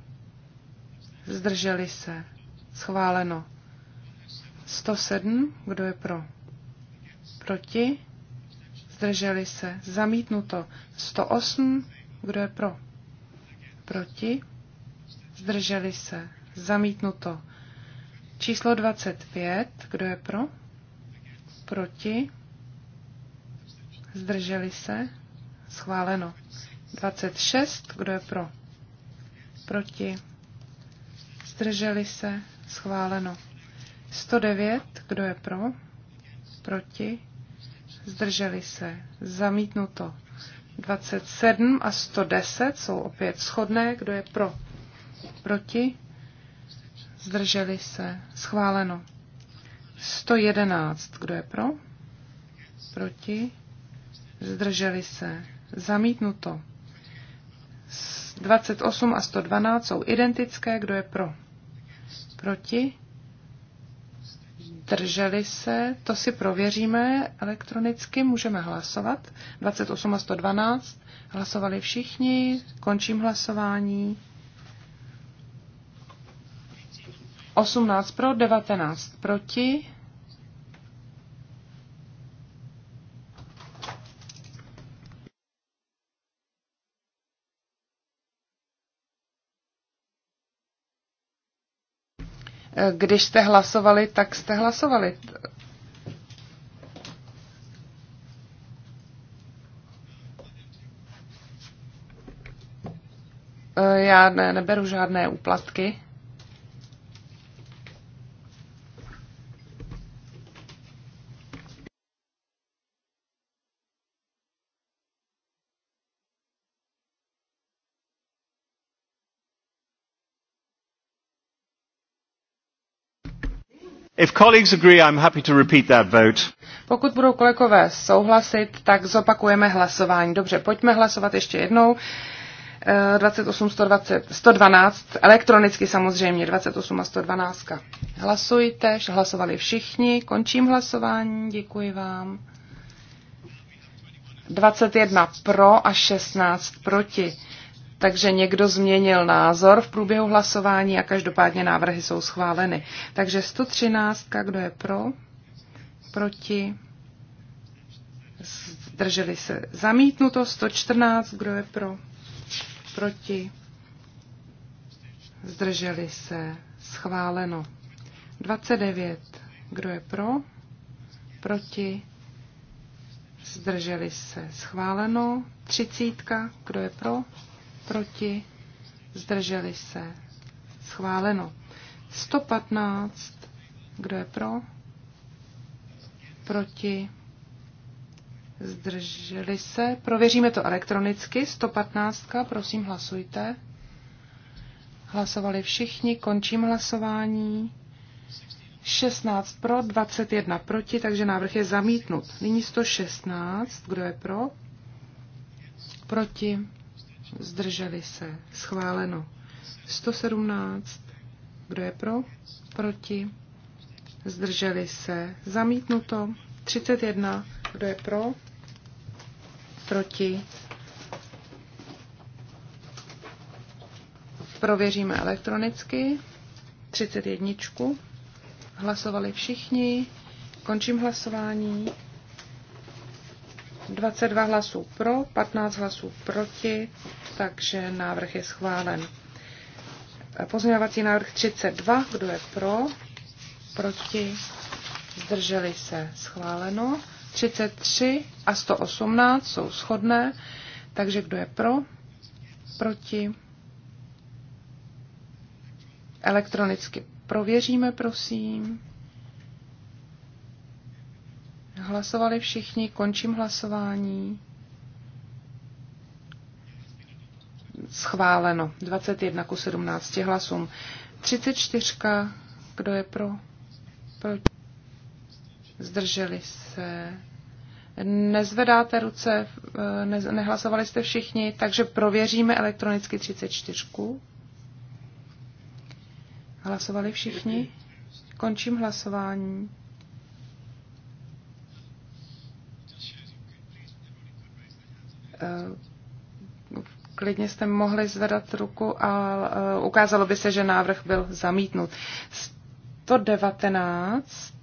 Zdrželi se. Schváleno. 107. Kdo je pro? Proti? Zdrželi se. Zamítnuto. 108. Kdo je pro? Proti? zdrželi se, zamítnuto. Číslo 25, kdo je pro? Proti, zdrželi se, schváleno. 26, kdo je pro? Proti, zdrželi se, schváleno. 109, kdo je pro? Proti, zdrželi se, zamítnuto. 27 a 110 jsou opět shodné, kdo je pro? Proti? Zdrželi se. Schváleno. 111. Kdo je pro? Proti? Zdrželi se. Zamítnuto. 28 a 112 jsou identické. Kdo je pro? Proti? Drželi se, to si prověříme elektronicky, můžeme hlasovat. 28 a 112, hlasovali všichni, končím hlasování. 18 pro, 19 proti. Když jste hlasovali, tak jste hlasovali. Já ne, neberu žádné úplatky. If colleagues agree, I'm happy to repeat that vote. Pokud budou kolegové souhlasit, tak zopakujeme hlasování. Dobře, pojďme hlasovat ještě jednou. 28, 120, 112, elektronicky samozřejmě, 28 a 112. Hlasujte, hlasovali všichni, končím hlasování, děkuji vám. 21 pro a 16 proti takže někdo změnil názor v průběhu hlasování a každopádně návrhy jsou schváleny. Takže 113, kdo je pro, proti, zdrželi se zamítnuto, 114, kdo je pro, proti, zdrželi se schváleno. 29, kdo je pro, proti, zdrželi se schváleno. 30, kdo je pro, proti, zdrželi se, schváleno. 115, kdo je pro, proti, zdrželi se, prověříme to elektronicky, 115, prosím hlasujte. Hlasovali všichni, končím hlasování. 16 pro, 21 proti, takže návrh je zamítnut. Nyní 116, kdo je pro? Proti zdrželi se, schváleno. 117, kdo je pro, proti, zdrželi se, zamítnuto. 31, kdo je pro, proti, prověříme elektronicky. 31. Hlasovali všichni. Končím hlasování. 22 hlasů pro, 15 hlasů proti, takže návrh je schválen. Pozměňovací návrh 32, kdo je pro, proti, zdrželi se, schváleno. 33 a 118 jsou shodné, takže kdo je pro, proti, elektronicky prověříme, prosím. Hlasovali všichni, končím hlasování. Schváleno. 21 ku 17 hlasům. 34. Kdo je pro? Proti? Zdrželi se. Nezvedáte ruce, ne, nehlasovali jste všichni, takže prověříme elektronicky 34. Hlasovali všichni? Končím hlasování. Eh, klidně jste mohli zvedat ruku a eh, ukázalo by se, že návrh byl zamítnut. 119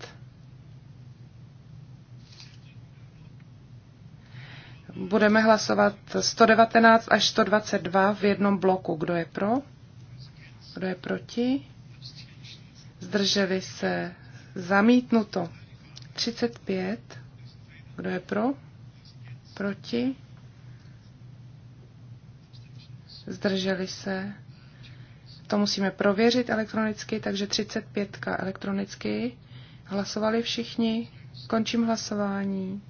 budeme hlasovat 119 až 122 v jednom bloku. Kdo je pro? Kdo je proti? Zdrželi se. Zamítnuto. 35. Kdo je pro? Proti? zdrželi se. To musíme prověřit elektronicky, takže 35 elektronicky. Hlasovali všichni. Končím hlasování.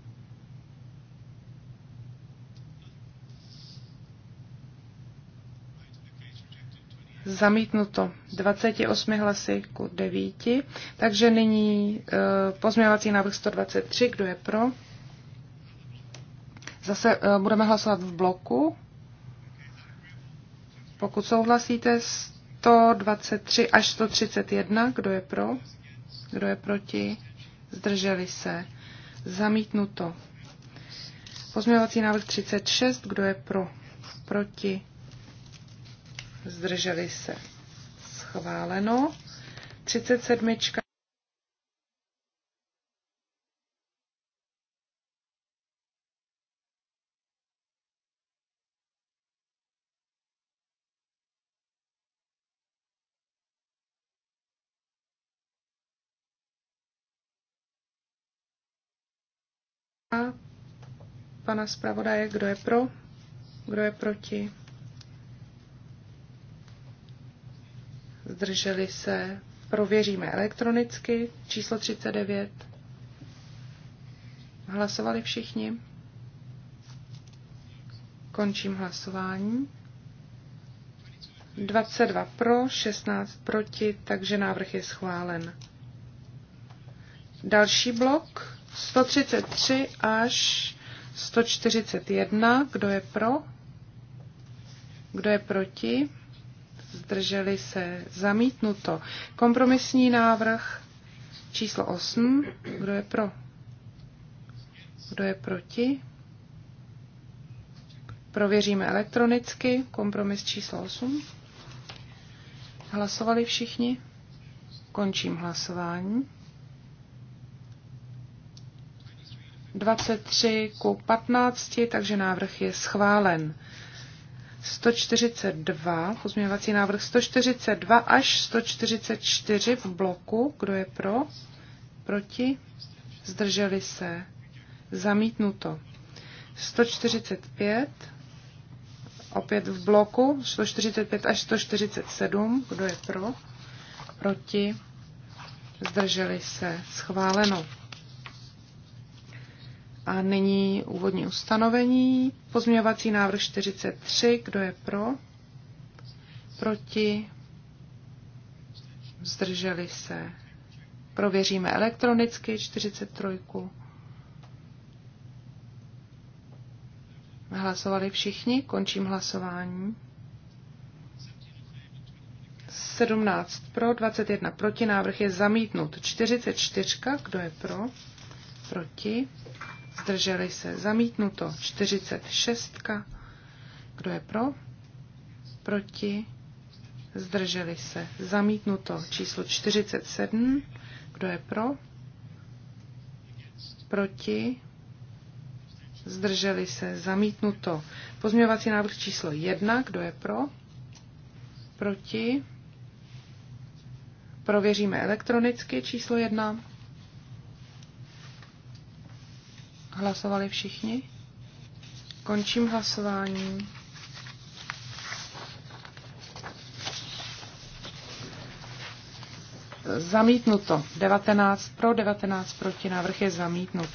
Zamítnuto 28 hlasy ku 9. Takže nyní e, pozměňovací návrh 123. Kdo je pro? Zase e, budeme hlasovat v bloku. Pokud souhlasíte, 123 až 131, kdo je pro, kdo je proti, zdrželi se, zamítnuto. Pozměňovací návrh 36, kdo je pro, proti, zdrželi se, schváleno. 37 pana zpravodaje, kdo je pro, kdo je proti. Zdrželi se. Prověříme elektronicky. Číslo 39. Hlasovali všichni. Končím hlasování. 22 pro, 16 proti, takže návrh je schválen. Další blok 133 až 141. Kdo je pro? Kdo je proti? Zdrželi se. Zamítnuto. Kompromisní návrh číslo 8. Kdo je pro? Kdo je proti? Prověříme elektronicky. Kompromis číslo 8. Hlasovali všichni? Končím hlasování. 23 ku 15, takže návrh je schválen. 142, pozměňovací návrh 142 až 144 v bloku. Kdo je pro? Proti? Zdrželi se? Zamítnuto. 145, opět v bloku, 145 až 147. Kdo je pro? Proti? Zdrželi se? Schváleno. A nyní úvodní ustanovení. Pozměňovací návrh 43. Kdo je pro? Proti? Zdrželi se. Prověříme elektronicky 43. Hlasovali všichni, končím hlasování. 17 pro, 21 proti, návrh je zamítnut. 44, kdo je pro? Proti, zdrželi se, zamítnuto. 46. Kdo je pro? Proti, zdrželi se, zamítnuto. Číslo 47. Kdo je pro? Proti, zdrželi se, zamítnuto. Pozměňovací návrh číslo 1. Kdo je pro? Proti. Prověříme elektronicky číslo 1. Hlasovali všichni? Končím hlasování. Zamítnuto. 19 pro, 19 proti. Návrh je zamítnut.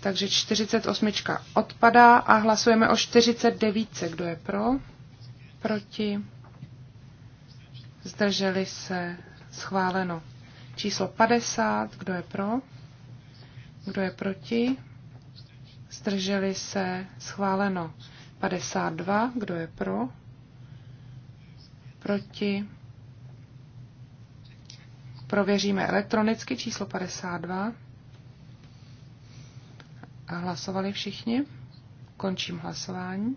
Takže 48 odpadá a hlasujeme o 49. Kdo je pro? Proti? Zdrželi se. Schváleno. Číslo 50. Kdo je pro? Kdo je proti? Zdrželi se schváleno 52. Kdo je pro? Proti? Prověříme elektronicky číslo 52. A hlasovali všichni? Končím hlasování.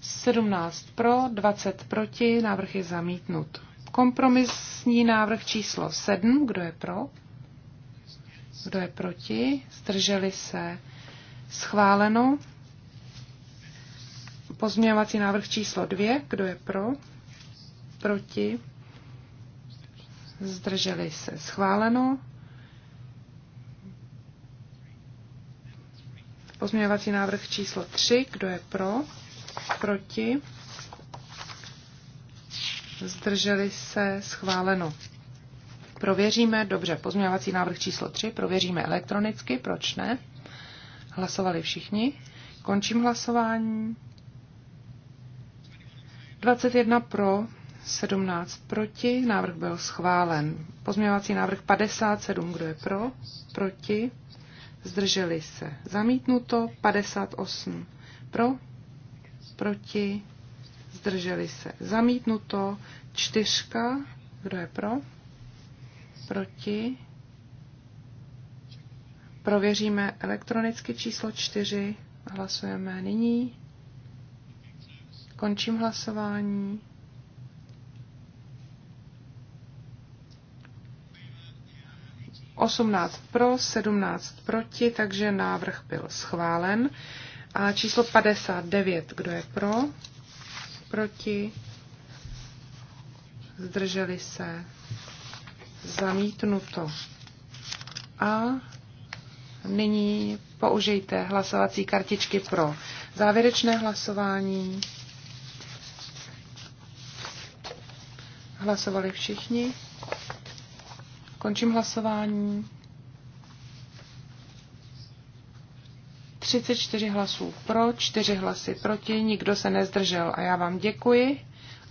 17 pro, 20 proti, návrh je zamítnut. Kompromisní návrh číslo 7. Kdo je pro? Kdo je proti? Zdrželi se? Schváleno. Pozměňovací návrh číslo 2. Kdo je pro? Proti? Zdrželi se? Schváleno. Pozměňovací návrh číslo 3. Kdo je pro? Proti? zdrželi se, schváleno. Prověříme, dobře, pozměňovací návrh číslo 3, prověříme elektronicky, proč ne? Hlasovali všichni. Končím hlasování. 21 pro, 17 proti, návrh byl schválen. Pozměňovací návrh 57, kdo je pro, proti, zdrželi se. Zamítnuto 58 pro, proti, zdrželi se zamítnuto, čtyřka, kdo je pro, proti, prověříme elektronicky číslo čtyři, hlasujeme nyní, končím hlasování. Osmnáct pro, sedmnáct proti, takže návrh byl schválen. A číslo 59, kdo je pro? proti, zdrželi se, zamítnuto. A nyní použijte hlasovací kartičky pro závěrečné hlasování. Hlasovali všichni. Končím hlasování. 34 hlasů pro, 4 hlasy proti, nikdo se nezdržel a já vám děkuji.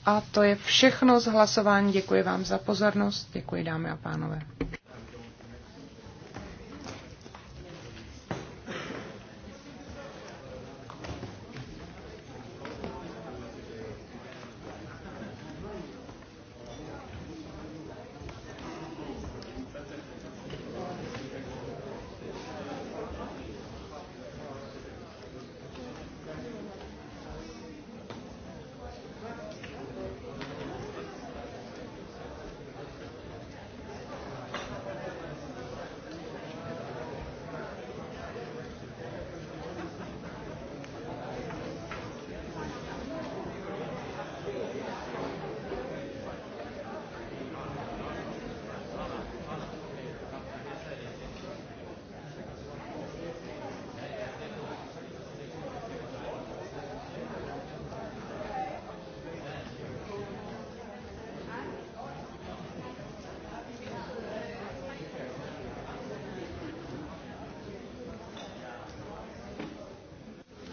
A to je všechno z hlasování. Děkuji vám za pozornost. Děkuji dámy a pánové.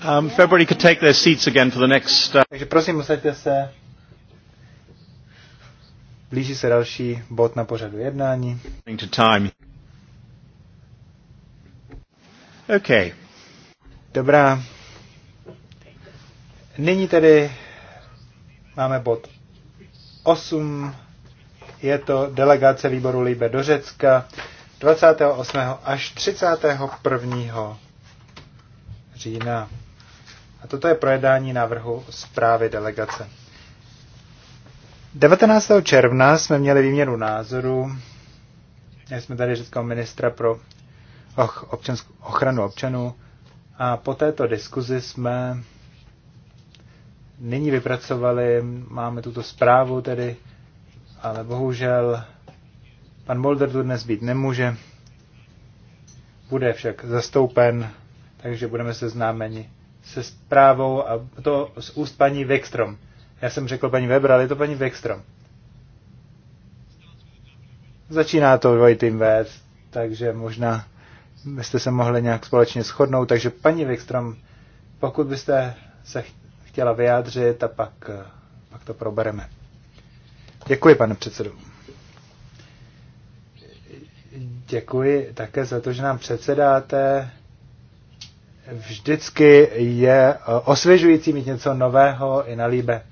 Um, if everybody could take their seats again for the next... Uh... Takže prosím, usaďte se. Blíží se další bod na pořadu jednání. To time. Okay. Dobrá. Nyní tedy máme bod 8. Je to delegace výboru Líbe do Řecka 28. až 31. října. A toto je projednání návrhu zprávy delegace. 19. června jsme měli výměnu názoru. Měli jsme tady řeckého ministra pro och, občansk, ochranu občanů. A po této diskuzi jsme nyní vypracovali, máme tuto zprávu tedy, ale bohužel pan Molder tu dnes být nemůže. Bude však zastoupen, takže budeme seznámeni se zprávou a to z úst paní Wikstrom. Já jsem řekl paní Weber, ale je to paní Wikstrom. Začíná to dvojitým V, takže možná byste se mohli nějak společně shodnout. Takže paní Wikstrom, pokud byste se chtěla vyjádřit a pak, eh, pak to probereme. Děkuji, pane předsedo. Děkuji také za to, že nám předsedáte vždycky je eh, osvěžující mít něco nového i na líbe.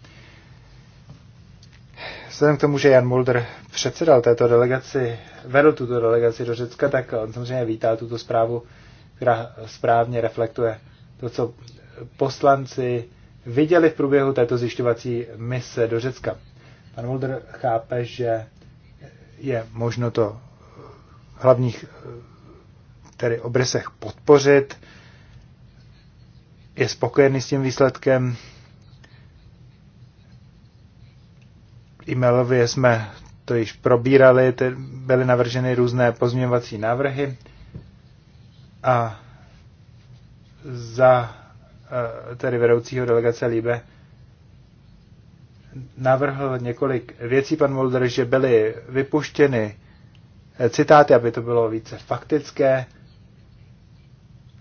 Vzhledem k tomu, že Jan Mulder předsedal této delegaci, vedl tuto delegaci do Řecka, tak on samozřejmě vítá tuto zprávu, která správně reflektuje to, co poslanci viděli v průběhu této zjišťovací mise do Řecka. Pan Mulder chápe, že je možno to v hlavních eh, tedy obrysech podpořit, je spokojený s tím výsledkem. E-mailově jsme to již probírali, byly navrženy různé pozměňovací návrhy a za eh, tedy vedoucího delegace Líbe navrhl několik věcí pan Mulder, že byly vypuštěny eh, citáty, aby to bylo více faktické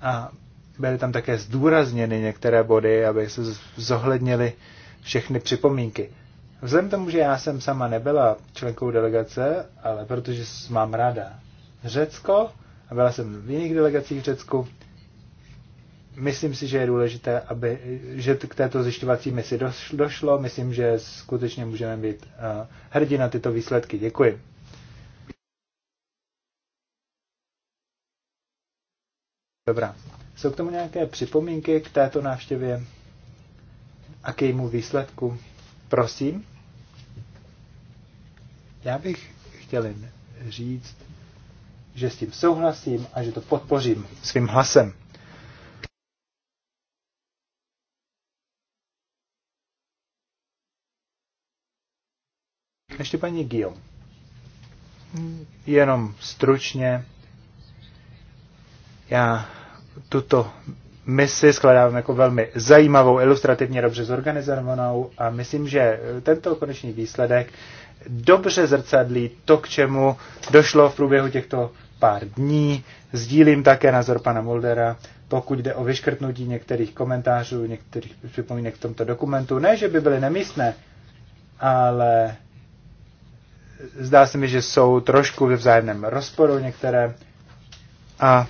a Byly tam také zdůrazněny některé body, aby se zohlednili všechny připomínky. Vzhledem tomu, že já jsem sama nebyla členkou delegace, ale protože mám ráda Řecko a byla jsem v jiných delegacích v Řecku, myslím si, že je důležité, aby, že k této zjišťovací misi došlo. Myslím, že skutečně můžeme být eh, hrdí na tyto výsledky. Děkuji. Dobrá. Jsou k tomu nějaké připomínky k této návštěvě a k jejímu výsledku? Prosím. Já bych chtěl jen říct, že s tím souhlasím a že to podpořím svým hlasem. Ještě paní Guillaume. Jenom stručně. Já tuto misi skládám jako velmi zajímavou, ilustrativně dobře zorganizovanou a myslím, že tento konečný výsledek dobře zrcadlí to, k čemu došlo v průběhu těchto pár dní. Sdílím také názor pana Muldera, pokud jde o vyškrtnutí některých komentářů, některých připomínek k tomto dokumentu. Ne, že by byly nemístné, ale zdá se mi, že jsou trošku ve vzájemném rozporu některé. A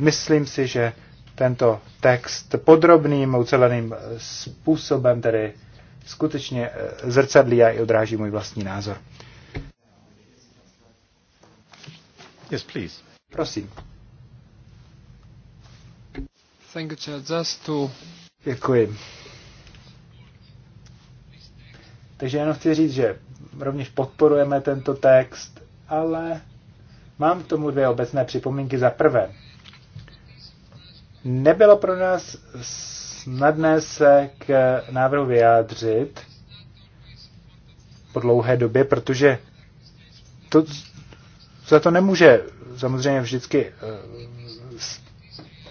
myslím si, že tento text podrobným, uceleným způsobem tedy skutečně eh, zrcadlí a i odráží můj vlastní názor. Yes, please. Prosím. Thank you, Just to... Děkuji. Takže jenom chci říct, že rovněž podporujeme tento text, ale mám k tomu dvě obecné připomínky. Za prvé, Nebylo pro nás snadné se k návrhu vyjádřit po dlouhé době, protože to, za to nemůže samozřejmě vždycky eh,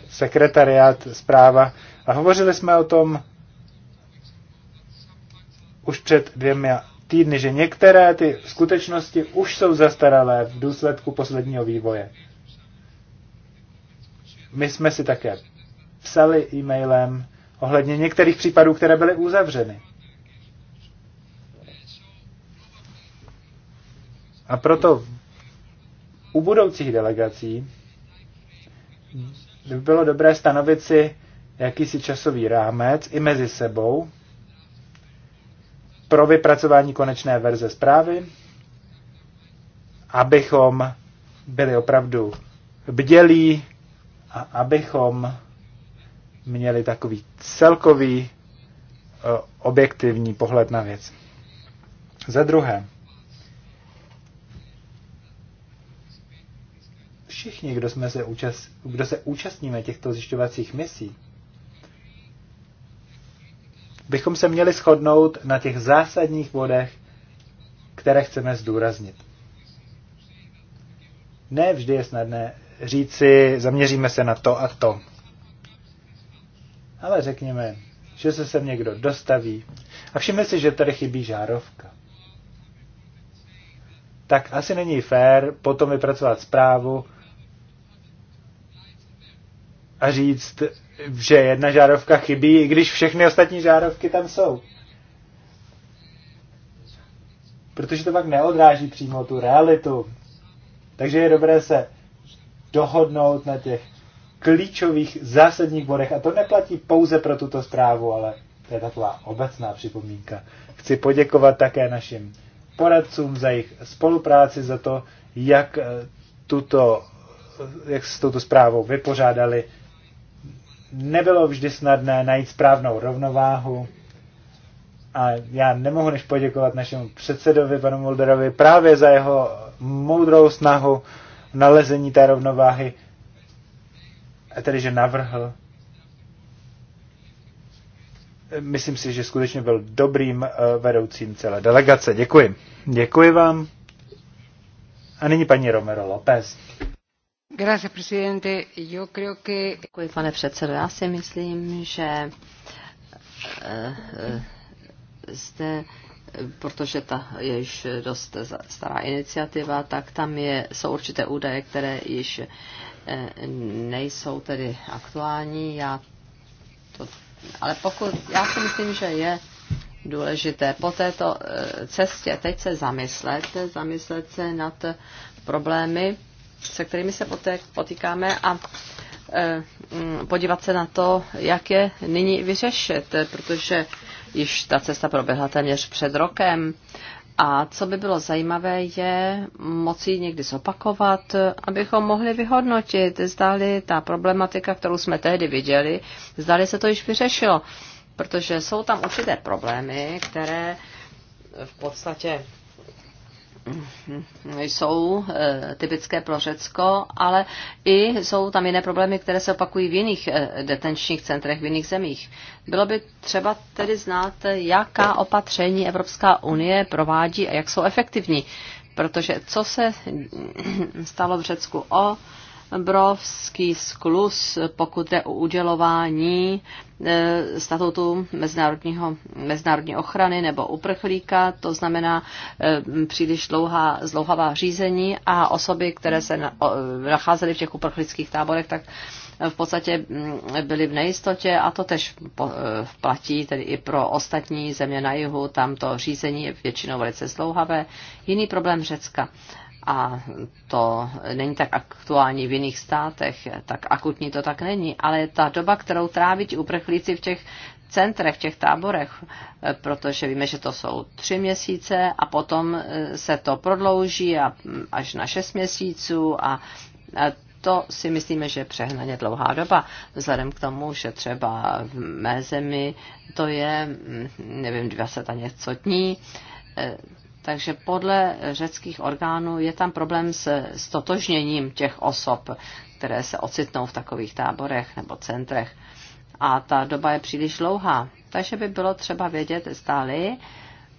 sekretariát zpráva. A hovořili jsme o tom už před dvěma týdny, že některé ty skutečnosti už jsou zastaralé v důsledku posledního vývoje. My jsme si také psali e-mailem ohledně některých případů, které byly uzavřeny. A proto u budoucích delegací by bylo dobré stanovit si jakýsi časový rámec i mezi sebou pro vypracování konečné verze zprávy, abychom byli opravdu bdělí a abychom měli takový celkový eh, objektivní pohled na věc. Za druhé, všichni, kdo, jsme se účast, kdo se účastníme těchto zjišťovacích misí, bychom se měli shodnout na těch zásadních bodech, které chceme zdůraznit. Ne vždy je snadné říci, zaměříme se na to a to. Ale řekněme, že se sem někdo dostaví a všimne si, že tady chybí žárovka. Tak asi není fér potom vypracovat zprávu a říct, že jedna žárovka chybí, i když všechny ostatní žárovky tam jsou. Protože to pak neodráží přímo tu realitu. Takže je dobré se dohodnout na těch klíčových zásadních bodech. A to neplatí pouze pro tuto zprávu, ale to je taková obecná připomínka. Chci poděkovat také našim poradcům za jejich spolupráci, za to, jak, eh, tuto, jak s touto zprávou vypořádali. Nebylo vždy snadné najít správnou rovnováhu a já nemohu než poděkovat našemu předsedovi, panu Mulderovi, právě za jeho moudrou snahu nalezení té rovnováhy, a tedy, že navrhl. Myslím si, že skutečně byl dobrým eh, vedoucím celé delegace. Děkuji. Děkuji vám. A nyní paní Romero López. Děkuji, pane předsedo. Já si myslím, že eh, eh, zde protože ta je již dost stará iniciativa, tak tam je, jsou určité údaje, které již eh, nejsou tedy aktuální. Já to, ale pokud, já si myslím, že je důležité po této eh, cestě teď se zamyslet, zamyslet se nad problémy, se kterými se potýkáme a eh, podívat se na to, jak je nyní vyřešit, protože již ta cesta proběhla téměř před rokem. A co by bylo zajímavé, je moci někdy zopakovat, abychom mohli vyhodnotit, zdali ta problematika, kterou jsme tehdy viděli, zdali se to již vyřešilo. Protože jsou tam určité problémy, které v podstatě jsou eh, typické pro Řecko, ale i jsou tam jiné problémy, které se opakují v jiných eh, detenčních centrech, v jiných zemích. Bylo by třeba tedy znát, jaká opatření Evropská unie provádí a jak jsou efektivní. Protože co se eh, stalo v Řecku? O obrovský sklus, pokud jde o udělování e, statutu mezinárodního, mezinárodní ochrany nebo uprchlíka, to znamená e, příliš dlouhá, zlouhavá řízení a osoby, které se nacházely v těch uprchlických táborech, tak v podstatě mm, byli v nejistotě a to tež e, platí tedy i pro ostatní země na jihu, tam to řízení je většinou velice zlouhavé. Jiný problém Řecka a to není tak aktuální v jiných státech, tak akutní to tak není, ale ta doba, kterou tráví ti uprchlíci v těch centrech, v těch táborech, protože víme, že to jsou tři měsíce a potom e, se to prodlouží a, až na šest měsíců a, e, to si myslíme, že je přehnaně dlouhá doba, vzhledem k tomu, že třeba v mé zemi to je, mm, nevím, 20 a něco dní, e, takže podle řeckých orgánů je tam problém s stotožněním těch osob, které se ocitnou v takových táborech nebo centrech. A ta doba je příliš dlouhá. Takže by bylo třeba vědět, zdali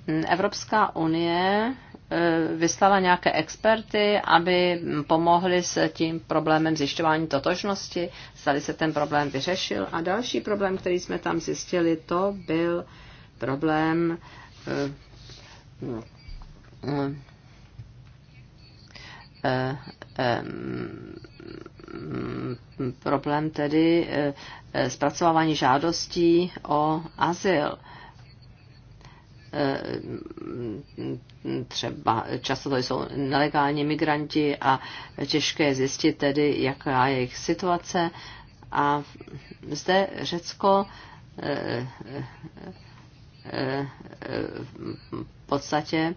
hm, Evropská unie eh, vyslala nějaké experty, aby pomohli s tím problémem zjišťování totožnosti, zdali se ten problém vyřešil. A další problém, který jsme tam zjistili, to byl problém eh, problém tedy eh, zpracovávání žádostí o azyl. Eh, třeba často to jsou nelegální migranti a těžké je zjistit tedy, jaká je jejich situace. A zde Řecko eh, v podstatě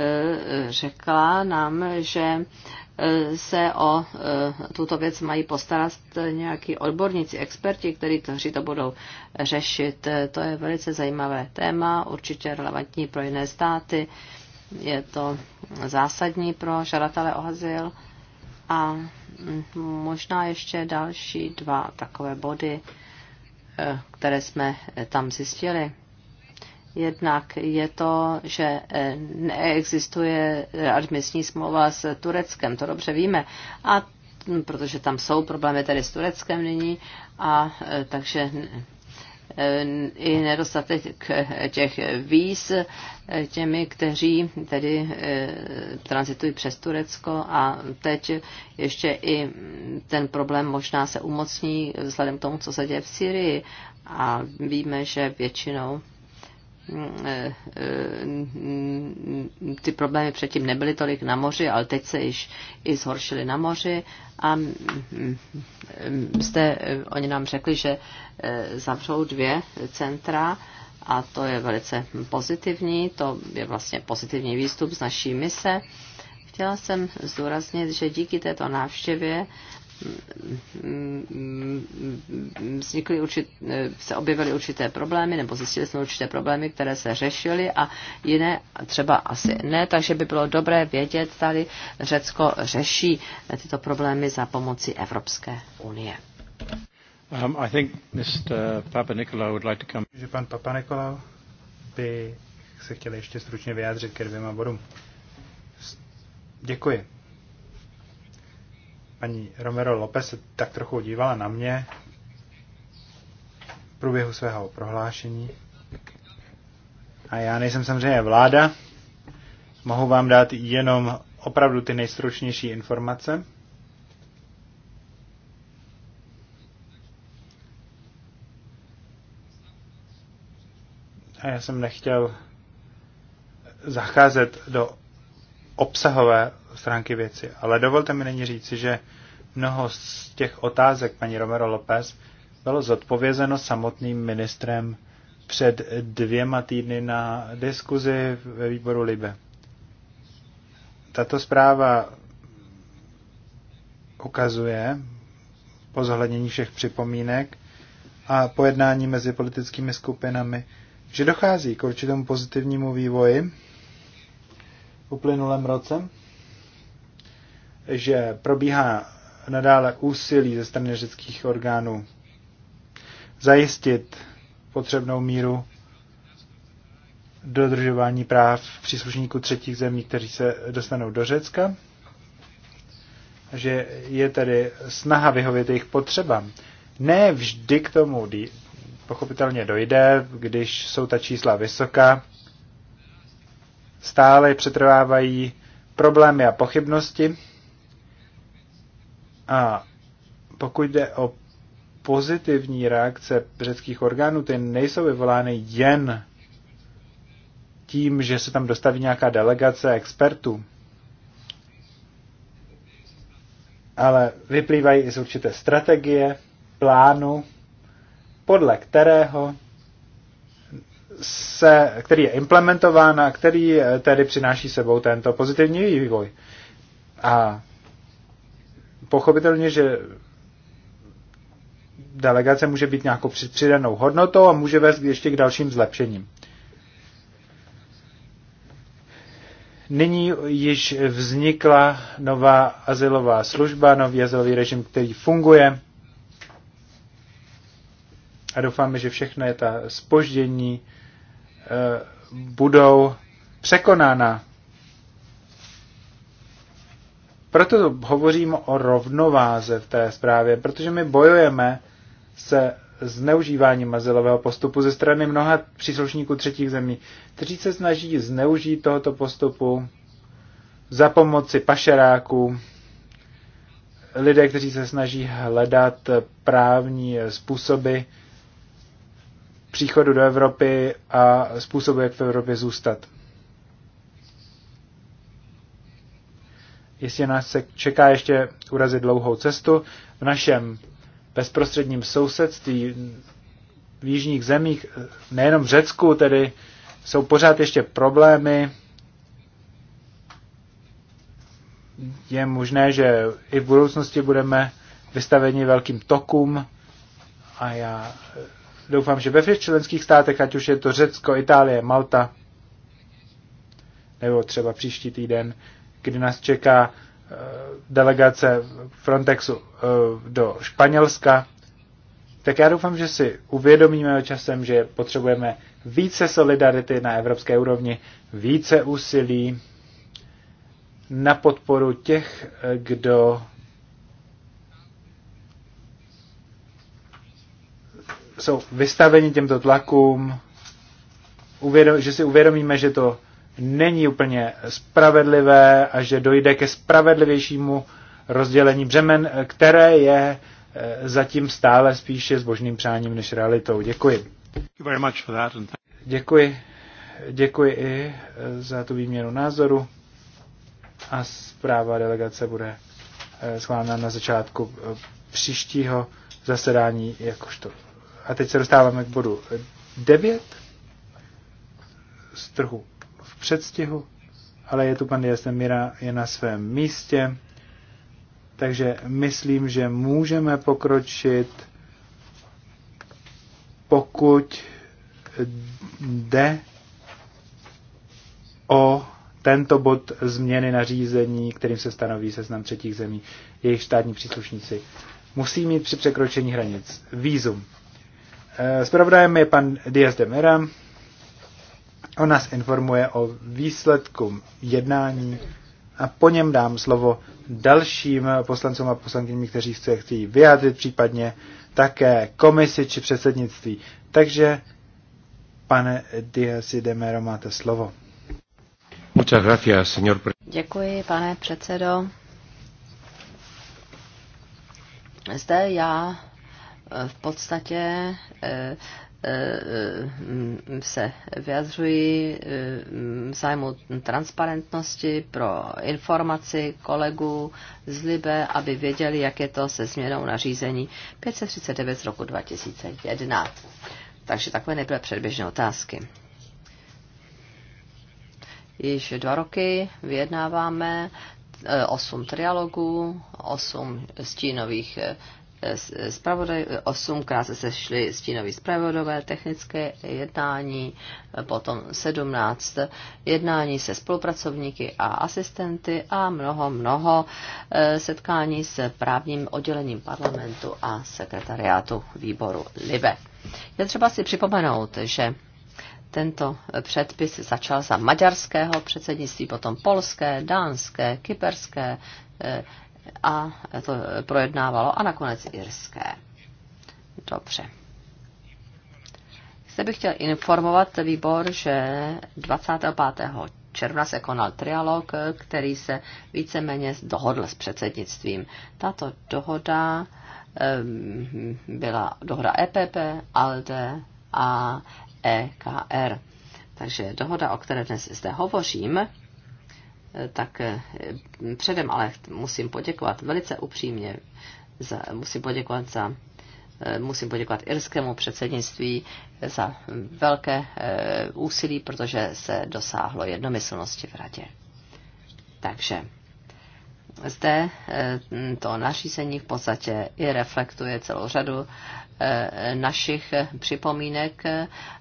Eh, řekla nám, že eh, se o eh, tuto věc mají postarat nějaký odborníci, experti, kteří kteří to budou řešit. To je velice zajímavé téma, určitě relevantní pro jiné státy. Je to zásadní pro žadatele o azyl. A mm, možná ještě další dva takové body, které jsme tam zjistili. Jednak je to, že eh, neexistuje eh, admisní smlouva s Tureckem, to dobře víme. A hm, protože tam jsou problémy tady s Tureckem nyní, a eh, takže i nedostatek těch víz těmi, kteří tedy transitují přes Turecko a teď ještě i hm, ten problém možná se umocní vzhledem k tomu, co se děje v Syrii a víme, že většinou ty problémy předtím nebyly tolik na moři, ale teď se již i zhoršily na moři a mm, mm, jste, eh, oni nám řekli, že eh, zavřou dvě centra a to je velice pozitivní, to je vlastně pozitivní výstup z naší mise. Chtěla jsem zdůraznit, že díky této návštěvě vznikly určit, se objevily určité problémy, nebo zjistili jsme určité problémy, které se řešily a jiné třeba asi ne, takže by bylo dobré vědět, tady Řecko řeší tyto problémy za pomoci Evropské unie. Um, I think Mr. Papa Nicolau would like to come. Že pan Papa Nikola by se chtěl ještě stručně vyjádřit ke dvěma bodům. Děkuji paní Romero López se tak trochu dívala na mě v průběhu svého prohlášení. A já nejsem samozřejmě vláda, mohu vám dát jenom opravdu ty nejstručnější informace. A já jsem nechtěl zacházet do obsahové stránky věci. Ale dovolte mi nyní říci, že mnoho z těch otázek paní Romero López bylo zodpovězeno samotným ministrem před dvěma týdny na diskuzi ve výboru Libe. Tato zpráva ukazuje po zohlednění všech připomínek a pojednání mezi politickými skupinami, že dochází k určitému pozitivnímu vývoji uplynulém roce že probíhá nadále úsilí ze strany řeckých orgánů zajistit potřebnou míru dodržování práv příslušníků třetích zemí, kteří se dostanou do Řecka, že je tedy snaha vyhovět jejich potřebám. Ne vždy k tomu pochopitelně dojde, když jsou ta čísla vysoká. Stále přetrvávají problémy a pochybnosti a pokud jde o pozitivní reakce řeckých orgánů, ty nejsou vyvolány jen tím, že se tam dostaví nějaká delegace expertů, ale vyplývají i z určité strategie, plánu, podle kterého se, který je implementován a který tedy přináší sebou tento pozitivní vývoj. A pochopitelně, že delegace může být nějakou přidanou hodnotou a může vést ještě k dalším zlepšením. Nyní již vznikla nová asilová služba, nový asilový režim, který funguje. A doufáme, že všechny ta spoždění eh, budou překonána proto hovořím o rovnováze v té zprávě, protože my bojujeme se zneužíváním azylového postupu ze strany mnoha příslušníků třetích zemí, kteří se snaží zneužít tohoto postupu za pomoci pašeráků, lidé, kteří se snaží hledat právní způsoby příchodu do Evropy a způsoby, jak v Evropě zůstat. Jestli nás se čeká ještě urazit dlouhou cestu, v našem bezprostředním sousedství v jižních zemích, nejenom v Řecku, tedy jsou pořád ještě problémy. Je možné, že i v budoucnosti budeme vystaveni velkým tokům a já eh, doufám, že ve všech členských státech, ať už je to Řecko, Itálie, Malta, nebo třeba příští týden, kdy nás čeká eh, delegace Frontexu eh, do Španělska, tak já doufám, že si uvědomíme časem, že potřebujeme více solidarity na evropské úrovni, více úsilí na podporu těch, eh, kdo jsou vystaveni těmto tlakům, že si uvědomíme, že to není úplně spravedlivé a že dojde ke spravedlivějšímu rozdělení břemen, které je eh, zatím stále spíše zbožným přáním než realitou. Děkuji. Děkuji. Děkuji i eh, za tu výměnu názoru a zpráva delegace bude eh, schválena na začátku příštího zasedání jakožto. A teď se dostáváme k bodu 9 z trhu předstihu, ale je tu pan Jasemira, je na svém místě, takže myslím, že můžeme pokročit, pokud jde o tento bod změny nařízení, kterým se stanoví seznam třetích zemí, jejich státní příslušníci musí mít při překročení hranic vízum. Spravodajem eh, je pan Diaz de Mera. On nás informuje o výsledku jednání a po něm dám slovo dalším poslancům a poslankyním, kteří se chtějí vyjádřit, případně také komisi či předsednictví. Takže, pane Dias Demero, máte slovo. Děkuji, pane předsedo. Zde já v podstatě eh, Eh, se vyjadřuji eh, v zájmu transparentnosti pro informaci kolegů z Libe, aby věděli, jak je to se změnou nařízení 539 z roku 2001. Takže takové nebyly předběžné otázky. Již dva roky vyjednáváme eh, osm trialogů, osm stínových zpravodaj, osmkrát se sešli stínoví zpravodové, technické jednání, potom sedmnáct jednání se spolupracovníky a asistenty a mnoho, mnoho e, setkání s právním oddělením parlamentu a sekretariátu výboru LIBE. Je třeba si připomenout, že tento předpis začal za maďarského předsednictví, potom polské, dánské, kyperské, e, a to projednávalo a nakonec irské. Dobře. Zde bych chtěl informovat výbor, že 25. června se konal trialog, který se víceméně dohodl s předsednictvím. Tato dohoda ehm, byla dohoda EPP, ALDE a EKR. Takže dohoda, o které dnes zde hovořím, tak eh, předem ale musím poděkovat velice upřímně, za, musím poděkovat za eh, musím poděkovat irskému předsednictví za velké eh, úsilí, protože se dosáhlo jednomyslnosti v radě. Takže zde eh, to nařízení v podstatě i reflektuje celou řadu eh, našich připomínek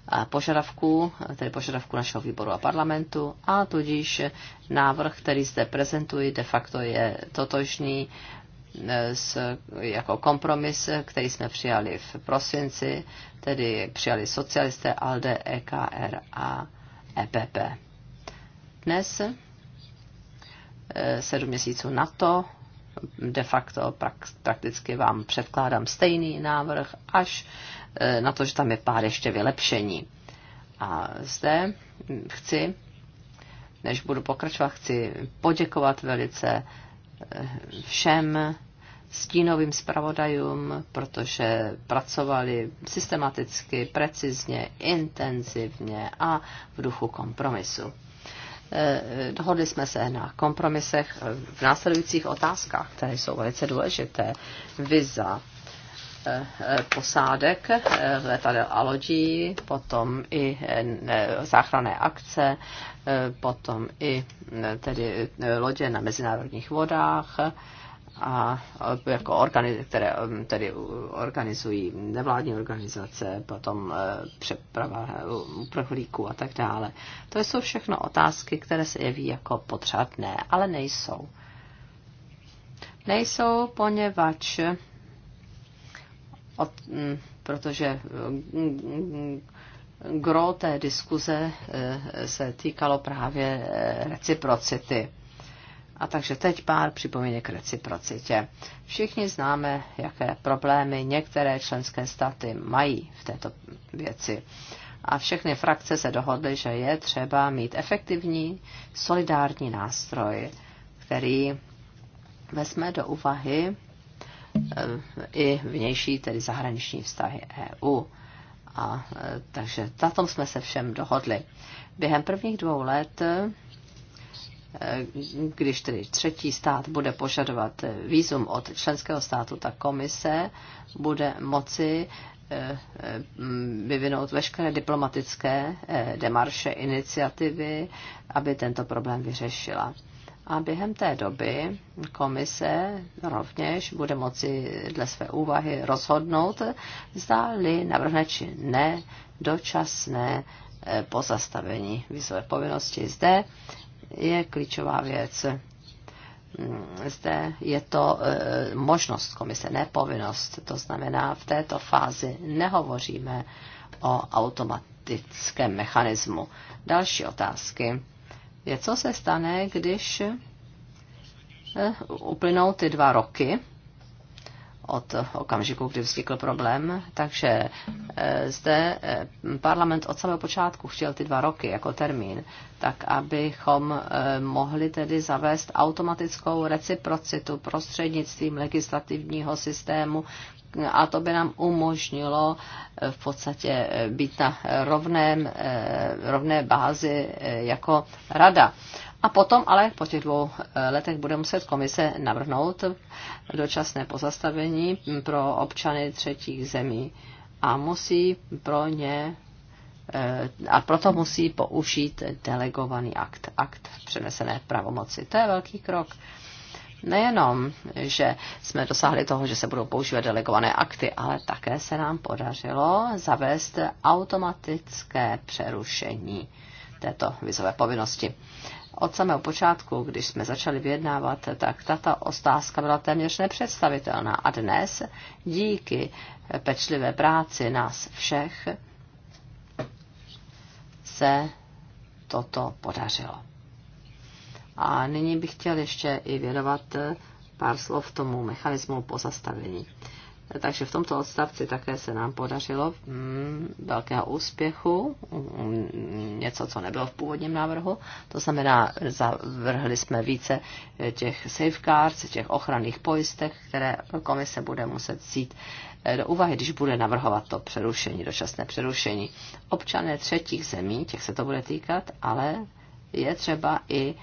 a požadavků, tedy požadavků našeho výboru a parlamentu a tudíž návrh, který zde prezentuji, de facto je totožný eh, s, jako kompromis, který jsme přijali v prosinci, tedy přijali socialisté ALDE, EKR a EPP. Dnes Eh, sedm měsíců na to, de facto prakticky vám předkládám stejný návrh, až eh, na to, že tam je pár ještě vylepšení. A zde chci, než budu pokračovat, chci poděkovat velice eh, všem stínovým zpravodajům, protože pracovali systematicky, precizně, intenzivně a v duchu kompromisu. Eh, dohodli jsme se na kompromisech v následujících otázkách, které jsou velice důležité. Viza eh, eh, posádek letadel a lodí, potom i záchranné akce, potom i tedy lodě na mezinárodních vodách, a jako organiz, které um, tedy organizují nevládní organizace, potom uh, přeprava uh, uprchlíků a tak dále. To jsou všechno otázky, které se jeví jako potřebné, ale nejsou. Nejsou, poněvadž od, mm, protože mm, gro té diskuze eh, se týkalo právě eh, reciprocity a takže teď pár připomínek k reciprocitě. Všichni známe, jaké problémy některé členské státy mají v této věci. A všechny frakce se dohodly, že je třeba mít efektivní, solidární nástroj, který vezme do úvahy e, i vnější, tedy zahraniční vztahy EU. A, e, takže na tom jsme se všem dohodli. Během prvních dvou let Eh, když tedy třetí stát bude požadovat výzum od členského státu, tak komise bude moci eh, eh, vyvinout veškeré diplomatické demarše, iniciativy, aby tento problém vyřešila. A během té doby komise rovněž bude moci dle své úvahy rozhodnout, zda-li navrhne či ne dočasné pozastavení výzové povinnosti. Zde je klíčová věc. Mm, zde je to e, možnost komise, ne povinnost. To znamená, v této fázi nehovoříme o automatickém mechanismu. Další otázky. Je, co se stane, když e, uplynou ty dva roky od okamžiku, kdy vznikl problém. Takže eh, zde eh, parlament od samého počátku chtěl ty dva roky jako termín, tak abychom eh, mohli tedy zavést automatickou reciprocitu prostřednictvím legislativního systému, a to by nám umožnilo v podstatě být na rovném, rovné bázi jako rada. A potom ale po těch dvou eh, letech bude muset komise navrhnout dočasné pozastavení pro občany třetích zemí a musí pro ně eh, a proto musí použít delegovaný akt, akt přenesené pravomoci. To je velký krok. Nejenom, že jsme dosáhli toho, že se budou používat delegované akty, ale také se nám podařilo zavést automatické přerušení této vizové povinnosti od samého počátku, když jsme začali vyjednávat, tak tato ostázka byla téměř nepředstavitelná. A dnes, díky pečlivé práci nás všech, se toto podařilo. A nyní bych chtěl ještě i věnovat pár slov tomu mechanismu pozastavení. Takže v tomto odstavci také se nám podařilo mm, velkého úspěchu, mm, něco, co nebylo v původním návrhu. To znamená, zavrhli jsme více eh, těch safeguards, těch ochranných pojistek, které komise bude muset cít eh, do úvahy, když bude navrhovat to přerušení, dočasné přerušení. Občané třetích zemí, těch se to bude týkat, ale je třeba i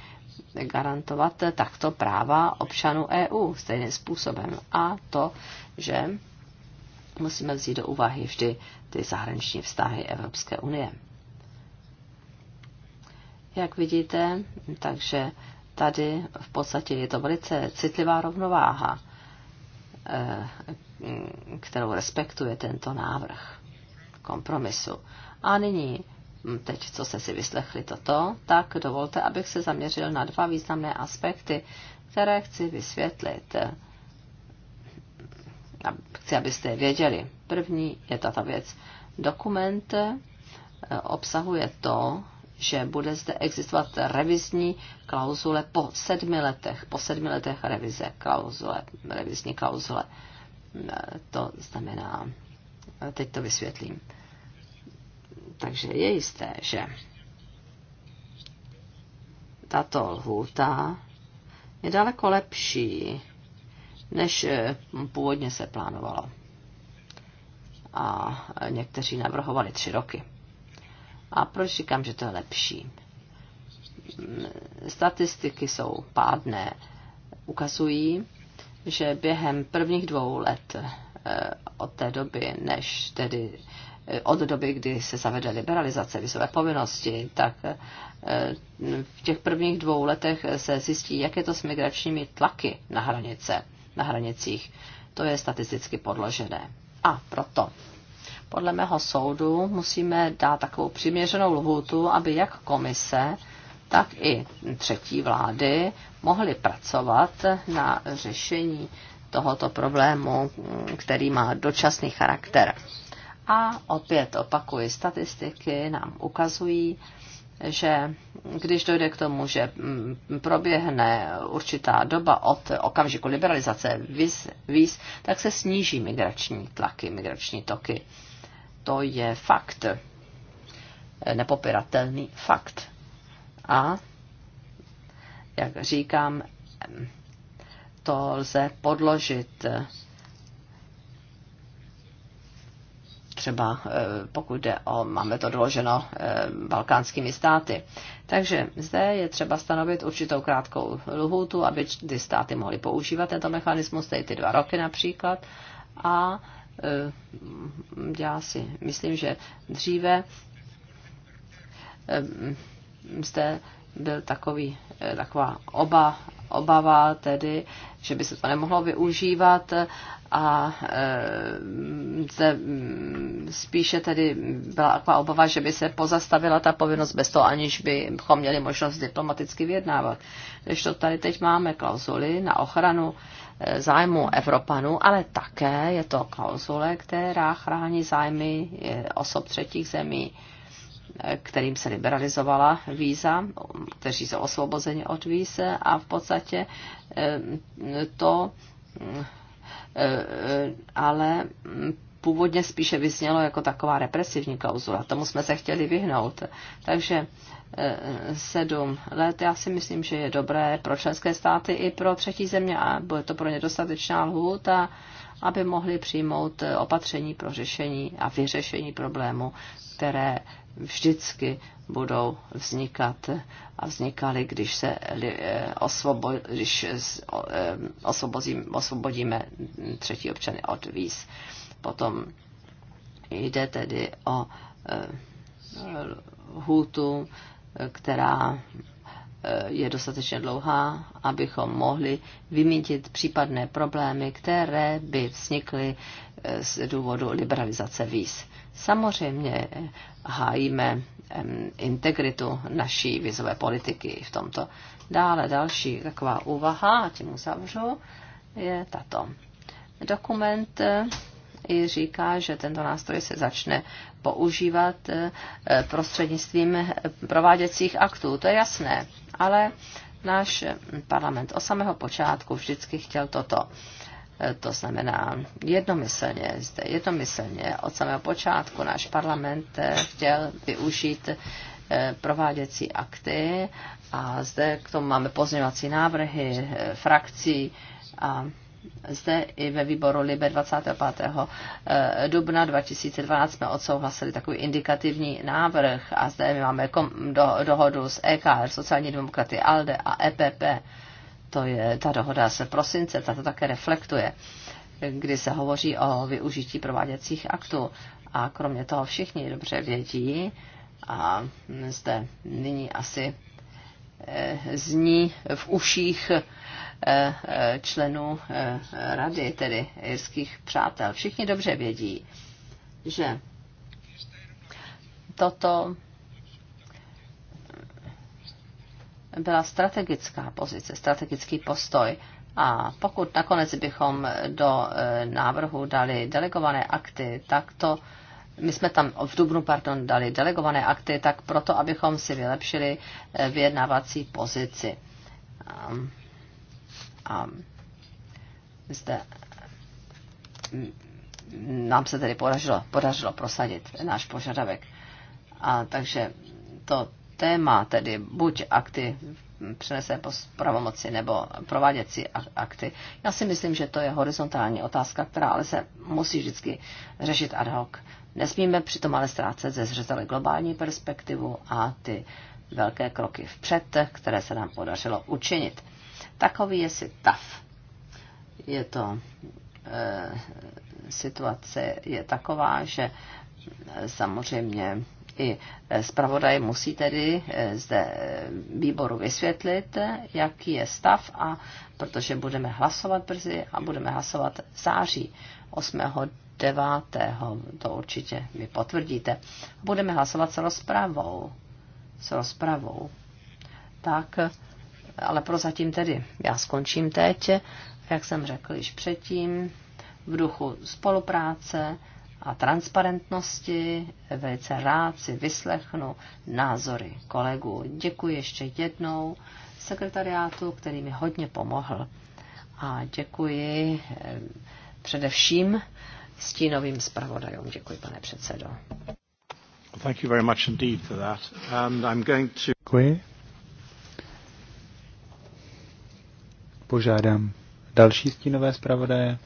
garantovat takto práva občanů EU stejným způsobem. A to, že musíme vzít do úvahy vždy ty zahraniční vztahy Evropské unie. Jak vidíte, takže tady v podstatě je to velice citlivá rovnováha, eh, kterou respektuje tento návrh kompromisu. A nyní teď, co jste si vyslechli toto, tak dovolte, abych se zaměřil na dva významné aspekty, které chci vysvětlit. Chci, abyste je věděli. První je tato věc. Dokument eh, obsahuje to, že bude zde existovat revizní klauzule po sedmi letech, po sedmi letech revize klauzule, revizní klauzule. Eh, to znamená, eh, teď to vysvětlím. Takže je jisté, že tato lhůta je daleko lepší, než eh, původně se plánovalo. A někteří navrhovali tři roky. A proč říkám, že to je lepší? Mm, statistiky jsou pádné. Ukazují, že během prvních dvou let eh, od té doby, než tedy od doby, kdy se zavedla liberalizace vysové povinnosti, tak eh, v těch prvních dvou letech se zjistí, jak je to s migračními tlaky na hranice, na hranicích. To je statisticky podložené. A proto podle mého soudu musíme dát takovou přiměřenou lhůtu, aby jak komise, tak i třetí vlády mohly pracovat na řešení tohoto problému, který má dočasný charakter. A opět opakuji, statistiky nám ukazují, že když dojde k tomu, že mm, proběhne určitá doba od okamžiku liberalizace víz, víz tak se sníží migrační tlaky, migrační toky. To je fakt, nepopiratelný fakt. A, jak říkám, to lze podložit třeba eh, pokud jde o, máme to doloženo eh, balkánskými státy. Takže zde je třeba stanovit určitou krátkou lhůtu, aby ty státy mohly používat tento mechanismus, tedy ty dva roky například. A eh, já si myslím, že dříve zde byl takový, eh, taková oba, obava, tedy, že by se to nemohlo využívat a e, spíše tedy byla taková obava, že by se pozastavila ta povinnost bez toho, aniž bychom měli možnost diplomaticky vyjednávat. Když to tady teď máme klauzuly na ochranu eh, zájmu Evropanů, ale také je to klauzule, která chrání zájmy osob třetích zemí kterým se liberalizovala víza, kteří jsou osvobozeni od víze a v podstatě eh, to eh, ale původně spíše vysnělo jako taková represivní klauzula. Tomu jsme se chtěli vyhnout. Takže eh, sedm let, já si myslím, že je dobré pro členské státy i pro třetí země a bude to pro ně dostatečná lhůta, aby mohli přijmout opatření pro řešení a vyřešení problému, které vždycky budou vznikat a vznikaly, když se eh, osvobo, když eh, osvobodíme třetí občany od víz. Potom jde tedy o eh, hůtu, která je dostatečně dlouhá, abychom mohli vymítit případné problémy, které by vznikly z důvodu liberalizace víz. Samozřejmě hájíme integritu naší vizové politiky v tomto. Dále další taková úvaha, a tím uzavřu, je tato. Dokument eh, i říká, že tento nástroj se začne používat eh, prostřednictvím eh, prováděcích aktů. To je jasné, ale náš parlament od samého počátku vždycky chtěl toto. Eh, to znamená jednomyslně, zde jednomyslně od samého počátku náš parlament eh, chtěl využít eh, prováděcí akty a zde k tomu máme pozměňovací návrhy frakcí a zde i ve výboru Libe 25. dubna 2012 jsme odsouhlasili takový indikativní návrh a zde my máme do, dohodu s EKR, sociální demokraty, ALDE a EPP to je ta dohoda se prosince, ta to také reflektuje, kdy se hovoří o využití prováděcích aktů. A kromě toho všichni dobře vědí, a zde nyní asi eh, zní v uších eh, eh, členů rady, tedy jirských přátel. Všichni dobře vědí, že toto byla strategická pozice, strategický postoj. A pokud nakonec bychom do e, návrhu dali delegované akty, tak to my jsme tam v Dubnu pardon, dali delegované akty, tak proto, abychom si vylepšili e, vyjednávací pozici. A, a zde mm, nám se tedy podařilo, podařilo prosadit náš požadavek. A takže to téma, tedy buď akty přenesené pravomoci nebo prováděcí akty. Já si myslím, že to je horizontální otázka, která ale se musí vždycky řešit ad hoc. Nesmíme přitom ale ztrácet ze zřetele globální perspektivu a ty velké kroky vpřed, které se nám podařilo učinit. Takový je si TAF. Je to e, situace je taková, že samozřejmě i e, zpravodaj musí tedy e, zde e, výboru vysvětlit, jaký je stav, a protože budeme hlasovat brzy a budeme hlasovat září 8. 9. to určitě mi potvrdíte. Budeme hlasovat s rozpravou. S rozpravou. Tak, ale prozatím tedy já skončím teď, jak jsem řekl již předtím, v duchu spolupráce a transparentnosti. Velice rád si vyslechnu názory kolegů. Děkuji ještě jednou sekretariátu, který mi hodně pomohl. A děkuji eh, především stínovým zpravodajům. Děkuji, pane předsedo. Thank you very much indeed for that. And I'm going to... Děkuji. Požádám další stínové zpravodaje.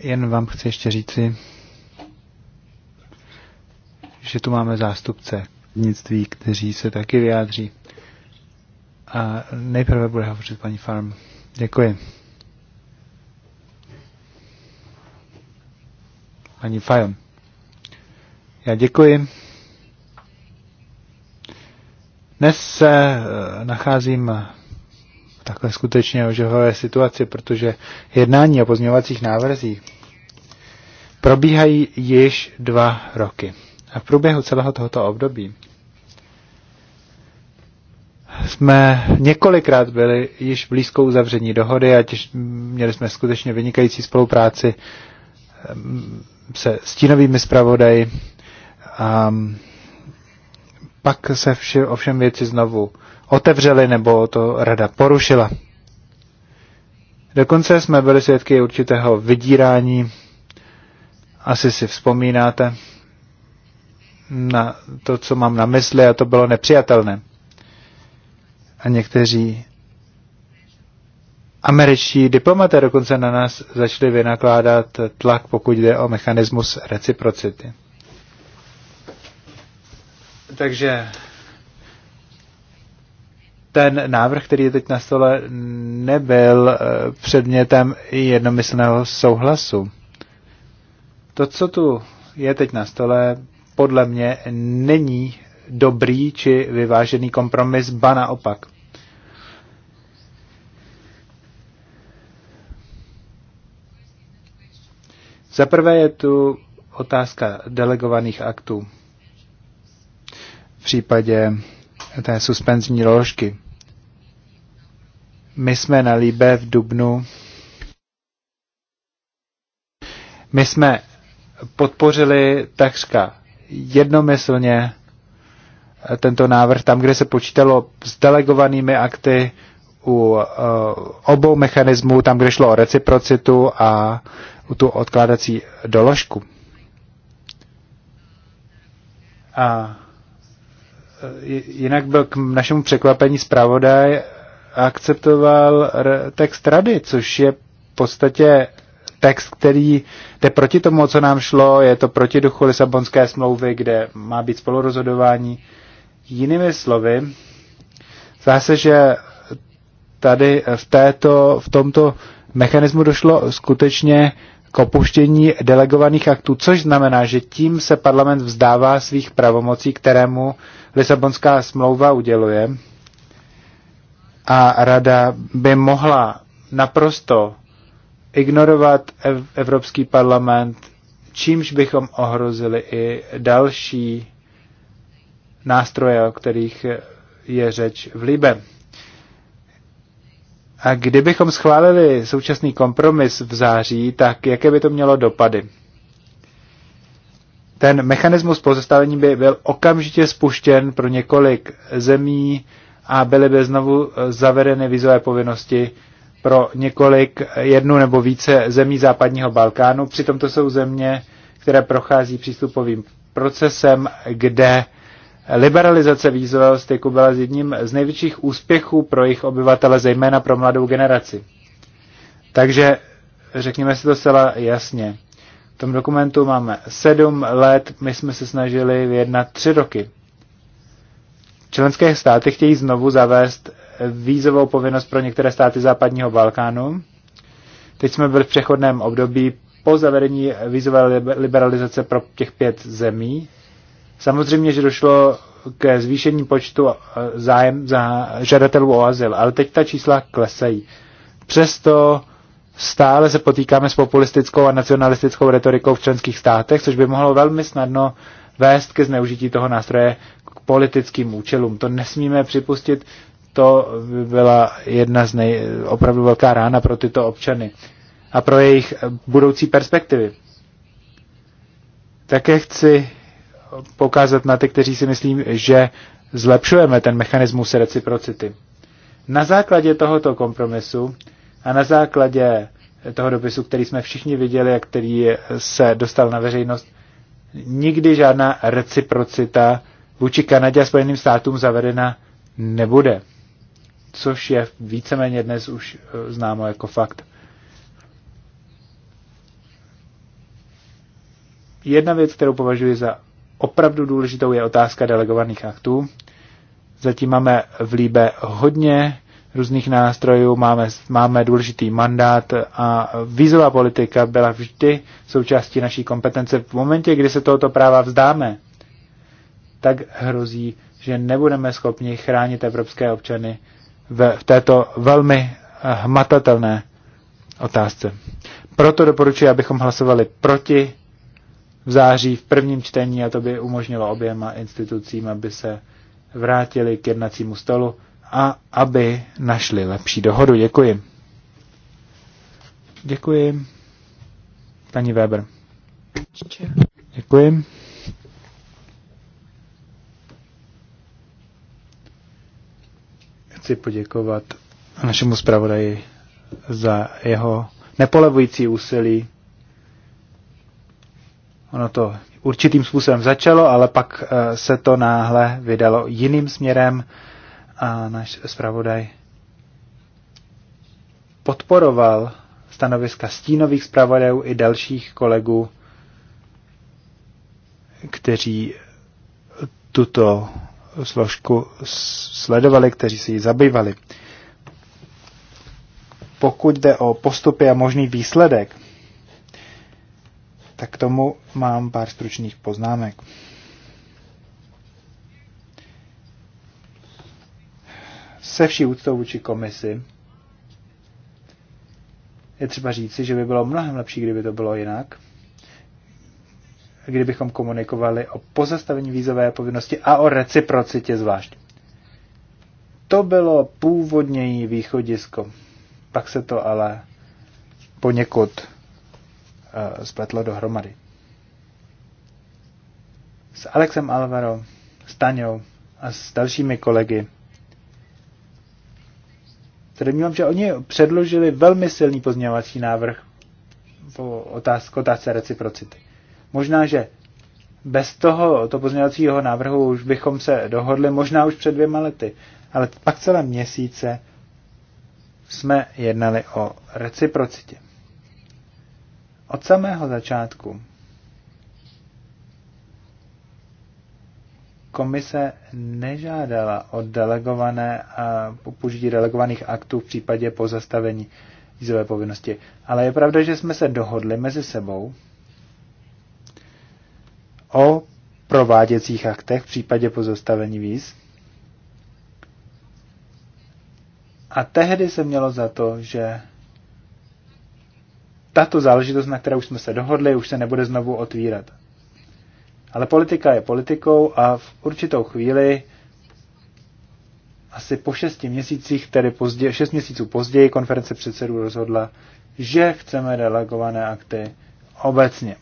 jen vám chci ještě říci, že tu máme zástupce nictví, kteří se taky vyjádří. A nejprve bude hovořit paní Farm. Děkuji. Paní Fajon. Já děkuji. Dnes se eh, nacházím takhle skutečně ožehové situaci, protože jednání o pozměňovacích návrzích probíhají již dva roky. A v průběhu celého tohoto období jsme několikrát byli již blízko uzavření dohody a těž, měli jsme skutečně vynikající spolupráci ehm, se stínovými zpravodaji. A pak se vše, ovšem věci znovu otevřeli nebo to rada porušila. Dokonce jsme byli svědky určitého vydírání. Asi si vzpomínáte na to, co mám na mysli, a to bylo nepřijatelné. A někteří američtí diplomaté dokonce na nás začali vynakládat tlak, pokud jde o mechanismus reciprocity. Takže ten návrh, který je teď na stole, nebyl eh, předmětem jednomyslného souhlasu. To, co tu je teď na stole, podle mě není dobrý či vyvážený kompromis, ba naopak. Za prvé je tu otázka delegovaných aktů v případě té suspenzní ložky. My jsme na Líbe v Dubnu. My jsme podpořili takřka jednomyslně eh, tento návrh tam, kde se počítalo s delegovanými akty u uh, obou mechanismů, tam, kde šlo o reciprocitu a u tu odkládací doložku. A eh, jinak byl k našemu překvapení zpravodaj akceptoval text rady, což je v podstatě text, který jde proti tomu, co nám šlo, je to proti duchu Lisabonské smlouvy, kde má být spolurozhodování. Jinými slovy, zdá se, že tady v, této, v tomto mechanismu došlo skutečně k opuštění delegovaných aktů, což znamená, že tím se parlament vzdává svých pravomocí, kterému Lisabonská smlouva uděluje a rada by mohla naprosto ignorovat Evropský parlament, čímž bychom ohrozili i další nástroje, o kterých je řeč v Libe. A kdybychom schválili současný kompromis v září, tak jaké by to mělo dopady? Ten mechanismus pozastavení by byl okamžitě spuštěn pro několik zemí, a byly by znovu eh, zavedeny vizové povinnosti pro několik, eh, jednu nebo více zemí západního Balkánu. Přitom to jsou země, které prochází přístupovým procesem, kde liberalizace vízového styku byla z jedním z největších úspěchů pro jejich obyvatele, zejména pro mladou generaci. Takže řekněme si to zcela jasně. V tom dokumentu máme sedm let, my jsme se snažili vyjednat tři roky. Členské státy chtějí znovu zavést vízovou povinnost pro některé státy západního Balkánu. Teď jsme byli v přechodném období po zavedení vízové liberalizace pro těch pět zemí. Samozřejmě, že došlo ke zvýšení počtu eh, zájem za žadatelů o azyl, ale teď ta čísla klesají. Přesto stále se potýkáme s populistickou a nacionalistickou retorikou v členských státech, což by mohlo velmi snadno vést ke zneužití toho nástroje politickým účelům. To nesmíme připustit, to by byla jedna z nej, opravdu velká rána pro tyto občany a pro jejich budoucí perspektivy. Také chci poukázat na ty, kteří si myslím, že zlepšujeme ten mechanismus reciprocity. Na základě tohoto kompromisu a na základě toho dopisu, který jsme všichni viděli a který se dostal na veřejnost, nikdy žádná reciprocita vůči Kanadě a Spojeným státům zavedena nebude, což je víceméně dnes už eh, známo jako fakt. Jedna věc, kterou považuji za opravdu důležitou, je otázka delegovaných aktů. Zatím máme v Líbe hodně různých nástrojů, máme, máme důležitý mandát a vízová politika byla vždy součástí naší kompetence. V momentě, kdy se tohoto práva vzdáme, tak hrozí, že nebudeme schopni chránit evropské občany v této velmi hmatatelné otázce. Proto doporučuji, abychom hlasovali proti v září v prvním čtení a to by umožnilo oběma institucím, aby se vrátili k jednacímu stolu a aby našli lepší dohodu. Děkuji. Děkuji. Paní Weber. Děkuji. chci poděkovat našemu zpravodaji za jeho nepolevující úsilí. Ono to určitým způsobem začalo, ale pak eh, se to náhle vydalo jiným směrem a náš zpravodaj podporoval stanoviska stínových zpravodajů i dalších kolegů, kteří tuto složku sledovali, kteří se jí zabývali. Pokud jde o postupy a možný výsledek, tak k tomu mám pár stručných poznámek. Se vší úctou vůči komisi je třeba říci, že by bylo mnohem lepší, kdyby to bylo jinak – kdybychom komunikovali o pozastavení vízové povinnosti a o reciprocitě zvlášť. To bylo původněji východisko. Pak se to ale poněkud uh, spletlo dohromady. S Alexem Alvaro, Taňou a s dalšími kolegy se domnívám, že oni předložili velmi silný pozměňovací návrh v otázce, otázce reciprocity. Možná, že bez toho to pozměňovacího návrhu už bychom se dohodli, možná už před dvěma lety, ale pak celé měsíce jsme jednali o reciprocitě. Od samého začátku komise nežádala o delegované a použití delegovaných aktů v případě pozastavení vízové povinnosti. Ale je pravda, že jsme se dohodli mezi sebou, o prováděcích aktech v případě pozastavení víz. A tehdy se mělo za to, že tato záležitost, na které už jsme se dohodli, už se nebude znovu otvírat. Ale politika je politikou a v určitou chvíli, asi po šesti měsících, tedy pozdě, šest měsíců později, konference předsedů rozhodla, že chceme delegované akty obecně.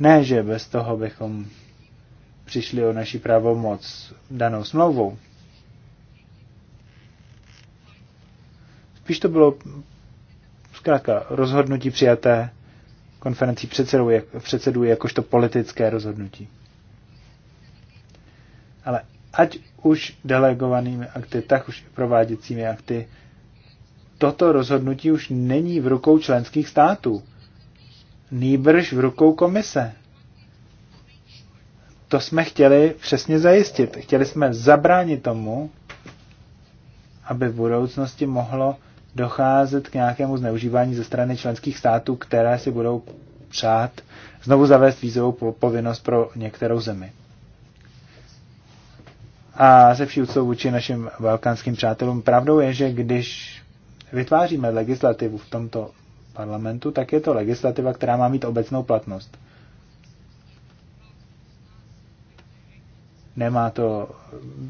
Ne, že bez toho bychom přišli o naši pravomoc danou smlouvou. Spíš to bylo zkrátka rozhodnutí přijaté konferencí předsedů, jak, předsedů jakožto politické rozhodnutí. Ale ať už delegovanými akty, tak už prováděcími akty, toto rozhodnutí už není v rukou členských států nýbrž v rukou komise. To jsme chtěli přesně zajistit. Chtěli jsme zabránit tomu, aby v budoucnosti mohlo docházet k nějakému zneužívání ze strany členských států, které si budou přát znovu zavést vízovou povinnost pro některou zemi. A se vší úctou vůči našim balkánským přátelům, pravdou je, že když vytváříme legislativu v tomto parlamentu, tak je to legislativa, která má mít obecnou platnost. Nemá to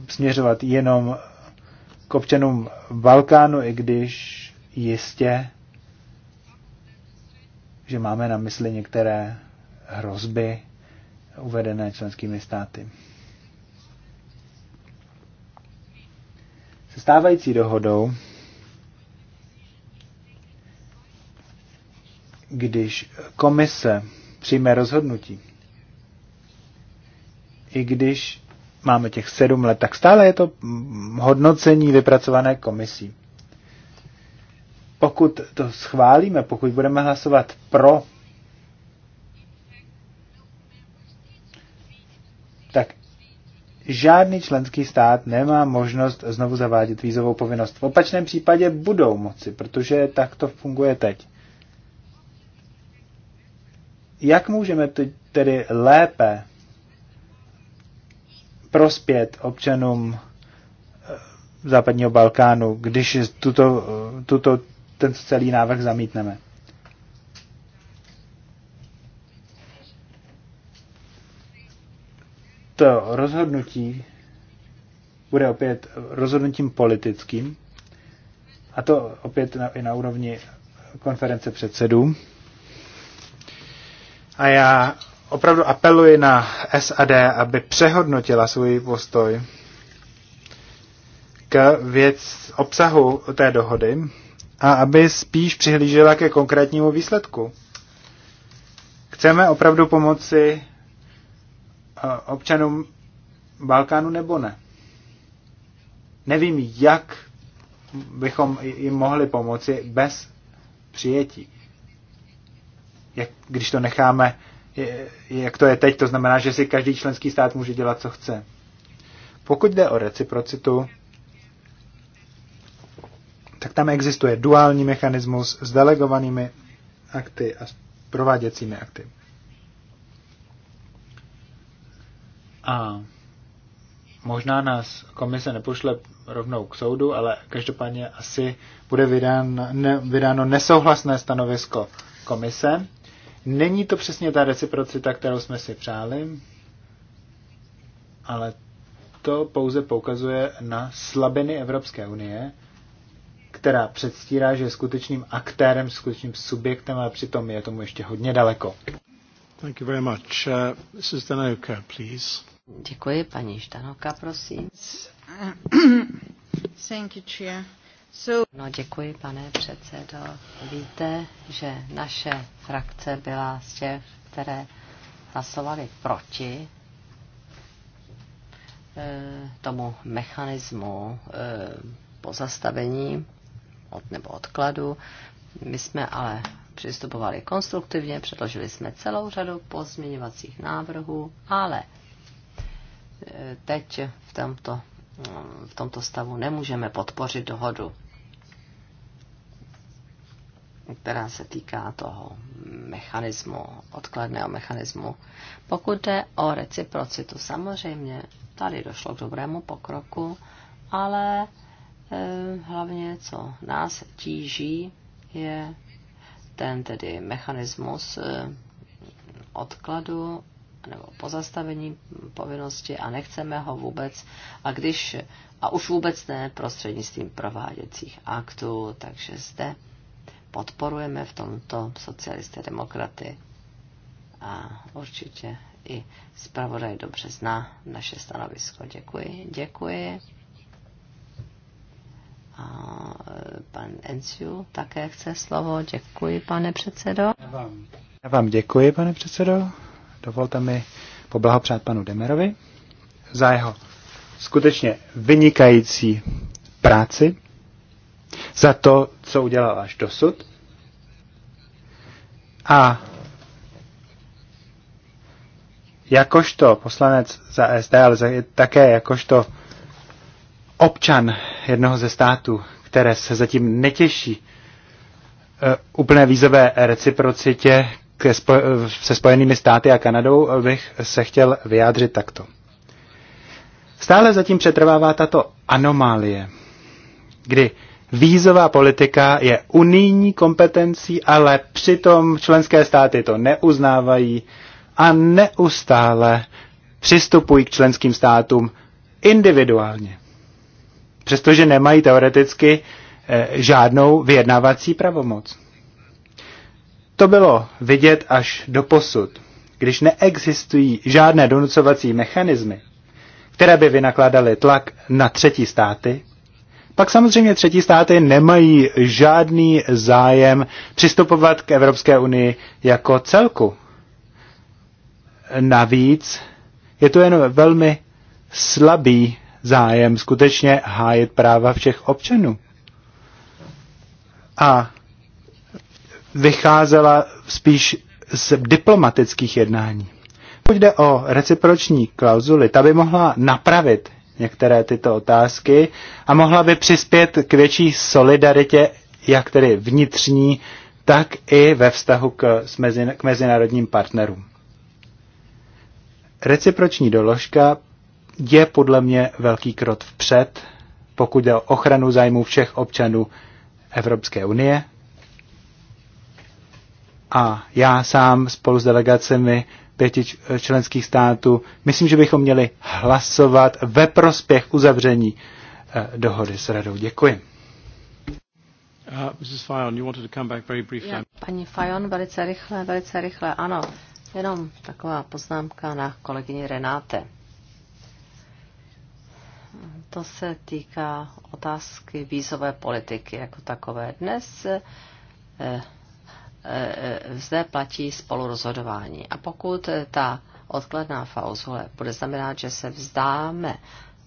směřovat jenom k občanům Balkánu, i když jistě, že máme na mysli některé hrozby uvedené členskými státy. Se stávající dohodou když komise přijme rozhodnutí, i když máme těch sedm let, tak stále je to hodnocení vypracované komisí. Pokud to schválíme, pokud budeme hlasovat pro, tak žádný členský stát nemá možnost znovu zavádět vízovou povinnost. V opačném případě budou moci, protože tak to funguje teď. Jak můžeme tedy lépe prospět občanům eh, západního Balkánu, když tuto, eh, tuto, ten celý návrh zamítneme? To rozhodnutí bude opět rozhodnutím politickým, a to opět na, i na úrovni konference předsedů. A já opravdu apeluji na SAD, aby přehodnotila svůj postoj k věc obsahu té dohody a aby spíš přihlížela ke konkrétnímu výsledku. Chceme opravdu pomoci eh, občanům Balkánu nebo ne? Nevím, jak bychom jim mohli pomoci bez přijetí jak, když to necháme, jak to je teď, to znamená, že si každý členský stát může dělat, co chce. Pokud jde o reciprocitu, tak tam existuje duální mechanismus s delegovanými akty a s prováděcími akty. A možná nás komise nepošle rovnou k soudu, ale každopádně asi bude vydáno, ne, vydáno nesouhlasné stanovisko komise Není to přesně ta reciprocita, kterou jsme si přáli, ale to pouze poukazuje na slabiny Evropské unie, která předstírá, že je skutečným aktérem, skutečným subjektem, a přitom je tomu ještě hodně daleko. Thank you very much. Uh, Mrs. Danoka, please. Děkuji, paní Štanoka, prosím. Thank you, Chair. No, děkuji, pane předsedo. Víte, že naše frakce byla z těch, které hlasovali proti eh, tomu mechanismu eh, pozastavení od, nebo odkladu. My jsme ale přistupovali konstruktivně, předložili jsme celou řadu pozměňovacích návrhů, ale eh, teď v tomto, v tomto stavu nemůžeme podpořit dohodu která se týká toho mechanismu, odkladného mechanismu. Pokud jde o reciprocitu, samozřejmě tady došlo k dobrému pokroku, ale eh, hlavně, co nás tíží, je ten tedy mechanismus eh, odkladu nebo pozastavení povinnosti a nechceme ho vůbec, a když, a už vůbec ne prostřednictvím prováděcích aktů, takže zde podporujeme v tomto socialisté demokraty a určitě i zpravodaj dobře zná naše stanovisko. Děkuji, děkuji. A e, pan Enciu také chce slovo. Děkuji, pane předsedo. Já vám, já vám děkuji, pane předsedo. Dovolte mi poblahopřát panu Demerovi za jeho skutečně vynikající práci za to, co udělal až dosud. A jakožto poslanec za SD, ale také jakožto občan jednoho ze států, které se zatím netěší eh, úplné vízové reciprocitě eh, se Spojenými státy a Kanadou, eh, bych se chtěl vyjádřit takto. Stále zatím přetrvává tato anomálie, kdy Vízová politika je unijní kompetencí, ale přitom členské státy to neuznávají a neustále přistupují k členským státům individuálně. Přestože nemají teoreticky eh, žádnou vyjednávací pravomoc. To bylo vidět až do posud, když neexistují žádné donucovací mechanismy, které by vynakládaly tlak na třetí státy, pak samozřejmě třetí státy nemají žádný zájem přistupovat k Evropské unii jako celku. Navíc je to jen velmi slabý zájem skutečně hájit práva všech občanů. A vycházela spíš z diplomatických jednání. Pokud jde o reciproční klauzuly, ta by mohla napravit některé tyto otázky a mohla by přispět k větší solidaritě, jak tedy vnitřní, tak i ve vztahu k, k mezinárodním partnerům. Reciproční doložka je podle mě velký krok vpřed, pokud jde o ochranu zájmů všech občanů Evropské unie. A já sám spolu s delegacemi pěti členských států. Myslím, že bychom měli hlasovat ve prospěch uzavření eh, dohody s radou. Děkuji. Uh, paní Fajon, velice rychle, velice rychle, ano. Jenom taková poznámka na kolegyni Renáte. To se týká otázky vízové politiky jako takové. Dnes eh, Eh, zde platí spolurozhodování. A pokud ta odkladná fauzule bude znamenat, že se vzdáme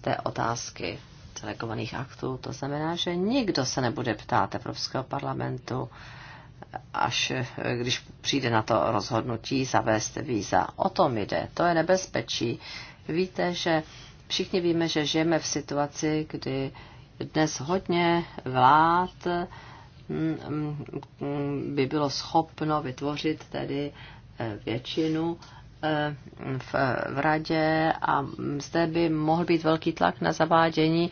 té otázky delegovaných aktů, to znamená, že nikdo se nebude ptát Evropského parlamentu, až eh, když přijde na to rozhodnutí zavést víza. O tom jde, to je nebezpečí. Víte, že všichni víme, že žijeme v situaci, kdy dnes hodně vlád by bylo schopno vytvořit tedy eh, většinu eh, v, v radě a zde by mohl být velký tlak na zavádění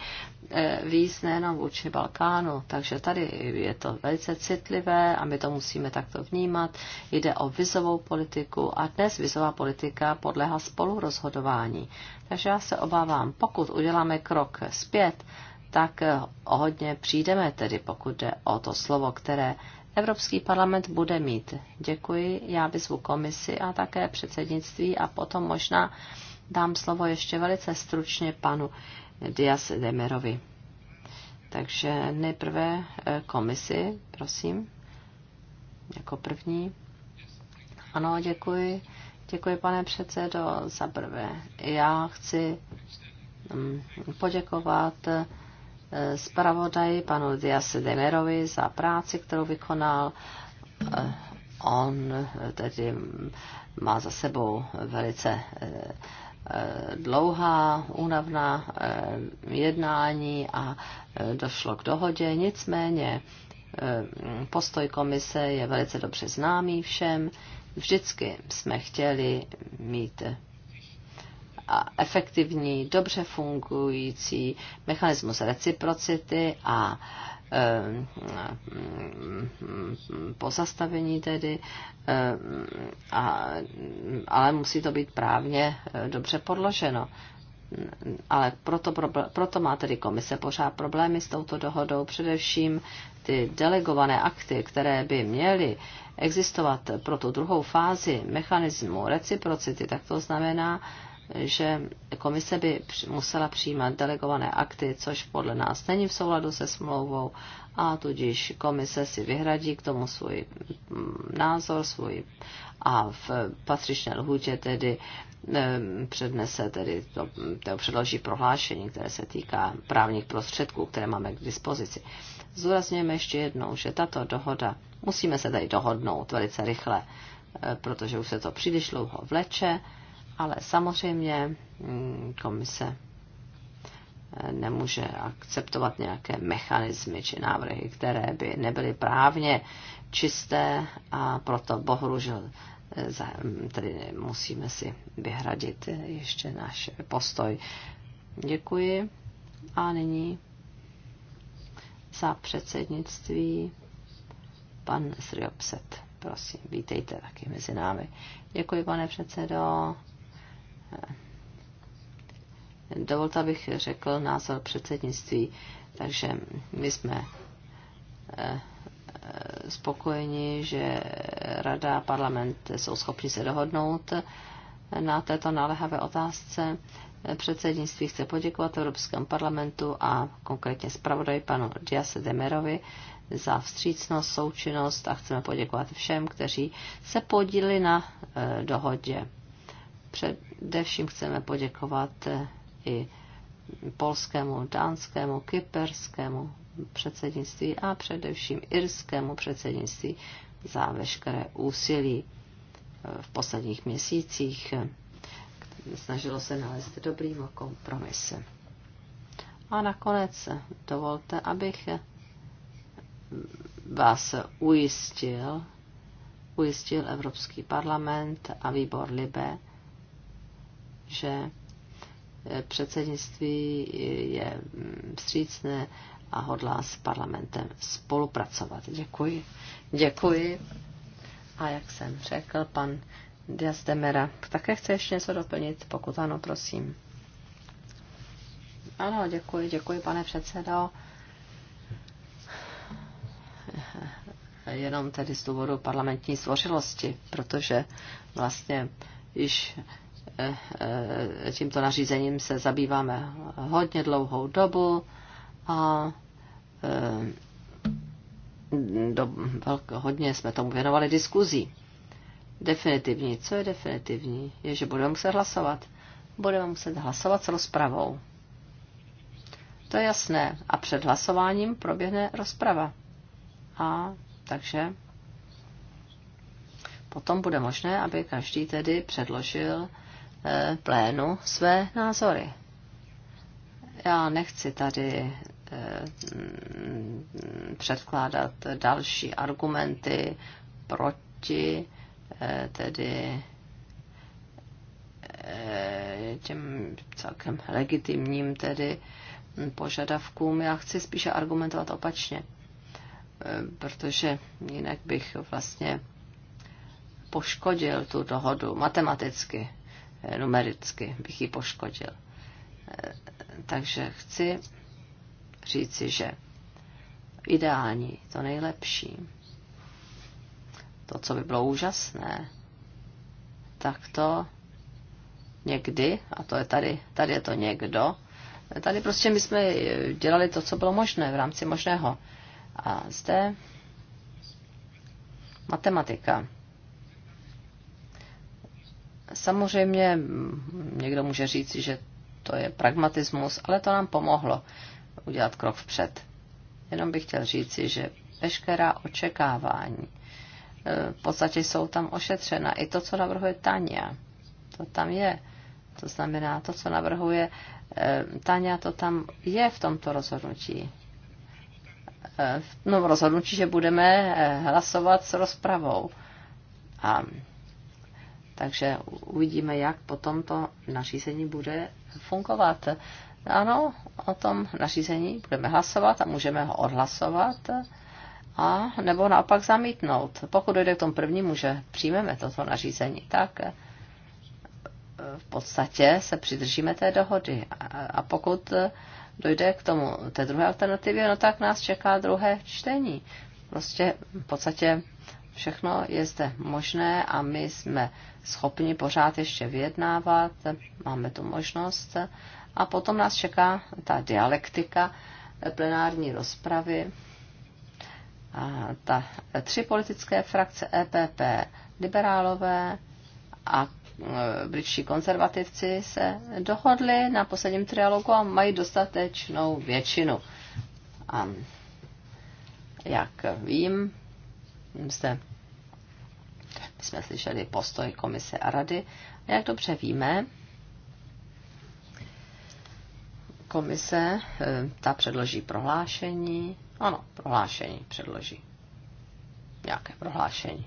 eh, víc nejenom vůči Balkánu. Takže tady je to velice citlivé a my to musíme takto vnímat. Jde o vizovou politiku a dnes vizová politika podléhá spolurozhodování. Takže já se obávám, pokud uděláme krok zpět, tak o hodně přijdeme, tedy pokud jde o to slovo, které Evropský parlament bude mít. Děkuji, já vyzvu komisi a také předsednictví a potom možná dám slovo ještě velice stručně panu Dias Demerovi. Takže nejprve eh, komisi, prosím, jako první. Ano, děkuji. Děkuji, pane předsedo, za prvé. Já chci mm, poděkovat eh, zpravodaji panu Dias Demerovi za práci, kterou vykonal. On tedy má za sebou velice eh, dlouhá, únavná eh, jednání a eh, došlo k dohodě. Nicméně postoj komise je velice dobře známý všem. Vždycky jsme chtěli mít a efektivní, dobře fungující mechanismus reciprocity a eh, pozastavení tedy, eh, a, ale musí to být právně eh, dobře podloženo. Ale proto, proto má tedy komise pořád problémy s touto dohodou, především ty delegované akty, které by měly existovat pro tu druhou fázi mechanismu reciprocity, tak to znamená, že komise by musela přijímat delegované akty, což podle nás není v souladu se smlouvou a tudíž komise si vyhradí k tomu svůj mm, názor, svůj a v patřičné lhůtě tedy přednese, tedy to, to předloží prohlášení, které se týká právních prostředků, které máme k dispozici. Zúrazněme ještě jednou, že tato dohoda, musíme se tady dohodnout velice rychle, eh, protože už se to příliš dlouho vleče, ale samozřejmě mm, komise eh, nemůže akceptovat nějaké mechanismy či návrhy, které by nebyly právně čisté a proto bohužel eh, mm, tedy musíme si vyhradit eh, ještě náš postoj. Děkuji a nyní za předsednictví pan Sriopset. Prosím, vítejte taky mezi námi. Děkuji, pane předsedo. Dovolte, abych řekl názor předsednictví. Takže my jsme eh, eh, spokojeni, že Rada a parlament jsou schopni se dohodnout na této naléhavé otázce. Předsednictví chce poděkovat Evropskému parlamentu a konkrétně zpravodaj panu Diase Demerovi za vstřícnost, součinnost a chceme poděkovat všem, kteří se podíli na eh, dohodě. Především chceme poděkovat eh, i polskému, dánskému, kyperskému předsednictví a především irskému předsednictví za veškeré úsilí eh, v posledních měsících. Eh, snažilo se nalézt dobrý kompromis. A nakonec dovolte, abych vás ujistil, ujistil Evropský parlament a výbor Libe, že eh, předsednictví je mm, vstřícné a hodlá s parlamentem spolupracovat. Děkuji. Děkuji. A jak jsem řekl, pan Dias Demera také chce ještě něco doplnit, pokud ano, prosím. Ano, děkuji, děkuji, pane předsedo. Jenom tedy z důvodu parlamentní zvořilosti, protože vlastně již Eh, eh, tímto nařízením se zabýváme hodně dlouhou dobu a eh, do, velko, hodně jsme tomu věnovali diskuzí. Definitivní. Co je definitivní? Je, že budeme muset hlasovat. Budeme muset hlasovat s rozpravou. To je jasné. A před hlasováním proběhne rozprava. A takže potom bude možné, aby každý tedy předložil Eh, plénu své názory. Já nechci tady eh, mm, předkládat další argumenty proti eh, tedy těm celkem legitimním tedy mm, požadavkům. Já chci spíše argumentovat opačně, protože jinak bych vlastně poškodil tu dohodu matematicky numericky, bych ji poškodil. Eh, takže chci říci, že ideální, to nejlepší, to, co by bylo úžasné, tak to někdy, a to je tady, tady je to někdo, tady prostě my jsme dělali to, co bylo možné v rámci možného. A zde matematika Samozřejmě někdo může říct, že to je pragmatismus, ale to nám pomohlo udělat krok vpřed. Jenom bych chtěl říci, že veškerá očekávání eh, v podstatě jsou tam ošetřena. I to, co navrhuje Tania, to tam je. To znamená, to, co navrhuje eh, Tania, to tam je v tomto rozhodnutí. Eh, no, rozhodnutí, že budeme hlasovat s rozpravou. A takže uvidíme, jak potom to nařízení bude fungovat. Ano, o tom nařízení budeme hlasovat a můžeme ho odhlasovat a nebo naopak zamítnout. Pokud dojde k tomu prvnímu, že přijmeme toto nařízení, tak eh, v podstatě se přidržíme té dohody. A pokud dojde k tomu té druhé alternativě, no tak nás čeká druhé čtení. Prostě v podstatě všechno je zde možné a my jsme schopni pořád ještě vyjednávat, máme tu možnost. A potom nás čeká ta dialektika plenární rozpravy. A ta tři politické frakce EPP, liberálové a e, britští konzervativci se dohodli na posledním trialogu a mají dostatečnou většinu. A jak vím, zde. My jsme slyšeli postoj komise a rady. A jak dobře víme, komise, eh, ta předloží prohlášení. Ano, prohlášení předloží. Nějaké prohlášení.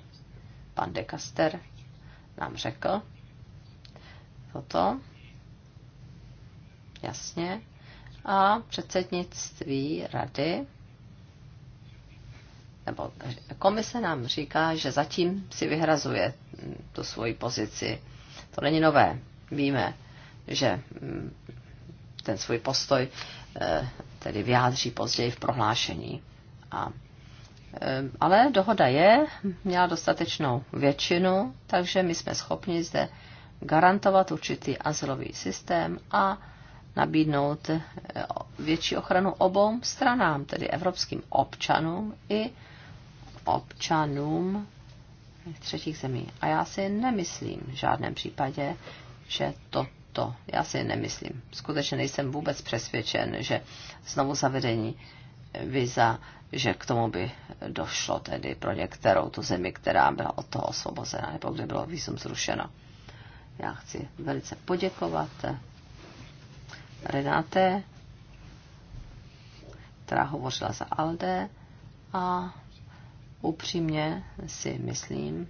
Pan de Caster nám řekl toto. Jasně. A předsednictví rady nebo komise nám říká, že zatím si vyhrazuje tu svoji pozici. To není nové. Víme, že mm, ten svůj postoj eh, tedy vyjádří později v prohlášení. A, eh, ale dohoda je, měla dostatečnou většinu, takže my jsme schopni zde garantovat určitý azylový systém a nabídnout eh, větší ochranu obou stranám, tedy evropským občanům i občanům třetích zemí. A já si nemyslím v žádném případě, že toto, já si nemyslím, skutečně nejsem vůbec přesvědčen, že znovu zavedení viza, že k tomu by došlo tedy pro některou tu zemi, která byla od toho osvobozena nebo kde bylo výzum zrušeno. Já chci velice poděkovat Renate, která hovořila za Alde a upřímně si myslím,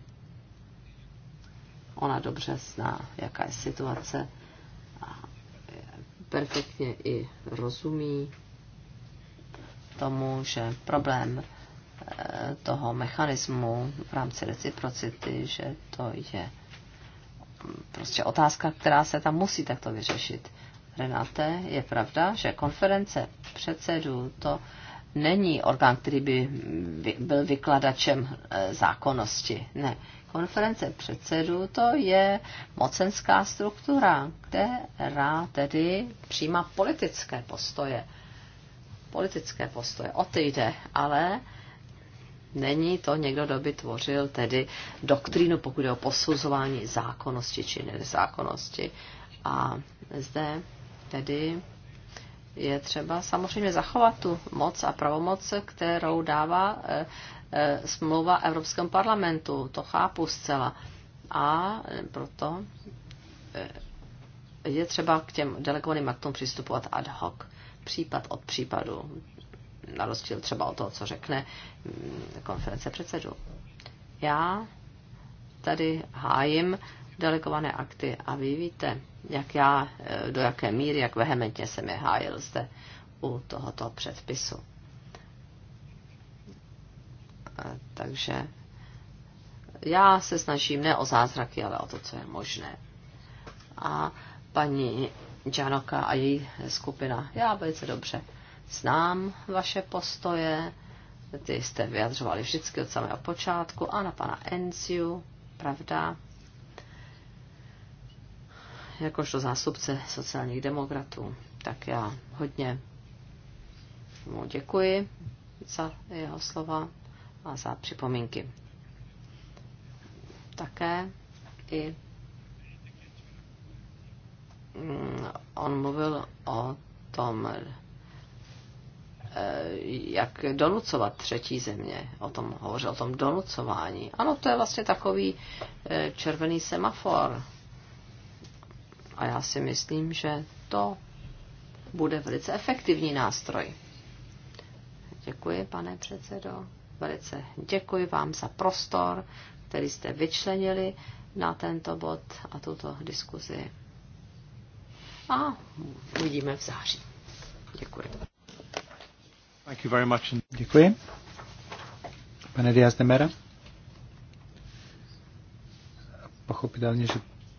ona dobře zná, jaká je situace a perfektně i rozumí tomu, že problém eh, toho mechanismu v rámci reciprocity, že to je prostě otázka, která se tam musí takto vyřešit. Renate, je pravda, že konference předsedů to není orgán, který by byl vykladačem eh, zákonnosti. Ne. Konference předsedů to je mocenská struktura, která tedy přijímá politické postoje. Politické postoje, o ty jde, ale není to někdo, kdo by tvořil tedy doktrínu, pokud je o posuzování zákonnosti či nezákonnosti. A zde tedy je třeba samozřejmě zachovat tu moc a pravomoc, kterou dává eh, eh, smlouva Evropskému parlamentu. To chápu zcela. A proto eh, je třeba k těm delegovaným aktům přistupovat ad hoc, případ od případu, na rozdíl třeba o toho, co řekne mm, konference předsedů. Já tady hájím delegované akty. A vy víte, jak já, e, do jaké míry, jak vehementně jsem je hájil zde u tohoto předpisu. E, takže já se snažím ne o zázraky, ale o to, co je možné. A paní Džanoka a její skupina, já velice dobře znám vaše postoje, ty jste vyjadřovali vždycky od samého počátku a na pana Enciu, pravda, jakožto zástupce sociálních demokratů, tak já hodně mu děkuji za jeho slova a za připomínky. Také i mm, on mluvil o tom, eh, jak donucovat třetí země. O tom hovořil, o tom donucování. Ano, to je vlastně takový eh, červený semafor. A já si myslím, že to bude velice efektivní nástroj. Děkuji, pane předsedo. Velice děkuji vám za prostor, který jste vyčlenili na tento bod a tuto diskuzi. A uvidíme v září. Děkuji. Thank you very much. Děkuji. Pane Diaz de Mera. Pochopitelně, že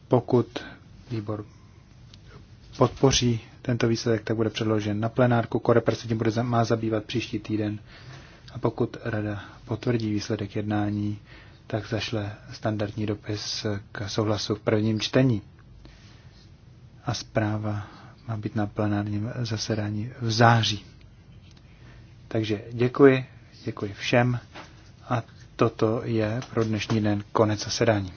pokud výbor podpoří tento výsledek, tak bude předložen na plenárku. Koreper se tím bude, má zabývat příští týden. A pokud rada potvrdí výsledek jednání, tak zašle standardní dopis k souhlasu v prvním čtení. A zpráva má být na plenárním zasedání v září. Takže děkuji, děkuji všem a toto je pro dnešní den konec zasedání.